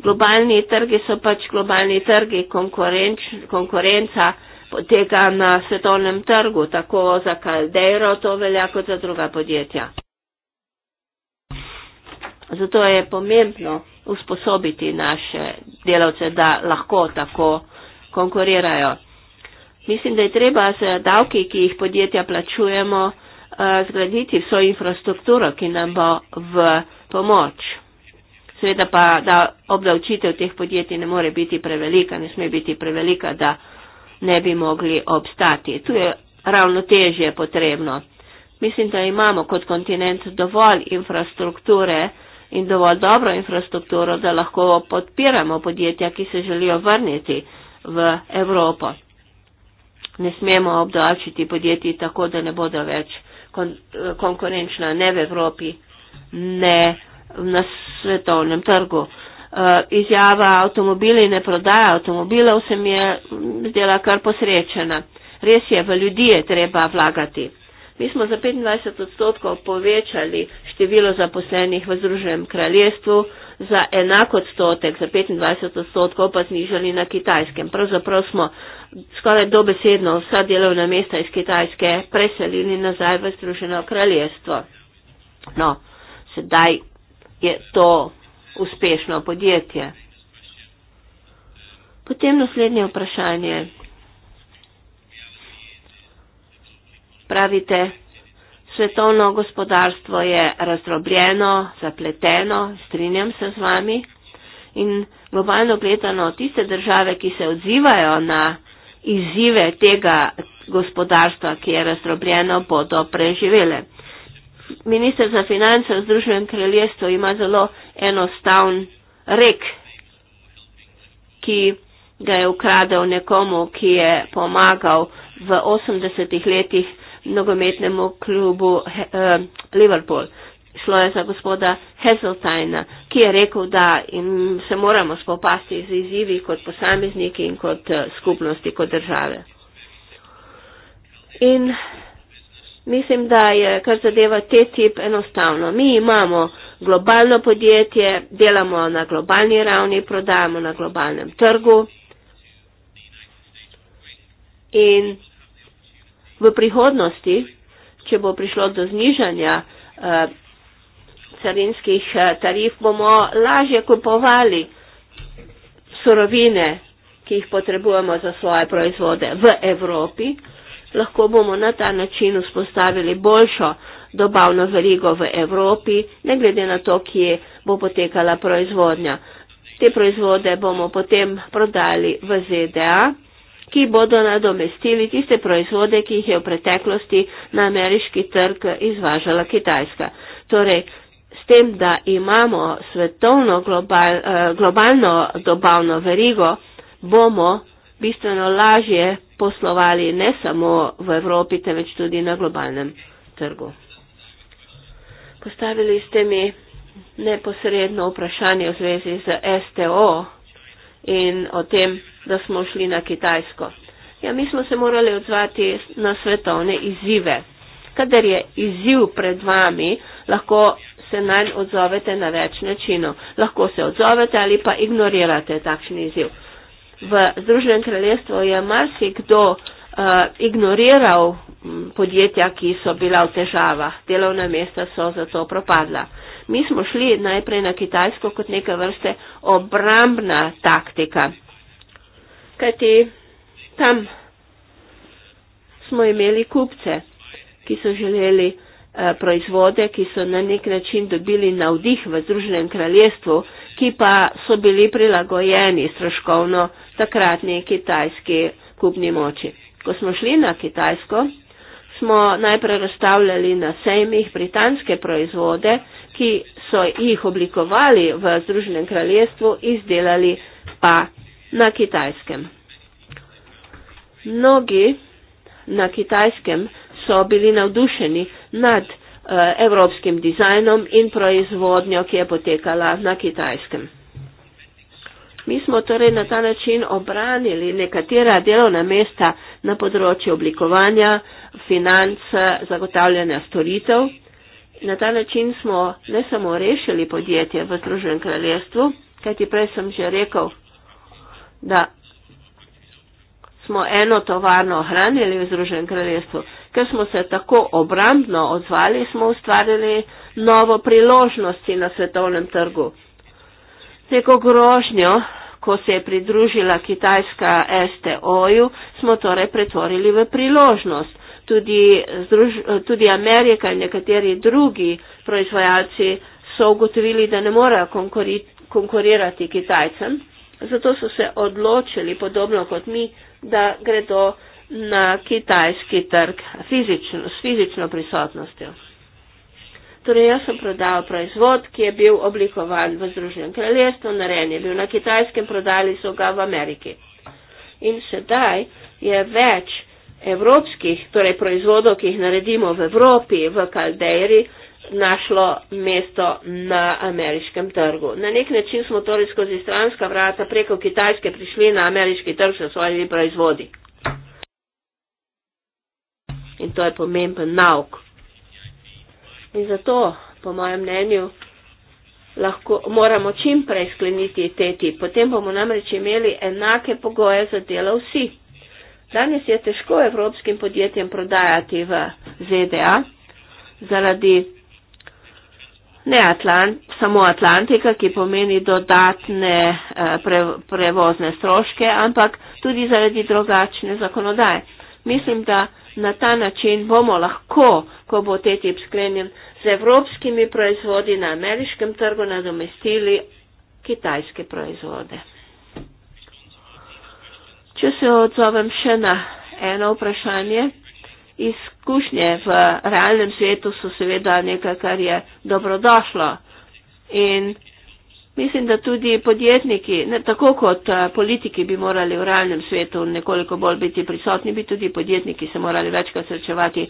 globalni trgi so pač globalni trgi, konkurenč, konkurenca poteka na svetovnem trgu, tako za Caldeiro to velja kot za druga podjetja. Zato je pomembno usposobiti naše delavce, da lahko tako konkurirajo. Mislim, da je treba z davki, ki jih podjetja plačujemo, eh, zgraditi vso infrastrukturo, ki nam bo v pomoč. Sveda pa, da obdavčitev teh podjetij ne more biti prevelika, ne sme biti prevelika, da ne bi mogli obstati. Tu je ravnotežje potrebno. Mislim, da imamo kot kontinent dovolj infrastrukture in dovolj dobro infrastrukturo, da lahko podpiramo podjetja, ki se želijo vrniti v Evropo. Ne smemo obdavčiti podjetij tako, da ne bodo več kon konkurenčna ne v Evropi, ne v Evropi na svetovnem trgu. Eh, izjava avtomobili ne prodaja avtomobilov se mi je zdela kar posrečena. Res je, v ljudi je treba vlagati. Mi smo za 25 odstotkov povečali število zaposlenih v Združenem kraljestvu, za enako odstotek, za 25 odstotkov pa znižali na kitajskem. Pravzaprav smo skoraj dobesedno vsa delovna mesta iz Kitajske preselili nazaj v Združeno kraljestvo. No, sedaj je to uspešno podjetje. Potem naslednje vprašanje. Pravite, svetovno gospodarstvo je razdrobljeno, zapleteno, strinjam se z vami. In globalno gledano, tiste države, ki se odzivajo na izzive tega gospodarstva, ki je razdrobljeno, bodo preživele minister za finance v Združenem kraljestvu ima zelo enostavn rek, ki ga je ukradel nekomu, ki je pomagal v 80-ih letih nogometnemu klubu eh, Liverpool. Šlo je za gospoda Heseltajna, ki je rekel, da se moramo spopasti z izzivi kot posamezniki in kot eh, skupnosti, kot države. In Mislim, da je kar zadeva te tip enostavno. Mi imamo globalno podjetje, delamo na globalni ravni, prodajamo na globalnem trgu in v prihodnosti, če bo prišlo do znižanja eh, carinskih eh, tarif, bomo lažje kupovali surovine, ki jih potrebujemo za svoje proizvode v Evropi. Eh, lahko bomo na ta način vzpostavili boljšo dobavno verigo v Evropi, ne glede na to, kje bo potekala proizvodnja. Te proizvode bomo potem prodali v ZDA, ki bodo nadomestili tiste proizvode, ki jih je v preteklosti na ameriški trg izvažala Kitajska. Torej, s tem, da imamo svetovno global, eh, globalno dobavno verigo, bomo bistveno lažje poslovali ne samo v Evropi, temveč tudi na globalnem trgu. Postavili ste mi neposredno vprašanje v zvezi z STO in o tem, da smo šli na Kitajsko. Ja, mi smo se morali odzvati na svetovne izzive. Kadar je izziv pred vami, lahko se najn odzovete na več načinov. Lahko se odzovete ali pa ignorirate takšen izziv v Združenem kraljestvu je marsikdo uh, ignoriral podjetja, ki so bila v težavah. Delovna mesta so zato propadla. Mi smo šli najprej na Kitajsko kot neka vrste obrambna taktika. Kajti tam smo imeli kupce, ki so želeli eh, proizvode, ki so na nek način dobili navdih v Združenem kraljestvu, ki pa so bili prilagojeni stroškovno takratni kitajski kupni moči. Ko smo šli na Kitajsko, smo najprej razstavljali na sejmih britanske proizvode, ki so jih oblikovali v Združenem kraljestvu, izdelali pa na Kitajskem. Mnogi na Kitajskem so bili navdušeni nad eh, evropskim dizajnom in proizvodnjo, ki je potekala na Kitajskem. Mi smo torej na ta način obranili nekatera delovna mesta na področju oblikovanja, financ, zagotavljanja storitev. Na ta način smo ne samo rešili podjetje v Združenem kraljestvu, kajti prej sem že rekel, da smo eno tovarno ohranili v Združenem kraljestvu. Ker smo se tako obrambno odzvali, smo ustvarili novo priložnost na svetovnem trgu neko grožnjo, ko se je pridružila kitajska STO-ju, smo torej pretvorili v priložnost. Tudi, združ, tudi Amerika in nekateri drugi proizvajalci so ugotovili, da ne morejo konkurirati Kitajcem. Zato so se odločili, podobno kot mi, da gredo na kitajski trg fizično, s fizično prisotnostjo. Torej, jaz sem prodal proizvod, ki je bil oblikovan v Združenem kraljestvu, narejen je bil na kitajskem, prodali so ga v Ameriki. In sedaj je več evropskih, torej proizvodov, ki jih naredimo v Evropi, v Kaldeiri, našlo mesto na ameriškem trgu. Na nek način smo torej skozi stranska vrata preko Kitajske prišli na ameriški trg s svojimi proizvodi. In to je pomemben nauk. In zato, po mojem mnenju, lahko, moramo čim prej skleniti teti. Potem bomo namreč imeli enake pogoje za delo vsi. Danes je težko evropskim podjetjem prodajati v ZDA zaradi ne Atlant, samo Atlantika, ki pomeni dodatne eh, prevozne stroške, ampak tudi zaradi drugačne zakonodaje. Mislim, da na ta način bomo lahko, ko bo TTIP sklenjen, z evropskimi proizvodi na ameriškem trgu nadomestili kitajske proizvode. Če se odzovem še na eno vprašanje. Izkušnje v realnem svetu so seveda nekaj, kar je dobrodošlo in Mislim, da tudi podjetniki, ne, tako kot eh, politiki bi morali v realnem svetu nekoliko bolj biti prisotni, bi tudi podjetniki se morali večkrat srečevati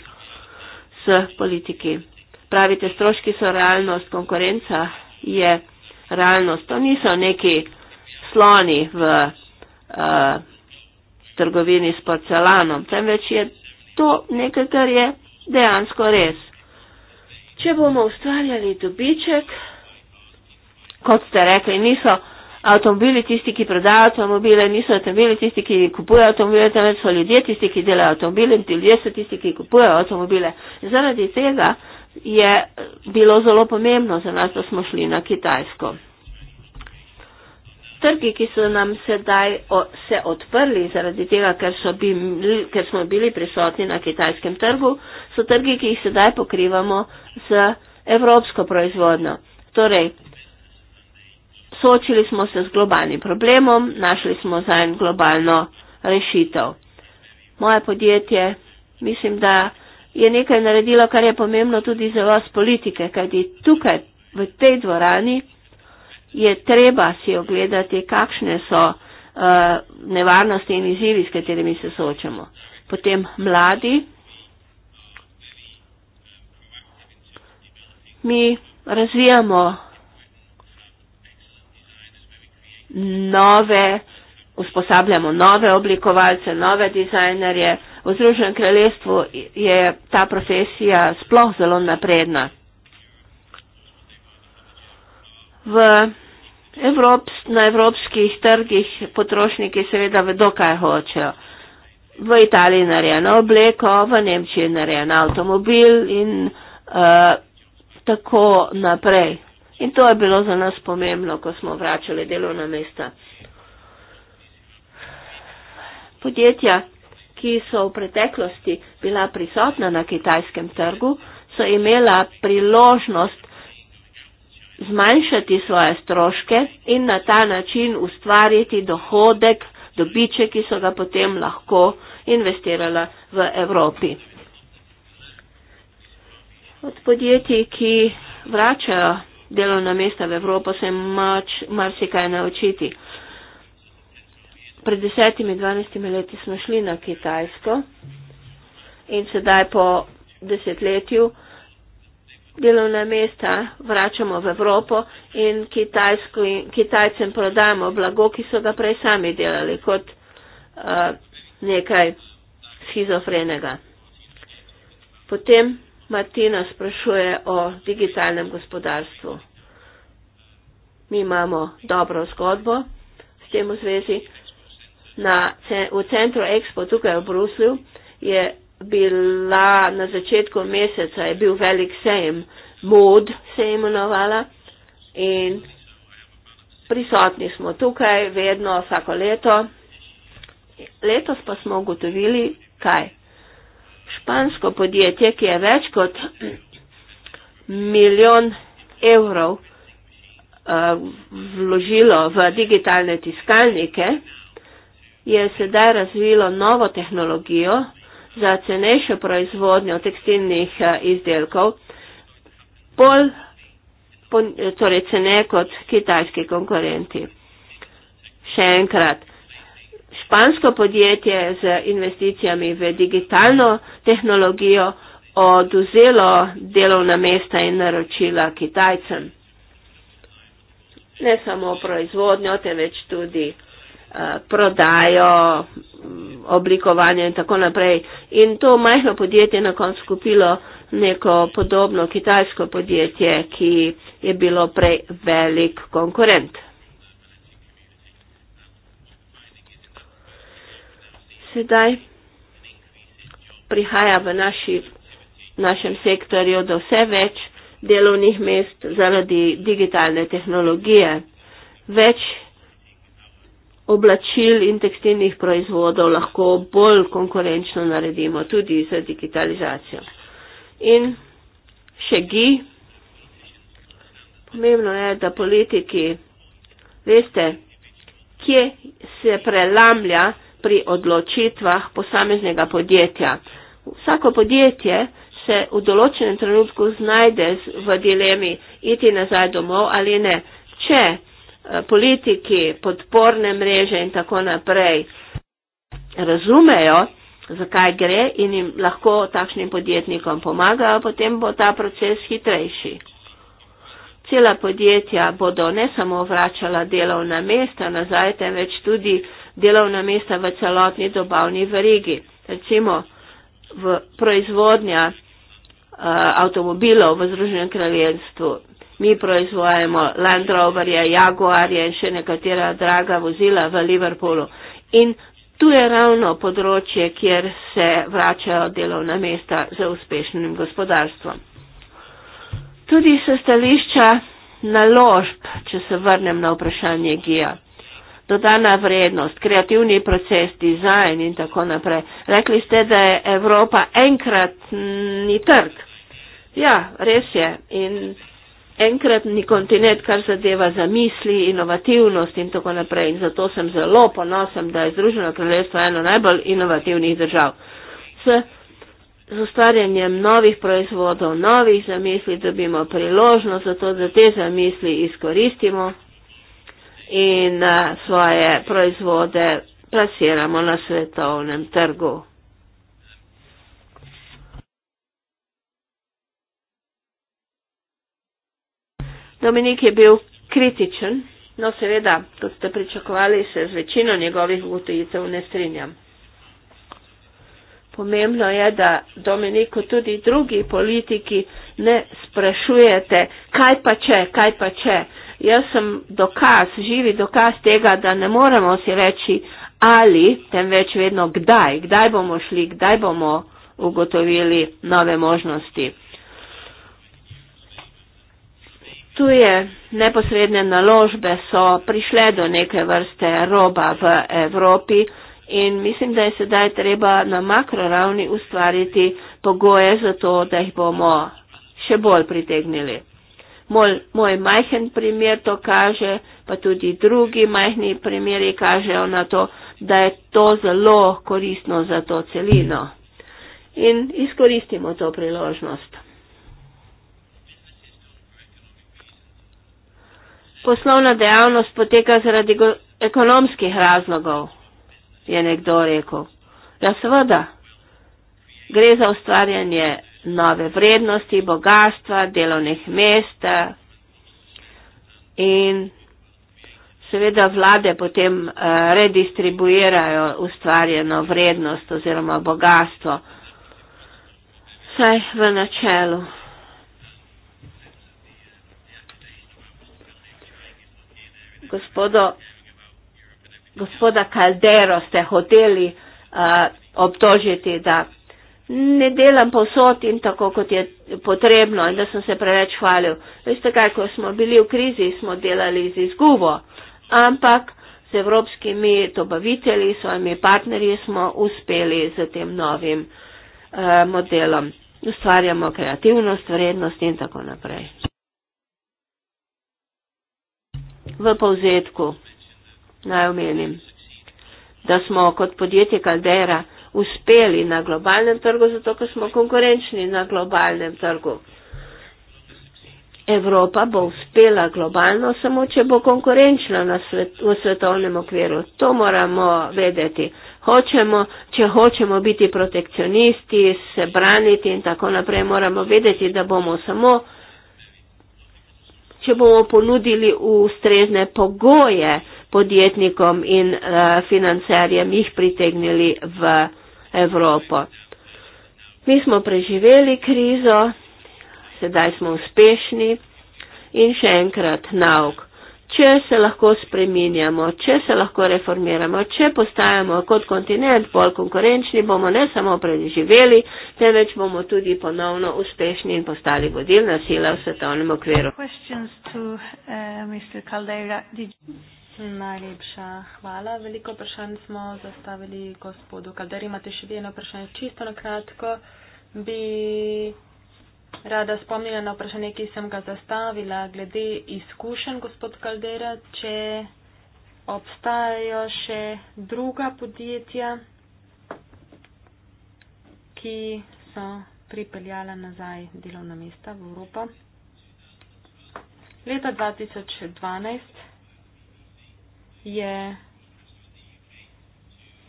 s politiki. Pravite, stroški so realnost, konkurenca je realnost. To niso neki sloni v uh, trgovini s porcelanom, temveč je to nekaj, kar je dejansko res. Če bomo ustvarjali dobiček, kot ste rekli, niso avtomobili tisti, ki prodajo avtomobile, niso avtomobili tisti, ki kupujejo avtomobile, temveč so ljudje tisti, ki delajo avtomobile in ti ljudje so tisti, ki kupujejo avtomobile. Zaradi tega je bilo zelo pomembno za nas, da smo šli na Kitajsko. Trgi, ki so nam sedaj o, se odprli zaradi tega, ker, bili, ker smo bili prisotni na kitajskem trgu, so trgi, ki jih sedaj pokrivamo z evropsko proizvodno. Torej, soočili smo se z globalnim problemom, našli smo za en globalno rešitev. Moje podjetje, mislim, da je nekaj naredilo, kar je pomembno tudi za vas politike, kajti tukaj v tej dvorani je treba si ogledati, kakšne so uh, nevarnosti in izzivi, s katerimi se soočamo. Potem mladi. Mi razvijamo nove, usposabljamo nove oblikovalce, nove dizajnerje. V Združenem kraljestvu je ta profesija sploh zelo napredna. V Evrops, na evropskih trgih potrošniki seveda vedo, kaj hočejo. V Italiji narejeno obleko, v Nemčiji narejen avtomobil in uh, tako naprej. In to je bilo za nas pomembno, ko smo vračali delovna mesta. Podjetja, ki so v preteklosti bila prisotna na kitajskem trgu, so imela priložnost zmanjšati svoje stroške in na ta način ustvariti dohodek, dobiček, ki so ga potem lahko investirala v Evropi. Od podjetij, ki vračajo delovna mesta v Evropo se mač, marsikaj naučiti. Pred desetimi, dvanajstimi leti smo šli na Kitajsko in sedaj po desetletju delovna mesta vračamo v Evropo in, in Kitajcem prodajamo blago, ki so ga prej sami delali kot uh, nekaj schizofrenega. Potem Martina sprašuje o digitalnem gospodarstvu. Mi imamo dobro zgodbo s tem v zvezi. Na, v centru Expo tukaj v Bruslju je bila na začetku meseca, je bil velik sejem, mod se je imenovala in prisotni smo tukaj vedno, vsako leto. Letos pa smo ugotovili, kaj špansko podjetje, ki je več kot milijon evrov eh, vložilo v digitalne tiskalnike, je sedaj razvilo novo tehnologijo za cenejšo proizvodnjo tekstilnih eh, izdelkov, bolj torej cene kot kitajski konkurenti. Še enkrat, špansko podjetje z investicijami v digitalno tehnologijo oduzelo delovna mesta in naročila Kitajcem. Ne samo proizvodnjo, temveč tudi eh, prodajo, mm, oblikovanje in tako naprej. In to majhno podjetje je na koncu kupilo neko podobno kitajsko podjetje, ki je bilo prej velik konkurent. sedaj prihaja v naši, našem sektorju do vse več delovnih mest zaradi digitalne tehnologije. Več oblačil in tekstilnih proizvodov lahko bolj konkurenčno naredimo tudi z digitalizacijo. In še gi, pomembno je, da politiki veste, kje se prelamlja pri odločitvah posameznega podjetja. Vsako podjetje se v določenem trenutku znajde v dilemi iti nazaj domov ali ne. Če eh, politiki, podporne mreže in tako naprej razumejo, zakaj gre in jim lahko takšnim podjetnikom pomagajo, potem bo ta proces hitrejši. Cela podjetja bodo ne samo vračala delovna mesta nazaj, temveč tudi delovna mesta v celotni dobavni verigi. Recimo v proizvodnja uh, avtomobilov v Združenem kraljestvu. Mi proizvajamo Land Roverje, Jaguarje in še nekatera draga vozila v Liverpoolu. In tu je ravno področje, kjer se vračajo delovna mesta z uspešnim gospodarstvom. Tudi se stališča naložb, če se vrnem na vprašanje GIA dodana vrednost, kreativni proces, dizajn in tako naprej. Rekli ste, da je Evropa enkratni trg. Ja, res je. In enkratni kontinent, kar zadeva za misli, inovativnost in tako naprej. In zato sem zelo ponosen, da je Združeno kraljestvo eno najbolj inovativnih držav. S Z ustvarjanjem novih proizvodov, novih zamisli dobimo priložnost za to, da te zamisli izkoristimo in eh, svoje proizvode plasiramo na svetovnem trgu. Dominik je bil kritičen, no seveda, kot ste pričakovali, se z večino njegovih ugotovitev ne strinjam. Pomembno je, da Dominiku tudi drugi politiki ne sprašujete, kaj pa če, kaj pa če jaz sem dokaz, živi dokaz tega, da ne moremo si reči ali, temveč vedno kdaj, kdaj bomo šli, kdaj bomo ugotovili nove možnosti. Tu je neposredne naložbe so prišle do neke vrste roba v Evropi in mislim, da je sedaj treba na makroravni ustvariti pogoje za to, da jih bomo še bolj pritegnili. Moj, moj majhen primer to kaže, pa tudi drugi majhni primeri kažejo na to, da je to zelo koristno za to celino. In izkoristimo to priložnost. Poslovna dejavnost poteka zaradi ekonomskih razlogov, je nekdo rekel. Ja, seveda, gre za ustvarjanje nove vrednosti, bogatstva, delovnih mest eh, in seveda vlade potem eh, redistribuirajo ustvarjeno vrednost oziroma bogatstvo. Vse v načelu. Gospodo, gospoda Kaldero ste hoteli uh, obtožiti, da ne delam posod in tako, kot je potrebno in da sem se preveč hvalil. Veste kaj, ko smo bili v krizi, smo delali z izgubo, ampak z evropskimi dobavitelji, svojimi partnerji smo uspeli z tem novim eh, modelom. Ustvarjamo kreativnost, vrednost in tako naprej. V povzetku naj omenim, da smo kot podjetje Kaldera uspeli na globalnem trgu, zato ker smo konkurenčni na globalnem trgu. Evropa bo uspela globalno, samo če bo konkurenčna na svet, v svetovnem okviru. To moramo vedeti. Hočemo, če hočemo biti protekcionisti, se braniti in tako naprej, moramo vedeti, da bomo samo, če bomo ponudili ustrezne pogoje podjetnikom in uh, financerjem, jih pritegnili v. Evropo. Mi smo preživeli krizo, sedaj smo uspešni in še enkrat nauk. Če se lahko spreminjamo, če se lahko reformiramo, če postajamo kot kontinent bolj konkurenčni, bomo ne samo preživeli, temveč bomo tudi ponovno uspešni in postali vodilna sila v svetovnem okviru. Najlepša hvala. Veliko vprašanj smo zastavili gospodu Kalder. Imate še eno vprašanje? Čisto na kratko bi rada spomnila na vprašanje, ki sem ga zastavila glede izkušenj gospod Kaldera, če obstajajo še druga podjetja, ki so pripeljala nazaj delovna mesta v Evropo. Leta 2012 je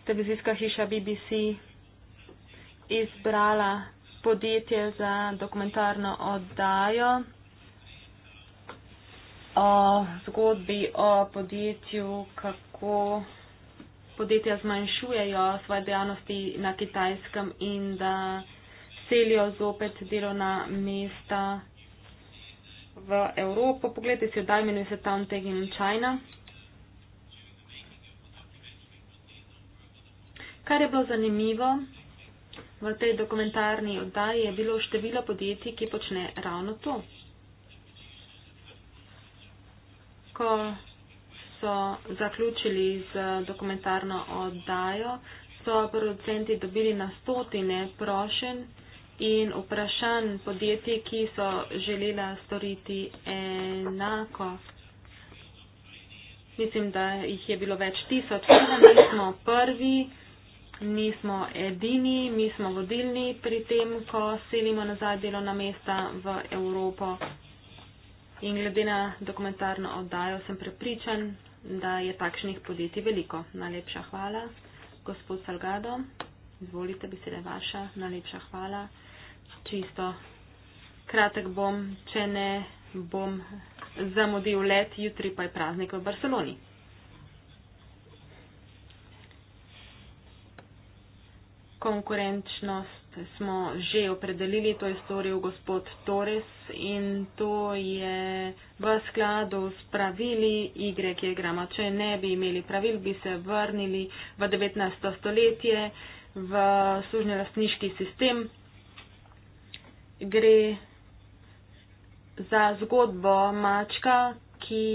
televizijska hiša BBC izbrala podjetje za dokumentarno oddajo o zgodbi o podjetju, kako podjetja zmanjšujejo svoje dejavnosti na kitajskem in da selijo zopet delovna mesta v Evropo. Poglejte si oddaj, menuje se Town Taking in China. Kar je bilo zanimivo v tej dokumentarni oddaji, je bilo število podjetij, ki počne ravno to. Ko so zaključili z dokumentarno oddajo, so producenti dobili na stotine prošen in vprašanj podjetij, ki so želela storiti enako. Mislim, da jih je bilo več tisoč, tudi mi smo prvi nismo edini, mi smo vodilni pri tem, ko silimo nazaj delovna mesta v Evropo. In glede na dokumentarno oddajo sem prepričan, da je takšnih podjetij veliko. Najlepša hvala. Gospod Salgado, izvolite, beseda je vaša. Najlepša hvala. Čisto kratek bom, če ne bom zamudil let, jutri pa je praznik v Barceloni. konkurenčnost smo že opredelili, to je storil gospod Torres in to je v skladu s pravili igre, ki je grama. Če ne bi imeli pravil, bi se vrnili v 19. stoletje v služnjerastniški sistem. Gre za zgodbo mačka, ki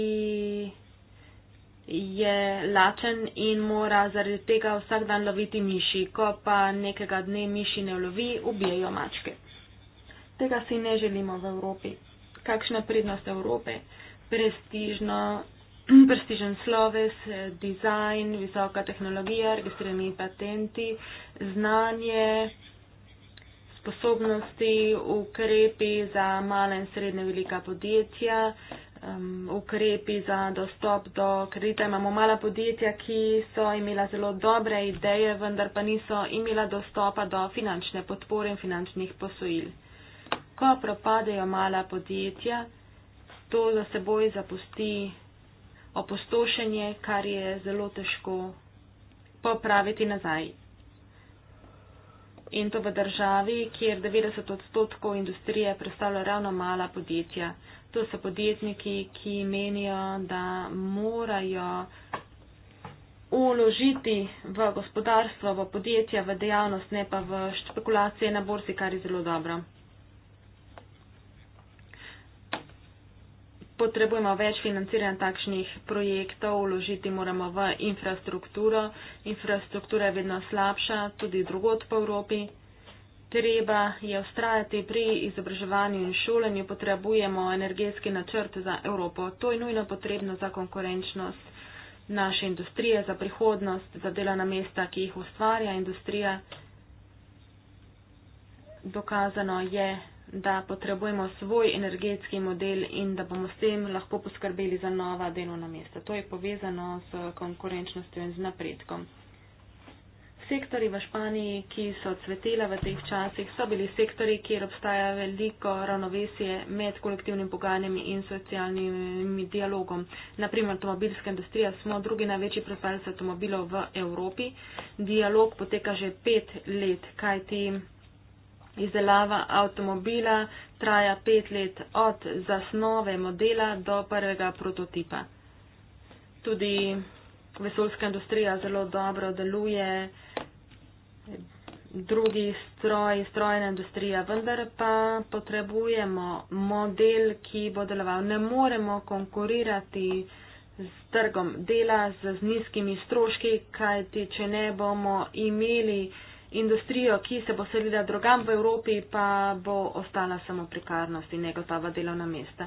je lačen in mora zaradi tega vsak dan loviti miši, ko pa nekega dne miši ne lovi, ubijajo mačke. Tega si ne želimo v Evropi. Kakšna prednost Evrope? Prestižno, prestižen sloves, dizajn, visoka tehnologija, registrirani patenti, znanje, sposobnosti, ukrepi za male in srednje velika podjetja, um, ukrepi za dostop do kredita. Imamo mala podjetja, ki so imela zelo dobre ideje, vendar pa niso imela dostopa do finančne podpore in finančnih posojil. Ko propadejo mala podjetja, to za seboj zapusti opustošenje, kar je zelo težko popraviti nazaj in to v državi, kjer 90 odstotkov industrije predstavlja ravno mala podjetja. To so podjetniki, ki menijo, da morajo uložiti v gospodarstvo, v podjetja, v dejavnost, ne pa v špekulacije na borzi, kar je zelo dobro. potrebujemo več financiranja takšnih projektov, vložiti moramo v infrastrukturo. Infrastruktura je vedno slabša, tudi drugot po Evropi. Treba je ustrajati pri izobraževanju in šolanju, potrebujemo energetski načrt za Evropo. To je nujno potrebno za konkurenčnost naše industrije, za prihodnost, za delovna mesta, ki jih ustvarja industrija. Dokazano je, da potrebujemo svoj energetski model in da bomo s tem lahko poskrbeli za nova delovna mesta. To je povezano s konkurenčnostjo in z napredkom. Sektori v Španiji, ki so cvetela v teh časih, so bili sektori, kjer obstaja veliko ravnovesje med kolektivnim pogajanjem in socialnim dialogom. Naprimer, avtomobilska industrija smo drugi največji proizvajalci avtomobilov v Evropi. Dialog poteka že pet let, kajti Izdelava avtomobila traja pet let od zasnove modela do prvega prototipa. Tudi vesoljska industrija zelo dobro deluje, drugi stroji, strojna industrija, vendar pa potrebujemo model, ki bo deloval. Ne moremo konkurirati z trgom dela z, z nizkimi stroški, kajti če ne bomo imeli industrijo, ki se bo selila drugam v Evropi, pa bo ostala samo prekarnost in negotova delovna mesta.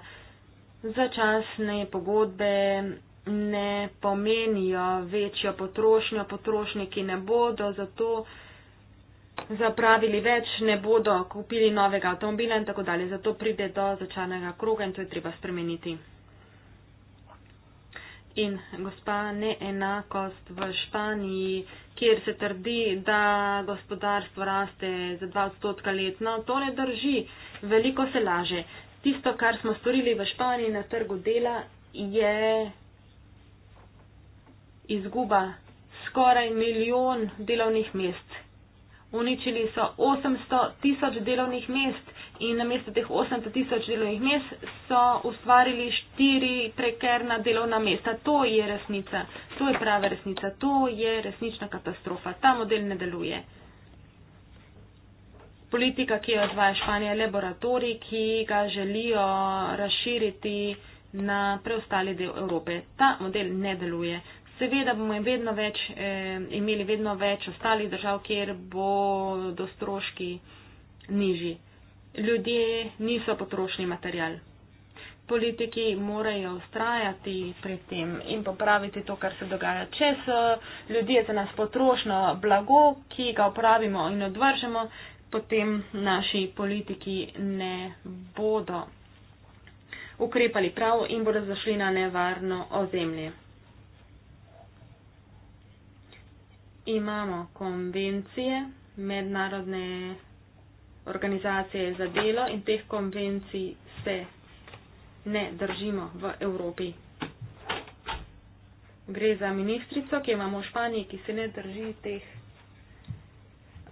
Začasne pogodbe ne pomenijo večjo potrošnjo, potrošniki ne bodo zato zapravili več, ne bodo kupili novega avtomobila in tako dalje. Zato pride do začanega kroga in to je treba spremeniti. In gospa neenakost v Španiji, kjer se trdi, da gospodarstvo raste za 2 odstotka letno, to ne drži, veliko se laže. Tisto, kar smo storili v Španiji na trgu dela, je izguba skoraj milijon delovnih mest. Uničili so 800 tisoč delovnih mest in namesto teh 800 tisoč delovnih mest so ustvarili štiri prekerna delovna mesta. To je resnica, to je prava resnica, to je resnična katastrofa. Ta model ne deluje. Politika, ki jo izvaja Španija, je laboratorij, ki ga želijo razširiti na preostali del Evrope. Ta model ne deluje. Seveda bomo vedno več, eh, imeli vedno več ostalih držav, kjer bodo stroški nižji ljudje niso potrošni material. Politiki morajo ustrajati pri tem in popraviti to, kar se dogaja. Če so ljudje za nas potrošno blago, ki ga upravimo in odvržemo, potem naši politiki ne bodo ukrepali prav in bodo zašli na nevarno ozemlje. Imamo konvencije mednarodne organizacije za delo in teh konvencij se ne držimo v Evropi. Gre za ministrico, ki imamo v Španiji, ki se ne drži teh,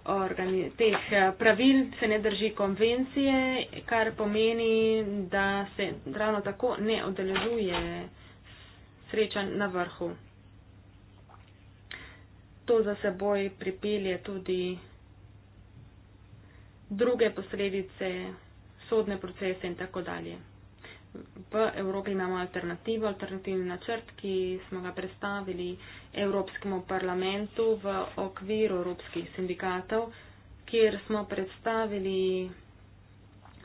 organi, teh eh, pravil, se ne drži konvencije, kar pomeni, da se ravno tako ne odeležuje srečan na vrhu. To za seboj pripelje tudi druge posledice, sodne procese in tako dalje. V Evropi imamo alternativo, alternativni načrt, ki smo ga predstavili Evropskemu parlamentu v okviru Evropskih sindikatov, kjer smo predstavili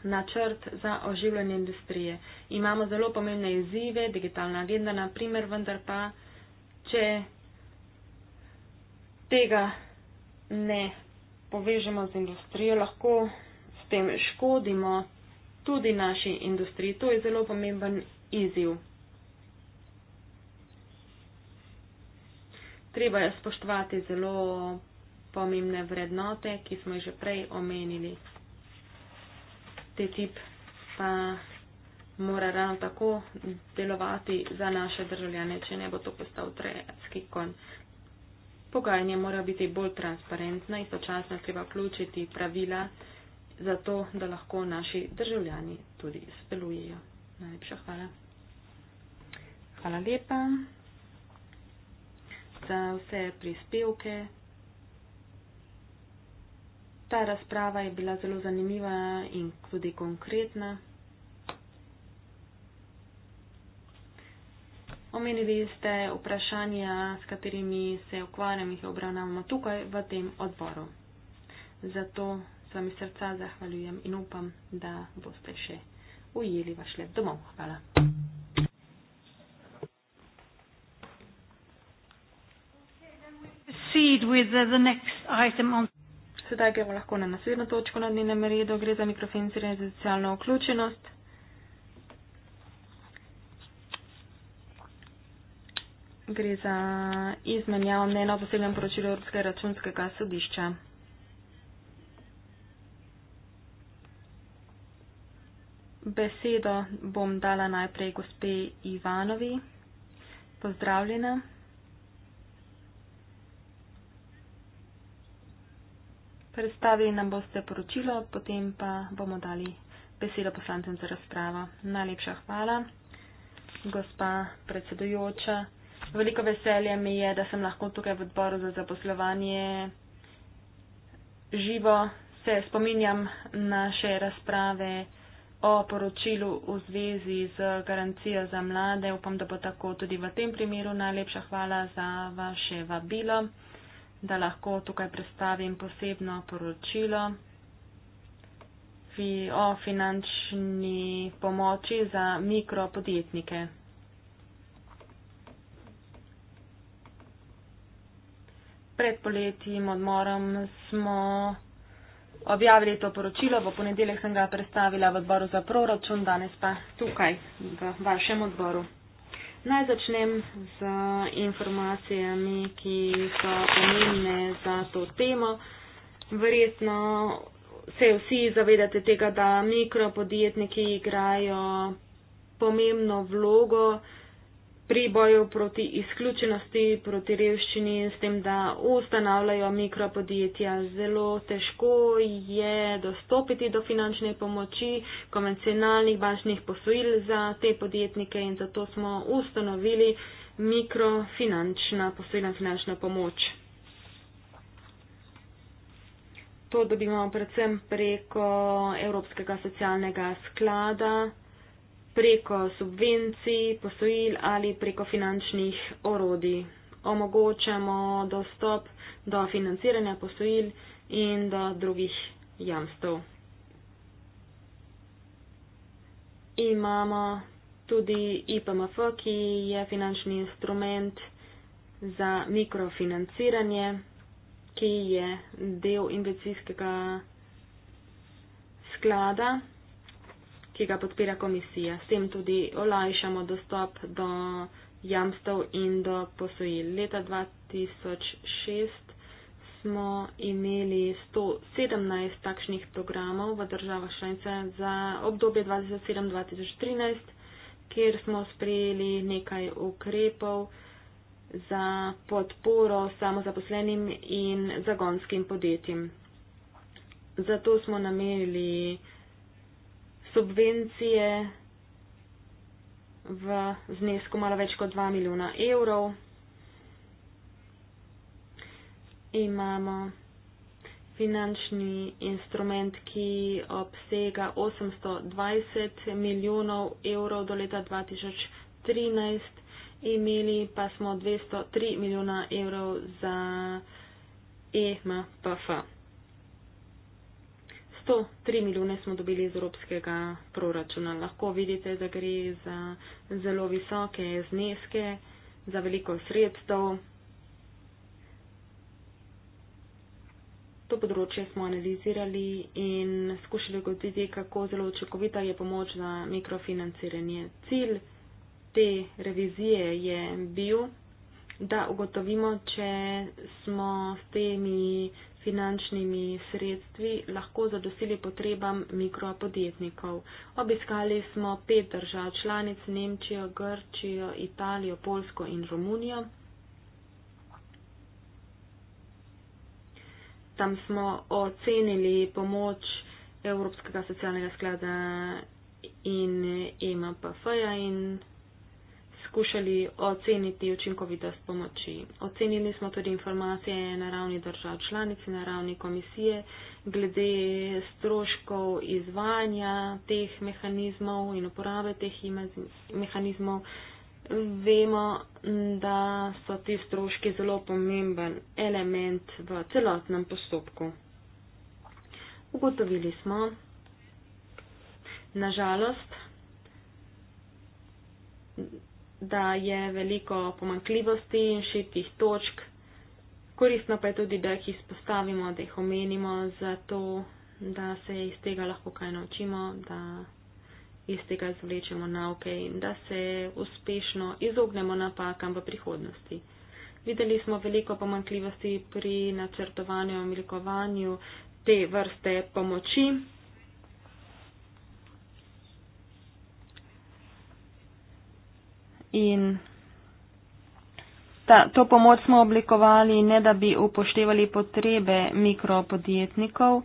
načrt za oživljanje industrije. Imamo zelo pomembne izzive, digitalna agenda na primer, vendar pa, če tega ne povežemo z industrijo, lahko s tem škodimo tudi naši industriji. To je zelo pomemben izziv. Treba je spoštovati zelo pomembne vrednote, ki smo jih že prej omenili. Te tip pa mora ravno tako delovati za naše državljane, če ne bo to postal trejatski konj. Pogajanje mora biti bolj transparentno in sočasno treba vključiti pravila za to, da lahko naši državljani tudi spelujejo. Najlepša hvala. Hvala lepa za vse prispevke. Ta razprava je bila zelo zanimiva in tudi konkretna. omenili ste vprašanja, s katerimi se ukvarjam in jih obravnavamo tukaj v tem odboru. Zato se vam iz srca zahvaljujem in upam, da boste še ujeli vaš let domov. Hvala. Sedaj gremo lahko na naslednjo točko na dnevnem redu, gre za mikrofinanciranje za socialno vključenost. Gre za izmenjavo mnenja o posebnem poročilu Evropskega računskega sodišča. Besedo bom dala najprej gospe Ivanovi. Pozdravljena. Predstavili nam boste poročilo, potem pa bomo dali besedo poslancem za razpravo. Najlepša hvala, gospa predsedujoča veliko veselje mi je, da sem lahko tukaj v odboru za zaposlovanje živo. Se spominjam naše razprave o poročilu v zvezi z garancijo za mlade. Upam, da bo tako tudi v tem primeru. Najlepša hvala za vaše vabilo, da lahko tukaj predstavim posebno poročilo o finančni pomoči za mikropodjetnike. pred poletjim odmorom smo objavili to poročilo, v ponedeljek sem ga predstavila v odboru za proračun, danes pa tukaj v vašem odboru. Naj začnem z informacijami, ki so pomembne za to temo. Verjetno se vsi zavedate tega, da mikropodjetniki igrajo pomembno vlogo pri boju proti izključenosti, proti revščini in s tem, da ustanavljajo mikropodjetja. Zelo težko je dostopiti do finančne pomoči, konvencionalnih bančnih posojil za te podjetnike in zato smo ustanovili mikrofinančna posojila in finančna pomoč. To dobimo predvsem preko Evropskega socialnega sklada preko subvencij, posojil ali preko finančnih orodij. Omogočamo dostop do financiranja posojil in do drugih jamstev. Imamo tudi IPMF, ki je finančni instrument za mikrofinanciranje, ki je del investicijskega sklada ki ga podpira komisija. S tem tudi olajšamo dostop do jamstev in do posojil. Leta 2006 smo imeli 117 takšnih programov v državah članice za obdobje 2007-2013, kjer smo sprejeli nekaj ukrepov za podporo samozaposlenim in zagonskim podjetjem. Zato smo namenili subvencije v znesku malo več kot 2 milijona evrov. Imamo finančni instrument, ki obsega 820 milijonov evrov do leta 2013, imeli pa smo 203 milijona evrov za EMPF. 100, 3 milijone smo dobili iz evropskega proračuna. Lahko vidite, da gre za zelo visoke zneske, za veliko sredstev. To področje smo analizirali in skušali ugotoviti, kako zelo očekovita je pomoč za mikrofinanciranje. Cilj te revizije je bil, da ugotovimo, če smo s temi finančnimi sredstvi lahko zadosili potrebam mikropodjetnikov. Obiskali smo pet držav članic Nemčijo, Grčijo, Italijo, Polsko in Romunijo. Tam smo ocenili pomoč Evropskega socialnega sklada in EMPF-ja in poskušali oceniti učinkovitost pomoči. Ocenili smo tudi informacije na ravni držav članic in na ravni komisije glede stroškov izvajanja teh mehanizmov in uporabe teh mehanizmov. Vemo, da so ti stroški zelo pomemben element v celotnem postopku. Ugotovili smo, nažalost, da je veliko pomankljivosti in šitih točk. Koristno pa je tudi, da jih izpostavimo, da jih omenimo, zato da se iz tega lahko kaj naučimo, da iz tega zvlečemo nauke in da se uspešno izognemo napakam v prihodnosti. Videli smo veliko pomankljivosti pri načrtovanju in oblikovanju te vrste pomoči, in ta, to pomoč smo oblikovali ne da bi upoštevali potrebe mikropodjetnikov.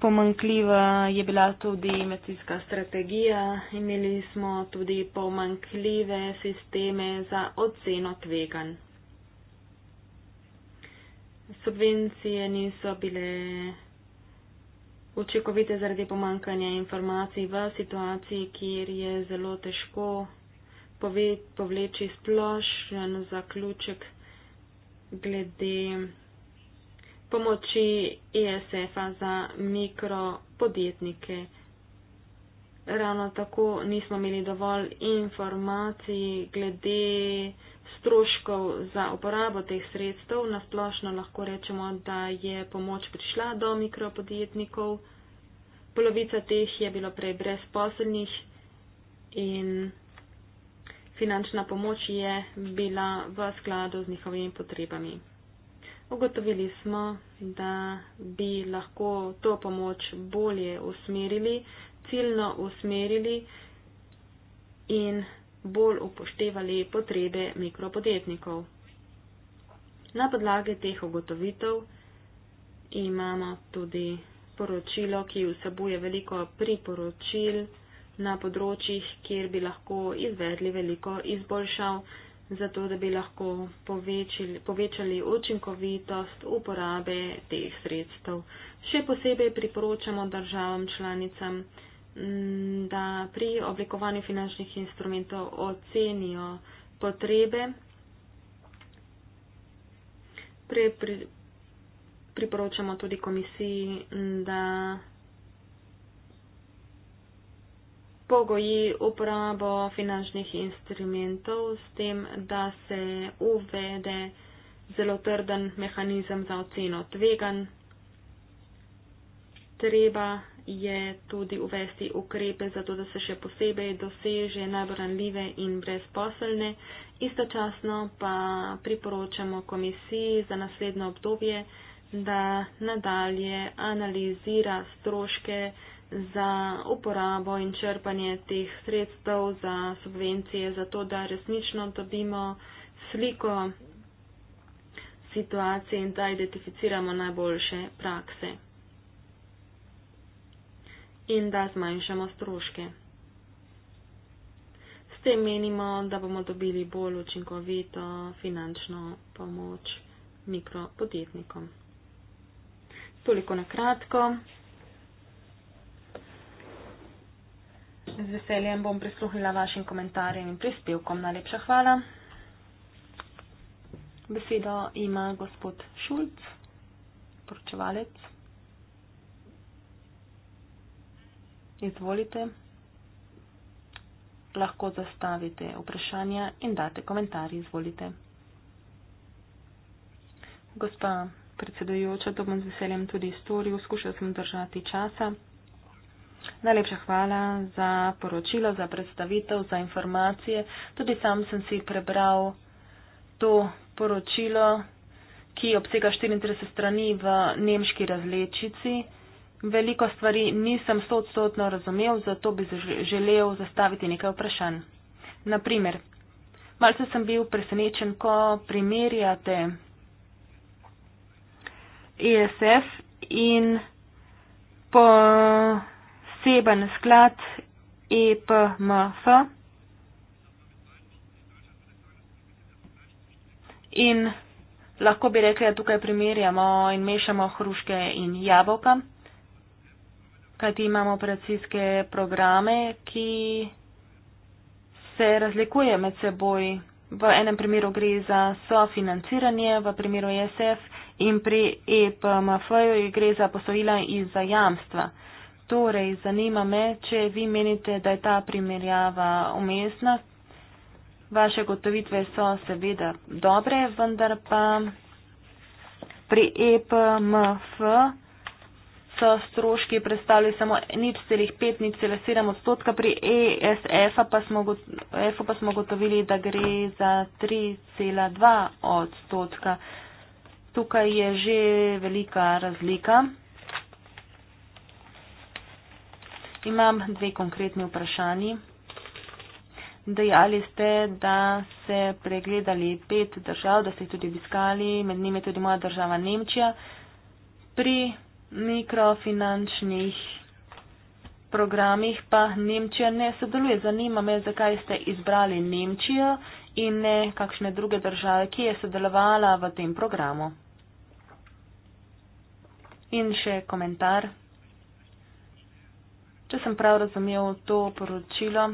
Pomankljiva je bila tudi investicijska strategija, imeli smo tudi pomankljive sisteme za oceno tvegan. Subvencije niso bile učinkovite zaradi pomankanja informacij v situaciji, kjer je zelo težko pove, povleči splošen zaključek glede pomoči ESF-a za mikropodjetnike. Ravno tako nismo imeli dovolj informacij glede stroškov za uporabo teh sredstev. Nasplošno lahko rečemo, da je pomoč prišla do mikropodjetnikov. Polovica teh je bilo prej brezposelnih in Finančna pomoč je bila v skladu z njihovimi potrebami. Ugotovili smo, da bi lahko to pomoč bolje usmerili, ciljno usmerili in bolj upoštevali potrebe mikropodjetnikov. Na podlagi teh ugotovitev imamo tudi poročilo, ki vsebuje veliko priporočil na področjih, kjer bi lahko izvedli veliko izboljšav, zato da bi lahko povečili, povečali učinkovitost uporabe teh sredstev. Še posebej priporočamo državam članicam, mm, da pri oblikovanju finančnih instrumentov ocenijo potrebe. Pre, pri, priporočamo tudi komisiji, mm, da pogoji uporabo finančnih instrumentov s tem, da se uvede zelo trden mehanizem za oceno tvegan. Treba je tudi uvesti ukrepe za to, da se še posebej doseže najbranljive in brezposelne. Istočasno pa priporočamo komisiji za naslednjo obdobje, da nadalje analizira stroške, za uporabo in črpanje teh sredstev, za subvencije, za to, da resnično dobimo sliko situacije in da identificiramo najboljše prakse in da zmanjšamo stroške. S tem menimo, da bomo dobili bolj učinkovito finančno pomoč mikropodjetnikom. Toliko na kratko. Z veseljem bom prisluhnila vašim komentarjem in prispevkom. Najlepša hvala. Besedo ima gospod Šulc, poročevalec. Izvolite. Lahko zastavite vprašanja in date komentarje. Izvolite. Gospa predsedujoča, to bom z veseljem tudi storil. Skušal sem držati časa. Najlepša hvala za poročilo, za predstavitev, za informacije. Tudi sam sem si prebral to poročilo, ki obsega 34 strani v nemški različici. Veliko stvari nisem stotstotno razumel, zato bi želel zastaviti nekaj vprašanj. Naprimer, malce sem bil presenečen, ko primerjate ESF in po poseben sklad EPMF in lahko bi rekli, da tukaj primerjamo in mešamo hruške in jabolka, kajti imamo operacijske programe, ki se razlikuje med seboj. V enem primeru gre za sofinanciranje, v primeru ESF in pri EPMF gre za posojila iz zajamstva. Torej, zanima me, če vi menite, da je ta primerjava umestna. Vaše gotovitve so seveda dobre, vendar pa pri EPMF so stroški predstavili samo nič celih 5,7 odstotka, pri ESF-a pa, pa smo gotovili, da gre za 3,2 odstotka. Tukaj je že velika razlika. Imam dve konkretni vprašanji. Dejali ste, da ste pregledali pet držav, da ste jih tudi obiskali, med njimi tudi moja država Nemčija. Pri mikrofinančnih programih pa Nemčija ne sodeluje. Zanima me, zakaj ste izbrali Nemčijo in ne kakšne druge države, ki je sodelovala v tem programu. In še komentar. Če sem prav razumel to poročilo,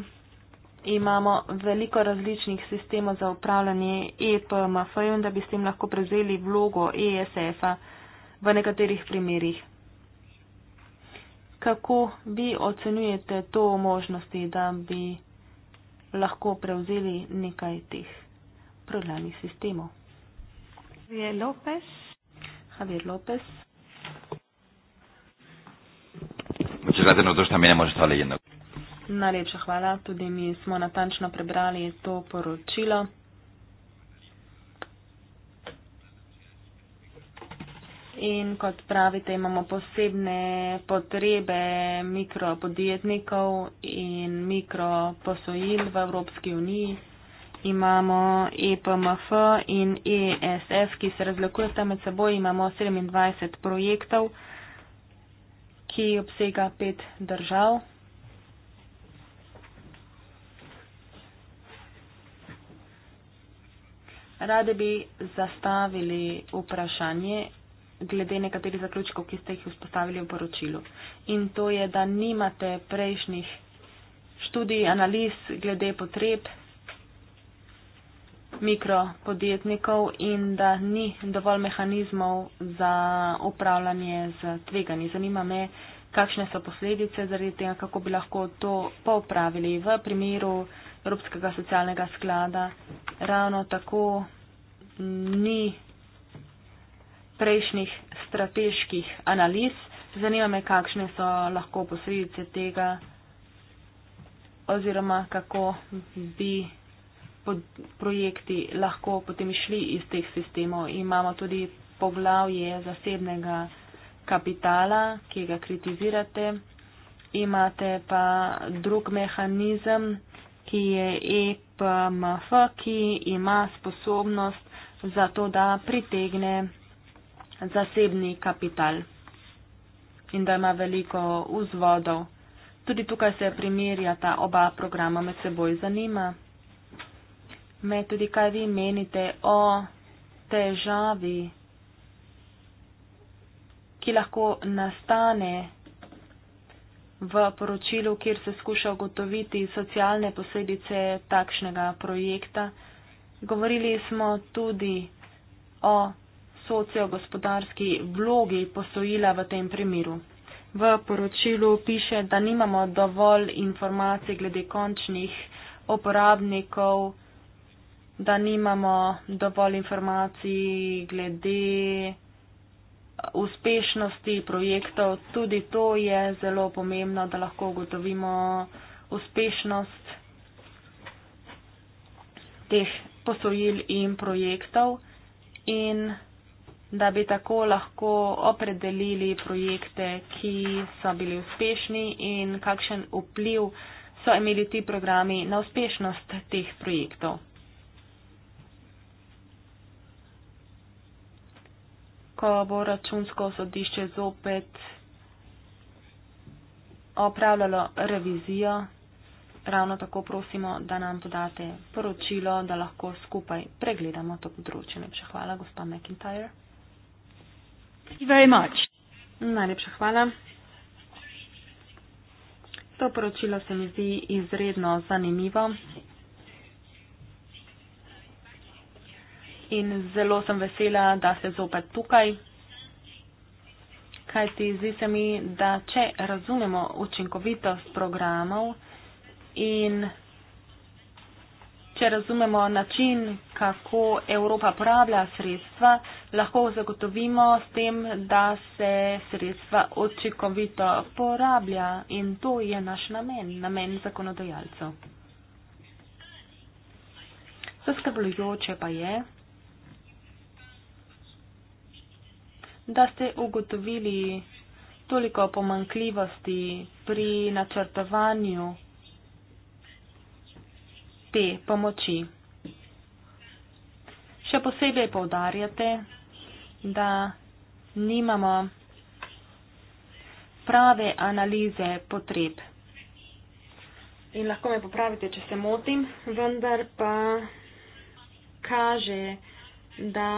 imamo veliko različnih sistemov za upravljanje EPMF in da bi s tem lahko prevzeli vlogo ESF-a v nekaterih primerjih. Kako vi ocenjujete to možnosti, da bi lahko prevzeli nekaj teh prodanih sistemov? Javier López. Javier López. glede na to, što mi ne možemo stvali jedno. Najlepša hvala. Tudi mi smo natančno prebrali to poročilo. In kot pravite, imamo posebne potrebe mikropodjetnikov in mikroposojil v Evropski uniji. Imamo EPMF in ESF, ki se razlikujeta med seboj. Imamo 27 projektov ki obsega pet držav. Rade bi zastavili vprašanje glede nekaterih zaključkov, ki ste jih vzpostavili v poročilu. In to je, da nimate prejšnjih študij, analiz glede potreb mikropodjetnikov in da ni dovolj mehanizmov za upravljanje z tvegani. Zanima me, kakšne so posledice zaradi tega, kako bi lahko to popravili v primeru Evropskega socialnega sklada. Ravno tako ni prejšnjih strateških analiz. Zanima me, kakšne so lahko posledice tega oziroma kako bi projekti lahko potem išli iz teh sistemov. Imamo tudi poglavje zasebnega kapitala, ki ga kritizirate. Imate pa drug mehanizem, ki je EPMF, ki ima sposobnost za to, da pritegne zasebni kapital in da ima veliko vzvodov. Tudi tukaj se primerjata oba programa med seboj zanima me tudi, kaj vi menite o težavi, ki lahko nastane v poročilu, kjer se skuša ugotoviti socialne posledice takšnega projekta. Govorili smo tudi o sociogospodarski vlogi posojila v tem primeru. V poročilu piše, da nimamo dovolj informacij glede končnih uporabnikov, da nimamo dovolj informacij glede eh, uspešnosti projektov. Tudi to je zelo pomembno, da lahko ugotovimo uspešnost teh posojil in projektov in da bi tako lahko opredelili projekte, ki so bili uspešni in kakšen vpliv so imeli ti programi na uspešnost teh projektov. ko bo računsko sodišče zopet opravljalo revizijo, ravno tako prosimo, da nam podate poročilo, da lahko skupaj pregledamo to področje. Najlepša hvala, gospod McIntyre. Najlepša hvala. To poročilo se mi zdi izredno zanimivo. in zelo sem vesela, da ste zopet tukaj. Kaj ti zdi se mi, da če razumemo učinkovitost programov in če razumemo način, kako Evropa pravlja sredstva, lahko zagotovimo s tem, da se sredstva učinkovito porablja in to je naš namen, namen zakonodajalcev. Zaskrbljujoče pa je, da ste ugotovili toliko pomankljivosti pri načrtovanju te pomoči. Še posebej povdarjate, da nimamo prave analize potreb. In lahko me popravite, če se motim, vendar pa kaže, da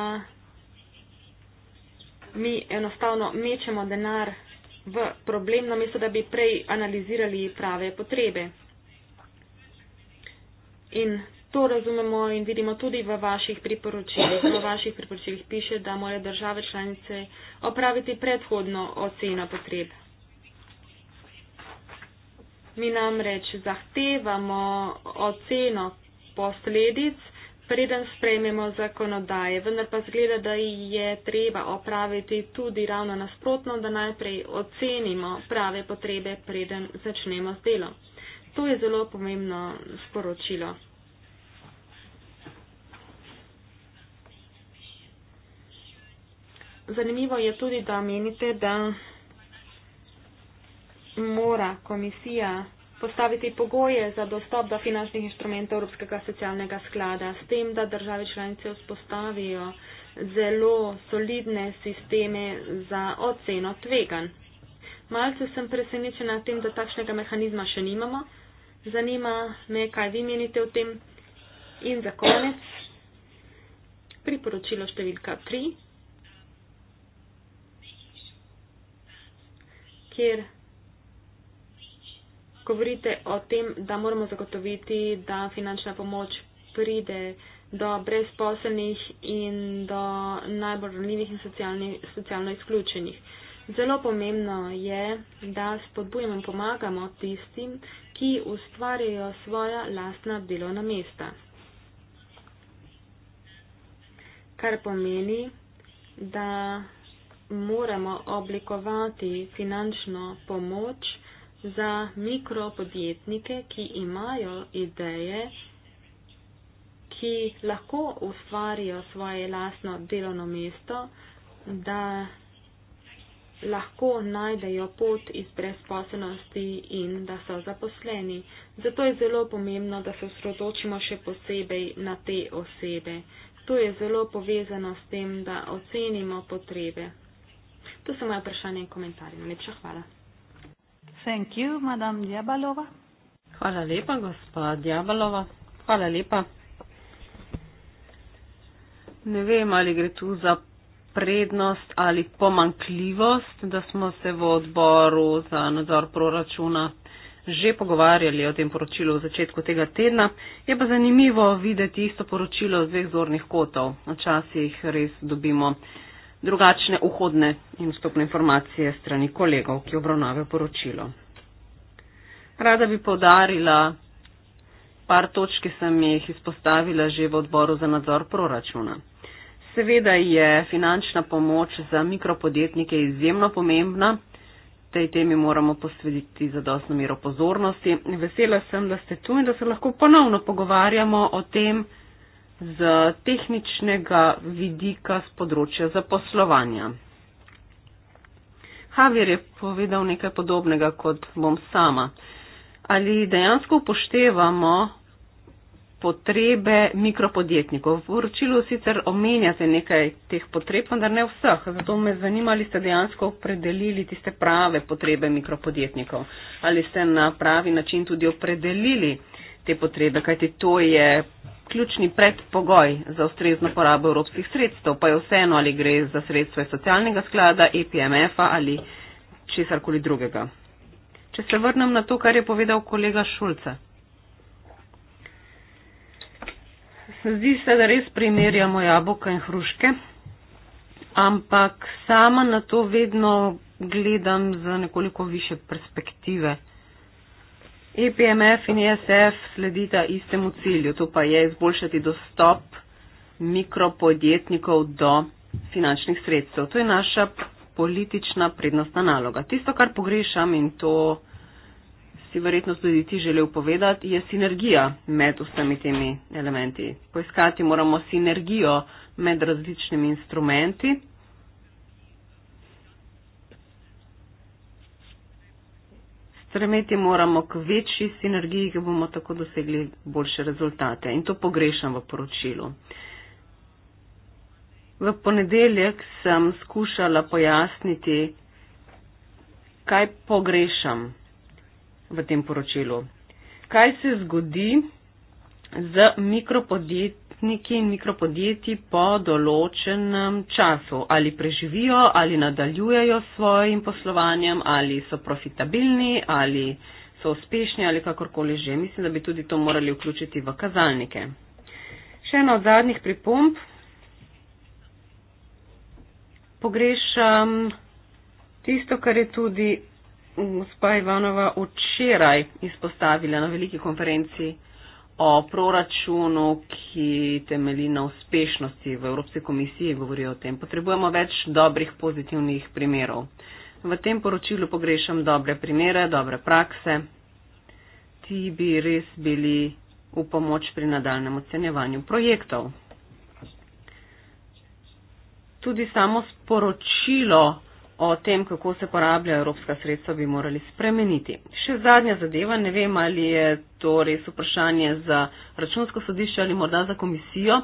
mi enostavno mečemo denar v problem, namesto da bi prej analizirali prave potrebe. In to razumemo in vidimo tudi v vaših priporočilih. V vaših priporočilih piše, da morajo države članice opraviti predhodno oceno potreb. Mi namreč zahtevamo oceno posledic preden sprejmemo zakonodaje. Vendar pa zgleda, da je treba opraviti tudi ravno nasprotno, da najprej ocenimo prave potrebe, preden začnemo z delom. To je zelo pomembno sporočilo. Zanimivo je tudi, da menite, da mora komisija postaviti pogoje za dostop do finančnih inštrumentov Evropskega socialnega sklada, s tem, da države članice vzpostavijo zelo solidne sisteme za oceno tvegan. Malce sem presenečena tem, da takšnega mehanizma še nimamo. Zanima me, kaj vi menite o tem. In za konec, priporočilo številka 3, kjer govorite o tem, da moramo zagotoviti, da finančna pomoč pride do brezposelnih in do najbolj ranljivih in socialno izključenih. Zelo pomembno je, da spodbujamo in pomagamo tistim, ki ustvarjajo svoja lastna delovna mesta. Kar pomeni, da moramo oblikovati finančno pomoč, za mikropodjetnike, ki imajo ideje, ki lahko ustvarijo svoje lastno delovno mesto, da lahko najdejo pot iz brezposobnosti in da so zaposleni. Zato je zelo pomembno, da se osredotočimo še posebej na te osebe. To je zelo povezano s tem, da ocenimo potrebe. To so moje vprašanje in komentarje. Lepša hvala. Thank you, madam Djabalova. Hvala lepa, gospa Djabalova. Hvala lepa. Ne vem, ali gre tu za prednost ali pomankljivost, da smo se v odboru za nadzor proračuna že pogovarjali o tem poročilu v začetku tega tedna. Je pa zanimivo videti isto poročilo z dveh zornih kotov. Včasih res dobimo drugačne vhodne in vstopne informacije strani kolegov, ki obravnavajo poročilo. Rada bi povdarila par točk, ki sem jih izpostavila že v odboru za nadzor proračuna. Seveda je finančna pomoč za mikropodjetnike izjemno pomembna, tej temi moramo posvetiti zadostno mero pozornosti. Vesela sem, da ste tu in da se lahko ponovno pogovarjamo o tem, z tehničnega vidika z področja zaposlovanja. Haver je povedal nekaj podobnega kot bom sama. Ali dejansko upoštevamo potrebe mikropodjetnikov? V poročilu sicer omenjate nekaj teh potreb, vendar ne vseh. Zato me zanima, ali ste dejansko opredelili tiste prave potrebe mikropodjetnikov. Ali ste na pravi način tudi opredelili te potrebe, kajti to je ključni predpogoj za ustrezno porabo evropskih sredstev, pa je vseeno, ali gre za sredstva socialnega sklada, EPMF-a ali česarkoli drugega. Če se vrnem na to, kar je povedal kolega Šulca. Zdi se, da res primerjamo jabolka in hruške, ampak sama na to vedno gledam z nekoliko više perspektive. EPMF in ESF sledita istemu cilju, to pa je izboljšati dostop mikropodjetnikov do finančnih sredstev. To je naša politična prednostna naloga. Tisto, kar pogrešam in to si verjetno tudi ti želel povedati, je sinergija med vsemi temi elementi. Poiskati moramo sinergijo med različnimi instrumenti. stremeti moramo k večji sinergiji, ki bomo tako dosegli boljše rezultate. In to pogrešam v poročilu. V ponedeljek sem skušala pojasniti, kaj pogrešam v tem poročilu. Kaj se zgodi z mikropodjetji? podjetniki in mikropodjetji po določenem času ali preživijo ali nadaljujejo s svojim poslovanjem ali so profitabilni ali so uspešni ali kakorkoli že. Mislim, da bi tudi to morali vključiti v kazalnike. Še ena od zadnjih pripomb. Pogrešam tisto, kar je tudi gospa Ivanova včeraj izpostavila na veliki konferenci o proračunu, ki temelji na uspešnosti v Evropski komisiji, govorijo o tem. Potrebujemo več dobrih, pozitivnih primerov. V tem poročilu pogrešam dobre primere, dobre prakse. Ti bi res bili v pomoč pri nadaljem ocenjevanju projektov. Tudi samo sporočilo o tem, kako se porablja evropska sredstva, bi morali spremeniti. Še zadnja zadeva, ne vem, ali je to res vprašanje za računsko sodišče ali morda za komisijo.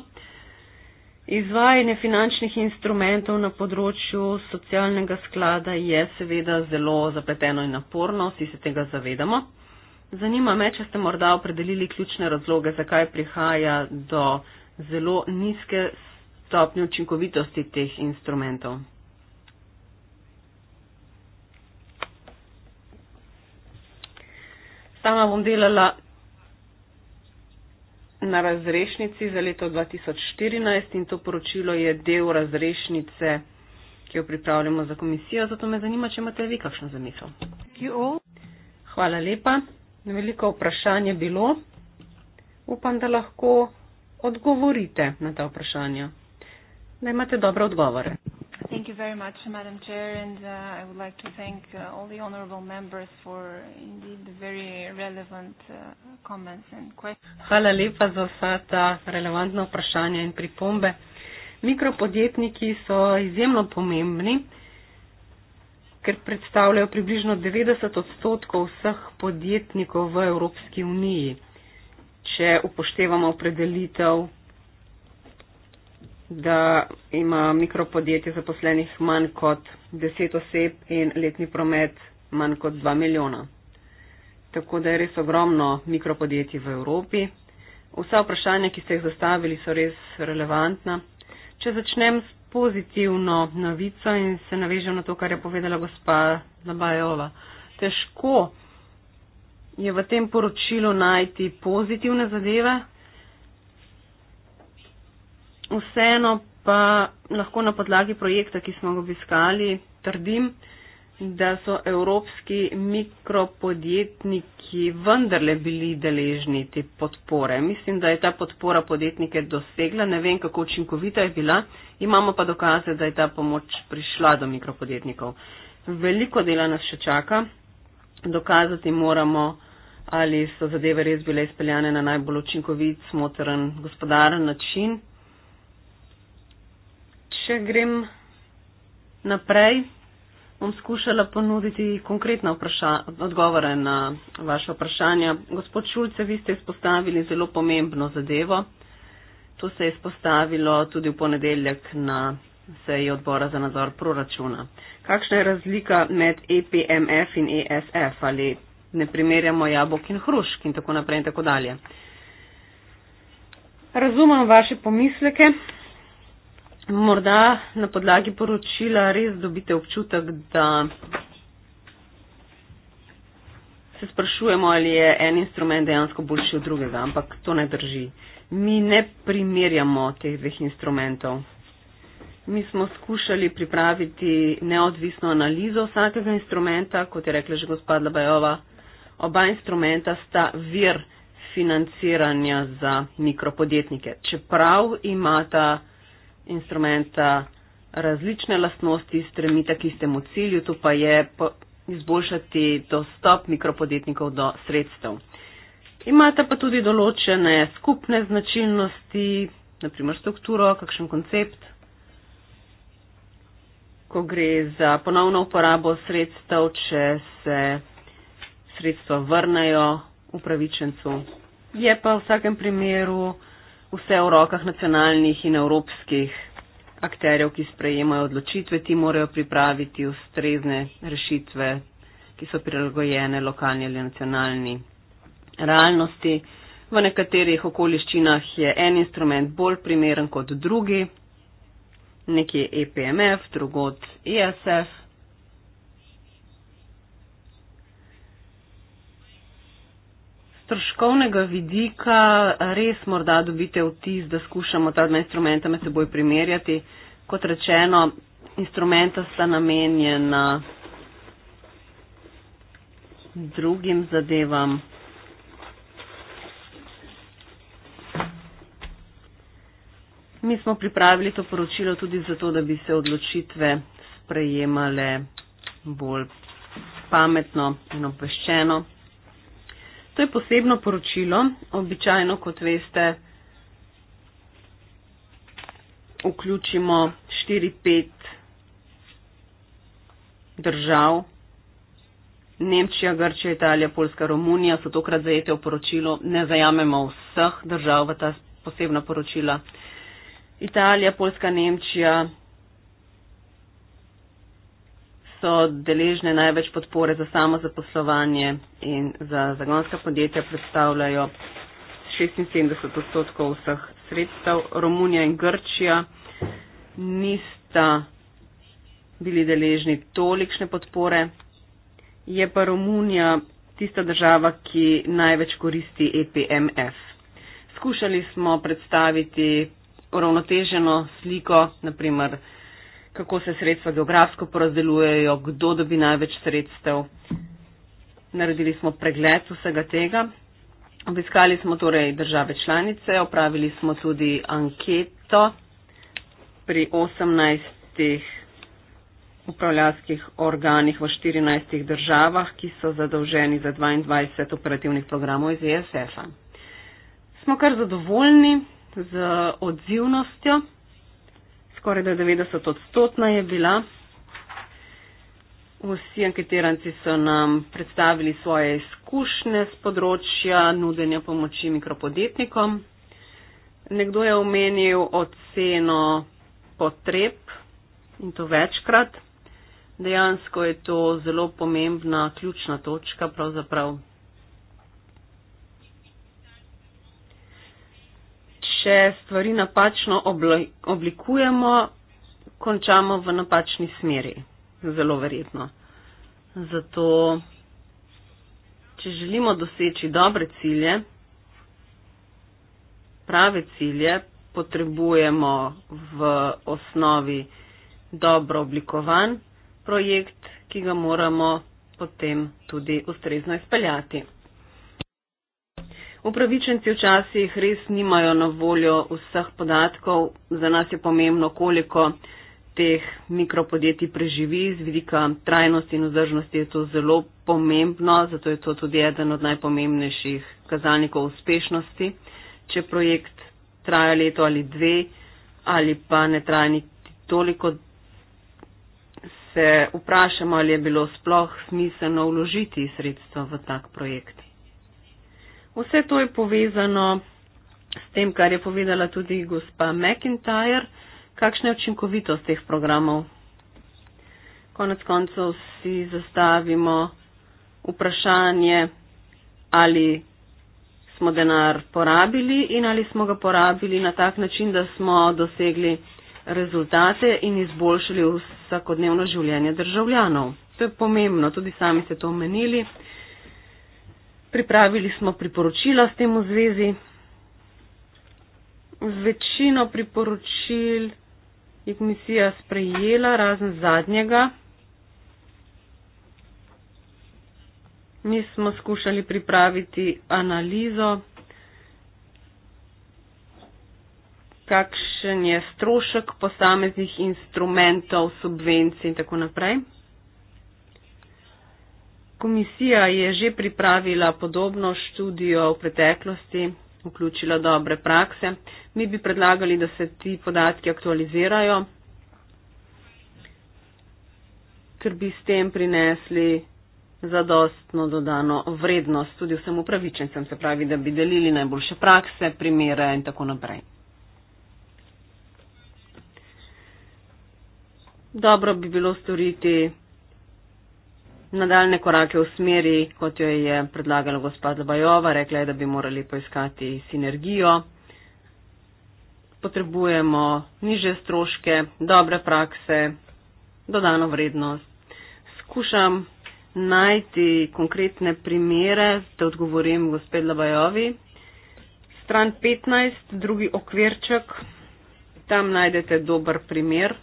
Izvajanje finančnih instrumentov na področju socialnega sklada je seveda zelo zapleteno in naporno, vsi se tega zavedamo. Zanima me, če ste morda opredelili ključne razloge, zakaj prihaja do zelo nizke stopnje učinkovitosti teh instrumentov. Sama bom delala na razrešnici za leto 2014 in to poročilo je del razrešnice, ki jo pripravljamo za komisijo, zato me zanima, če imate vi kakšno zamisel. Hvala lepa. Veliko vprašanj je bilo. Upam, da lahko odgovorite na ta vprašanja. Da imate dobre odgovore very much, Madam Chair, and uh, I would like to thank uh, all the honorable members for indeed the very relevant uh, comments and questions. Hvala lepa za vsa ta relevantna vprašanja in pripombe. Mikropodjetniki so izjemno pomembni, ker predstavljajo približno 90 odstotkov vseh podjetnikov v Evropski uniji. Če upoštevamo opredelitev da ima mikropodjetje zaposlenih manj kot 10 oseb in letni promet manj kot 2 milijona. Tako da je res ogromno mikropodjetij v Evropi. Vsa vprašanja, ki ste jih zastavili, so res relevantna. Če začnem s pozitivno novico in se navežem na to, kar je povedala gospa Nabajova. Težko je v tem poročilu najti pozitivne zadeve, vseeno pa lahko na podlagi projekta, ki smo ga obiskali, trdim, da so evropski mikropodjetniki vendarle bili deležni te podpore. Mislim, da je ta podpora podjetnike dosegla, ne vem, kako učinkovita je bila, imamo pa dokaze, da je ta pomoč prišla do mikropodjetnikov. Veliko dela nas še čaka, dokazati moramo, ali so zadeve res bile izpeljane na najbolj učinkovit, smotren, gospodaren način še grem naprej, bom skušala ponuditi konkretna odgovore na vaše vprašanja. Gospod Šulce, vi ste izpostavili zelo pomembno zadevo. To se je izpostavilo tudi v ponedeljek na seji odbora za nadzor proračuna. Kakšna je razlika med EPMF in ESF ali ne primerjamo jabolk in hrušk in tako naprej in tako dalje. Razumem vaše pomisleke morda na podlagi poročila res dobite občutek, da se sprašujemo, ali je en instrument dejansko boljši od drugega, ampak to ne drži. Mi ne primerjamo teh dveh instrumentov. Mi smo skušali pripraviti neodvisno analizo vsakega instrumenta, kot je rekla že gospod Labajova. Oba instrumenta sta vir financiranja za mikropodjetnike. Čeprav imata instrumenta različne lastnosti stremita k istemu cilju, to pa je izboljšati dostop mikropodjetnikov do sredstev. Imate pa tudi določene skupne značilnosti, naprimer strukturo, kakšen koncept. Ko gre za ponovno uporabo sredstev, če se sredstva vrnejo upravičencu. Je pa v vsakem primeru vse v rokah nacionalnih in evropskih akterjev, ki sprejemajo odločitve, ti morajo pripraviti ustrezne rešitve, ki so prilagojene lokalni ali nacionalni realnosti. V nekaterih okoliščinah je en instrument bolj primeren kot drugi, nekje EPMF, drugod ESF. stroškovnega vidika res morda dobite vtis, da skušamo ta dva instrumenta med seboj primerjati. Kot rečeno, instrumenta sta namenjena drugim zadevam. Mi smo pripravili to poročilo tudi zato, da bi se odločitve sprejemale bolj pametno in obveščeno. To je posebno poročilo, običajno, kot veste, vključimo 4-5 držav. Nemčija, Grčija, Italija, Poljska, Romunija so tokrat zajete v poročilo. Ne zajamemo vseh držav v ta posebna poročila. Italija, Poljska, Nemčija, so deležne največ podpore za samo zaposlovanje in za zagonska podjetja predstavljajo 76 odstotkov vseh sredstev. Romunija in Grčija nista bili deležni tolikšne podpore. Je pa Romunija tista država, ki največ koristi EPMF. Skušali smo predstaviti uravnoteženo sliko, naprimer, kako se sredstva geografsko porazdelujejo, kdo dobi največ sredstev. Naredili smo pregled vsega tega. Obiskali smo torej države članice, opravili smo tudi anketo pri 18 upravljalskih organih v 14 državah, ki so zadolženi za 22 operativnih programov iz ESF-a. Smo kar zadovoljni z odzivnostjo skoraj da 90 odstotna je bila. Vsi anketiranci so nam predstavili svoje izkušnje z področja nudenja pomoči mikropodjetnikom. Nekdo je omenil oceno potreb in to večkrat. Dejansko je to zelo pomembna ključna točka, pravzaprav če stvari napačno oblikujemo, končamo v napačni smeri. Zelo verjetno. Zato, če želimo doseči dobre cilje, prave cilje, potrebujemo v osnovi dobro oblikovan projekt, ki ga moramo potem tudi ustrezno izpeljati. Upravičenci včasih res nimajo na voljo vseh podatkov. Za nas je pomembno, koliko teh mikropodjetij preživi. Z vidika trajnosti in vzdržnosti je to zelo pomembno, zato je to tudi eden od najpomembnejših kazalnikov uspešnosti. Če projekt traja leto ali dve ali pa ne traja niti toliko, se vprašamo, ali je bilo sploh smiselno vložiti sredstva v tak projekt. Vse to je povezano s tem, kar je povedala tudi gospa McIntyre, kakšna je učinkovitost teh programov. Konec koncev si zastavimo vprašanje, ali smo denar porabili in ali smo ga porabili na tak način, da smo dosegli rezultate in izboljšali vsakodnevno življenje državljanov. To je pomembno, tudi sami ste to omenili. Pripravili smo priporočila s tem v zvezi. Z večino priporočil je komisija sprejela, razen zadnjega. Mi smo skušali pripraviti analizo, kakšen je strošek posameznih instrumentov, subvencij in tako naprej. Komisija je že pripravila podobno študijo v preteklosti, vključila dobre prakse. Mi bi predlagali, da se ti podatki aktualizirajo, ker bi s tem prinesli zadostno dodano vrednost tudi vsem upravičencem, se pravi, da bi delili najboljše prakse, primere in tako naprej. Dobro bi bilo storiti nadaljne korake v smeri, kot jo je predlagala gospod Lebajova, rekla je, da bi morali poiskati sinergijo. Potrebujemo niže stroške, dobre prakse, dodano vrednost. Skušam najti konkretne primere, da odgovorim gospod Lebajovi. Stran 15, drugi okvirček, tam najdete dober primer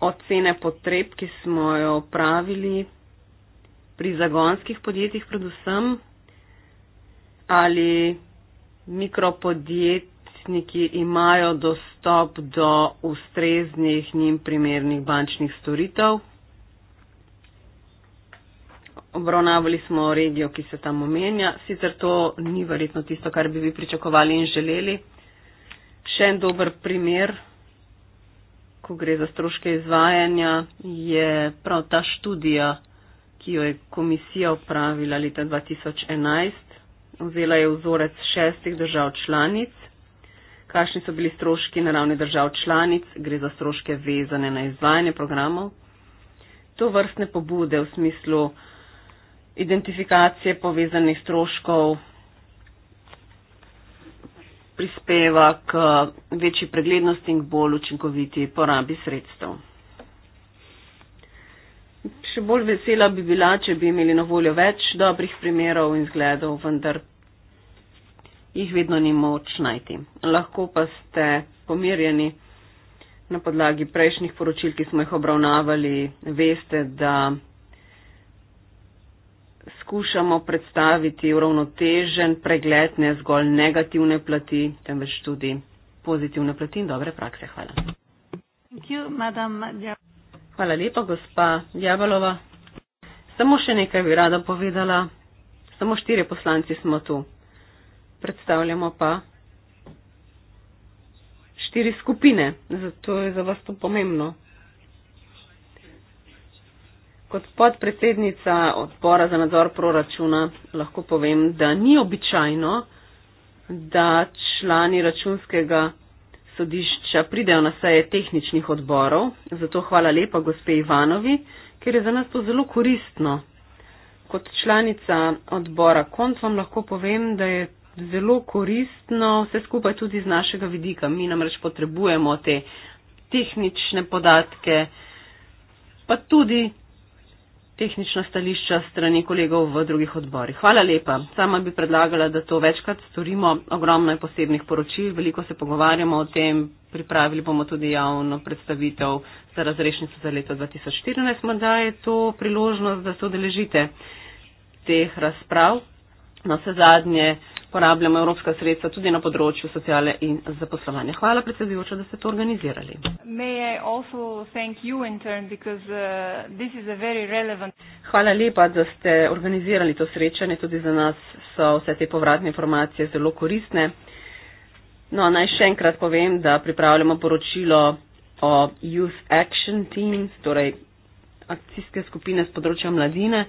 ocene potreb, ki smo jo pravili pri zagonskih podjetjih predvsem, ali mikropodjetniki imajo dostop do ustreznih njim primernih bančnih storitev. Obravnavali smo regijo, ki se tam omenja. Sicer to ni verjetno tisto, kar bi vi pričakovali in želeli. Še en dober primer ko gre za stroške izvajanja, je prav ta študija, ki jo je komisija upravila leta 2011, vzela je vzorec šestih držav članic. Kakšni so bili stroški na ravni držav članic, gre za stroške vezane na izvajanje programov. To vrstne pobude v smislu identifikacije povezanih stroškov prispeva k večji preglednosti in k bolj učinkoviti porabi sredstev. Še bolj vesela bi bila, če bi imeli na voljo več dobrih primerov in zgledov, vendar jih vedno ni moč najti. Lahko pa ste pomirjeni na podlagi prejšnjih poročil, ki smo jih obravnavali, veste, da skušamo predstaviti uravnotežen pregled ne zgolj negativne plati, temveč tudi pozitivne plati in dobre prakse. Hvala. You, Hvala lepa, gospa Djavalova. Samo še nekaj bi rada povedala. Samo štiri poslanci smo tu. Predstavljamo pa štiri skupine. Zato je za vas to pomembno. Kot podpredsednica odbora za nadzor proračuna lahko povem, da ni običajno, da člani računskega sodišča pridejo na seje tehničnih odborov. Zato hvala lepa gospe Ivanovi, ker je za nas to zelo koristno. Kot članica odbora kont vam lahko povem, da je zelo koristno vse skupaj tudi z našega vidika. Mi namreč potrebujemo te tehnične podatke, pa tudi tehnična stališča strani kolegov v drugih odborih. Hvala lepa. Sama bi predlagala, da to večkrat storimo. Ogromno je posebnih poročil, veliko se pogovarjamo o tem. Pripravili bomo tudi javno predstavitev za razrešnico za leto 2014. Morda je to priložnost, da se odeležite teh razprav. Na vse zadnje porabljamo evropska sredstva tudi na področju sociale in zaposlovanja. Hvala predsedujoča, da ste to organizirali. Turn, because, uh, relevant... Hvala lepa, da ste organizirali to srečanje. Tudi za nas so vse te povratne informacije zelo koristne. No, naj še enkrat povem, da pripravljamo poročilo o Youth Action Teams, torej akcijske skupine z področja mladine.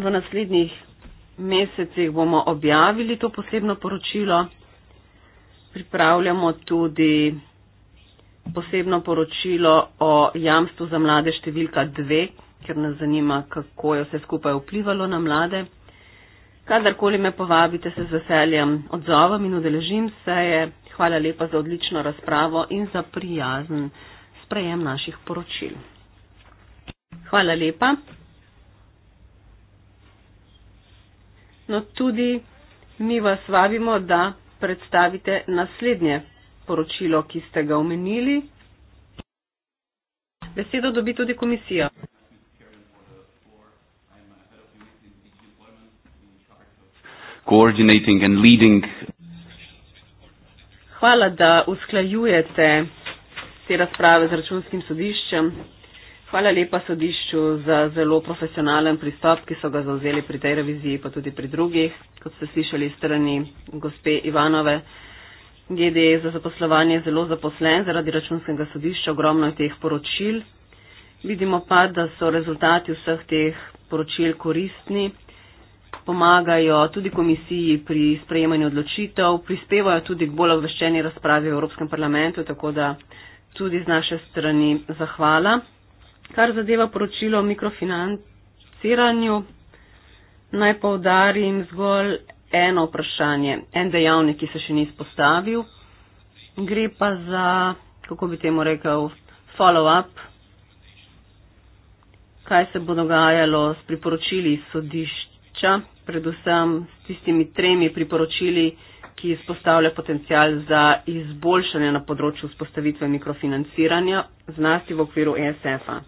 v naslednjih mesecih bomo objavili to posebno poročilo. Pripravljamo tudi posebno poročilo o jamstvu za mlade številka 2, ker nas zanima, kako je vse skupaj vplivalo na mlade. Kadarkoli me povabite, se z veseljem odzovem in udeležim se je. Hvala lepa za odlično razpravo in za prijazen sprejem naših poročil. Hvala lepa. no tudi mi vas vabimo, da predstavite naslednje poročilo, ki ste ga omenili. Besedo dobi tudi komisija. Hvala, da usklajujete te razprave z računskim sodiščem. Hvala lepa sodišču za zelo profesionalen pristop, ki so ga zauzeli pri tej reviziji, pa tudi pri drugih, kot ste slišali strani gospe Ivanove. GD za zaposlovanje je zelo zaposlen zaradi računskega sodišča, ogromno je teh poročil. Vidimo pa, da so rezultati vseh teh poročil koristni, pomagajo tudi komisiji pri sprejemanju odločitev, prispevajo tudi k bolj obveščeni razpravi v Evropskem parlamentu, tako da tudi z naše strani zahvala. Kar zadeva poročilo o mikrofinanciranju, naj povdarim zgolj eno vprašanje, en dejavnik, ki se še ni izpostavil. Gre pa za, kako bi temu rekel, follow-up, kaj se bo dogajalo s priporočili sodišča, predvsem s tistimi tremi priporočili, ki izpostavlja potencial za izboljšanje na področju vzpostavitve mikrofinanciranja, zlasti v okviru ESF-a.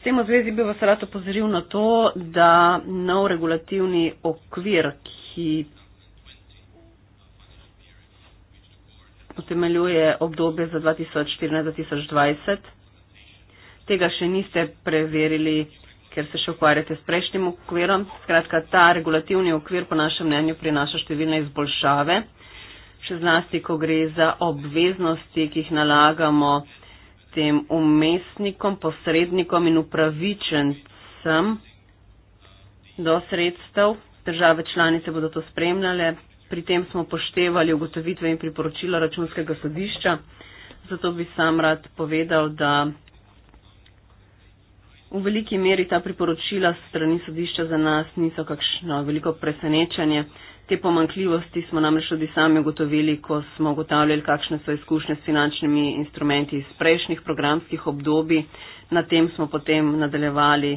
S tem v zvezi bi vas rad opozoril na to, da nov regulativni okvir, ki utemeljuje obdobje za 2014-2020, tega še niste preverili, ker se še ukvarjate s prejšnjim okvirom. Skratka, ta regulativni okvir po našem mnenju prinaša številne izboljšave, še zlasti, ko gre za obveznosti, ki jih nalagamo tem umestnikom, posrednikom in upravičencem do sredstev. Države članice bodo to spremljale. Pri tem smo poštevali ugotovitve in priporočila računskega sodišča. Zato bi sam rad povedal, da v veliki meri ta priporočila strani sodišča za nas niso kakšno veliko presenečenje. Te pomankljivosti smo namreč tudi sami ugotovili, ko smo ugotavljali, kakšne so izkušnje s finančnimi instrumenti iz prejšnjih programskih obdobij. Na tem smo potem nadaljevali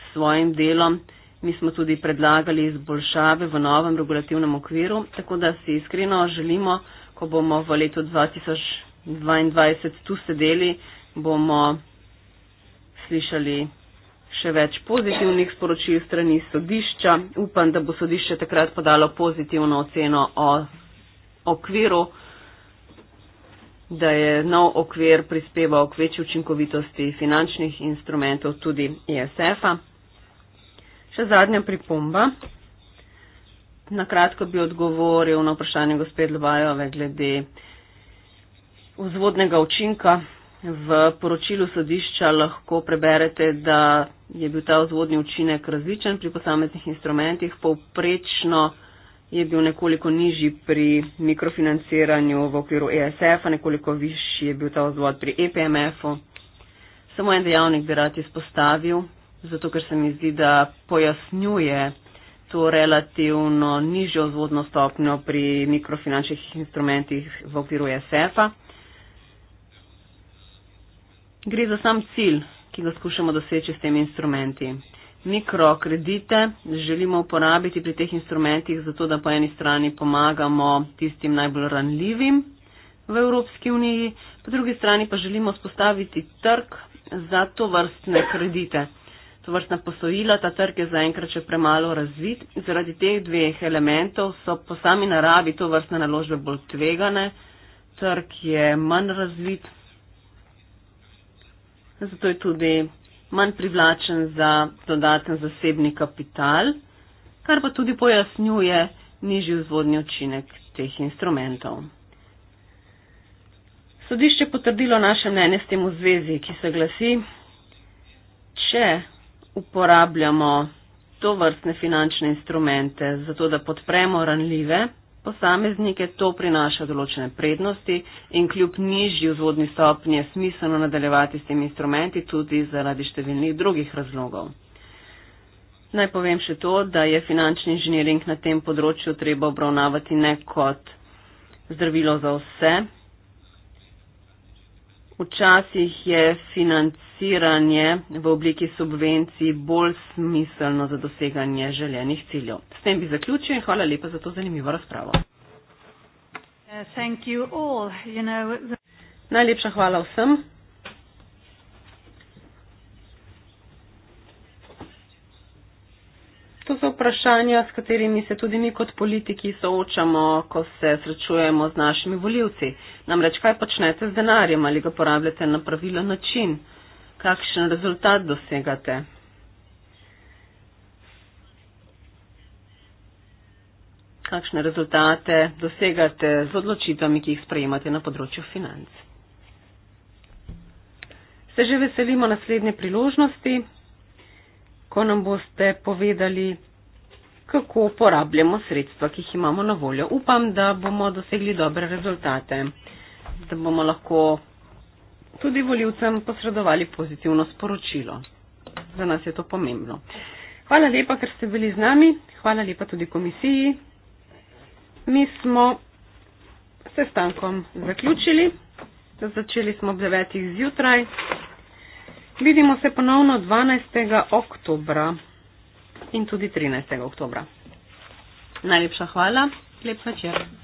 s svojim delom. Mi smo tudi predlagali izboljšave v novem regulativnem okviru, tako da si iskreno želimo, ko bomo v letu 2022 tu sedeli, bomo slišali še več pozitivnih sporočil strani sodišča. Upam, da bo sodišče takrat podalo pozitivno oceno o okviru, da je nov okvir prispeval k večji učinkovitosti finančnih instrumentov tudi ESF-a. Še zadnja pripomba. Nakratko bi odgovoril na vprašanje gospod Lvajove glede vzvodnega učinka. V poročilu sodišča lahko preberete, da je bil ta vzvodni učinek različen pri posameznih instrumentih, povprečno je bil nekoliko nižji pri mikrofinanciranju v okviru ESF-a, nekoliko višji je bil ta vzvod pri EPMF-u. Samo en dejavnik bi rad izpostavil, zato ker se mi zdi, da pojasnjuje to relativno nižjo vzvodno stopnjo pri mikrofinančnih instrumentih v okviru ESF-a. Gre za sam cilj ki ga skušamo doseči s temi instrumenti. Mikrokredite želimo uporabiti pri teh instrumentih zato, da po eni strani pomagamo tistim najbolj ranljivim v Evropski uniji, po drugi strani pa želimo spostaviti trg za to vrstne kredite. To vrstna posojila, ta trg je zaenkrat še premalo razvit. Zaradi teh dveh elementov so po sami naravi to vrstne naložbe bolj tvegane, trg je manj razvit, zato je tudi manj privlačen za dodaten zasebni kapital, kar pa tudi pojasnjuje nižji vzvodni učinek teh instrumentov. Sodišče potrdilo naše mnenje s tem v zvezi, ki se glasi, če uporabljamo to vrstne finančne instrumente zato, da podpremo ranljive, posameznike to prinaša določene prednosti in kljub nižji vzvodni stopnji je smiselno nadaljevati s temi instrumenti tudi zaradi številnih drugih razlogov. Naj povem še to, da je finančni inženiring na tem področju treba obravnavati ne kot zdravilo za vse, Včasih je financiranje v obliki subvencij bolj smiselno za doseganje željenih ciljev. S tem bi zaključil in hvala lepa za to zanimivo razpravo. Uh, you you know, the... Najlepša hvala vsem. To so vprašanja, s katerimi se tudi mi kot politiki soočamo, ko se srečujemo z našimi voljivci. Namreč, kaj počnete z denarjem ali ga porabljate na pravilen način? Kakšen rezultat dosegate? Kakšne rezultate dosegate z odločitvami, ki jih sprejemate na področju financ? Se že veselimo naslednje priložnosti, ko nam boste povedali, kako uporabljamo sredstva, ki jih imamo na voljo. Upam, da bomo dosegli dobre rezultate, da bomo lahko tudi voljivcem posredovali pozitivno sporočilo. Za nas je to pomembno. Hvala lepa, ker ste bili z nami. Hvala lepa tudi komisiji. Mi smo sestankom zaključili. Začeli smo ob 9. zjutraj. Vidimo se ponovno 12. oktobra in tudi 13. oktobra. Najlepša hvala, lep večer.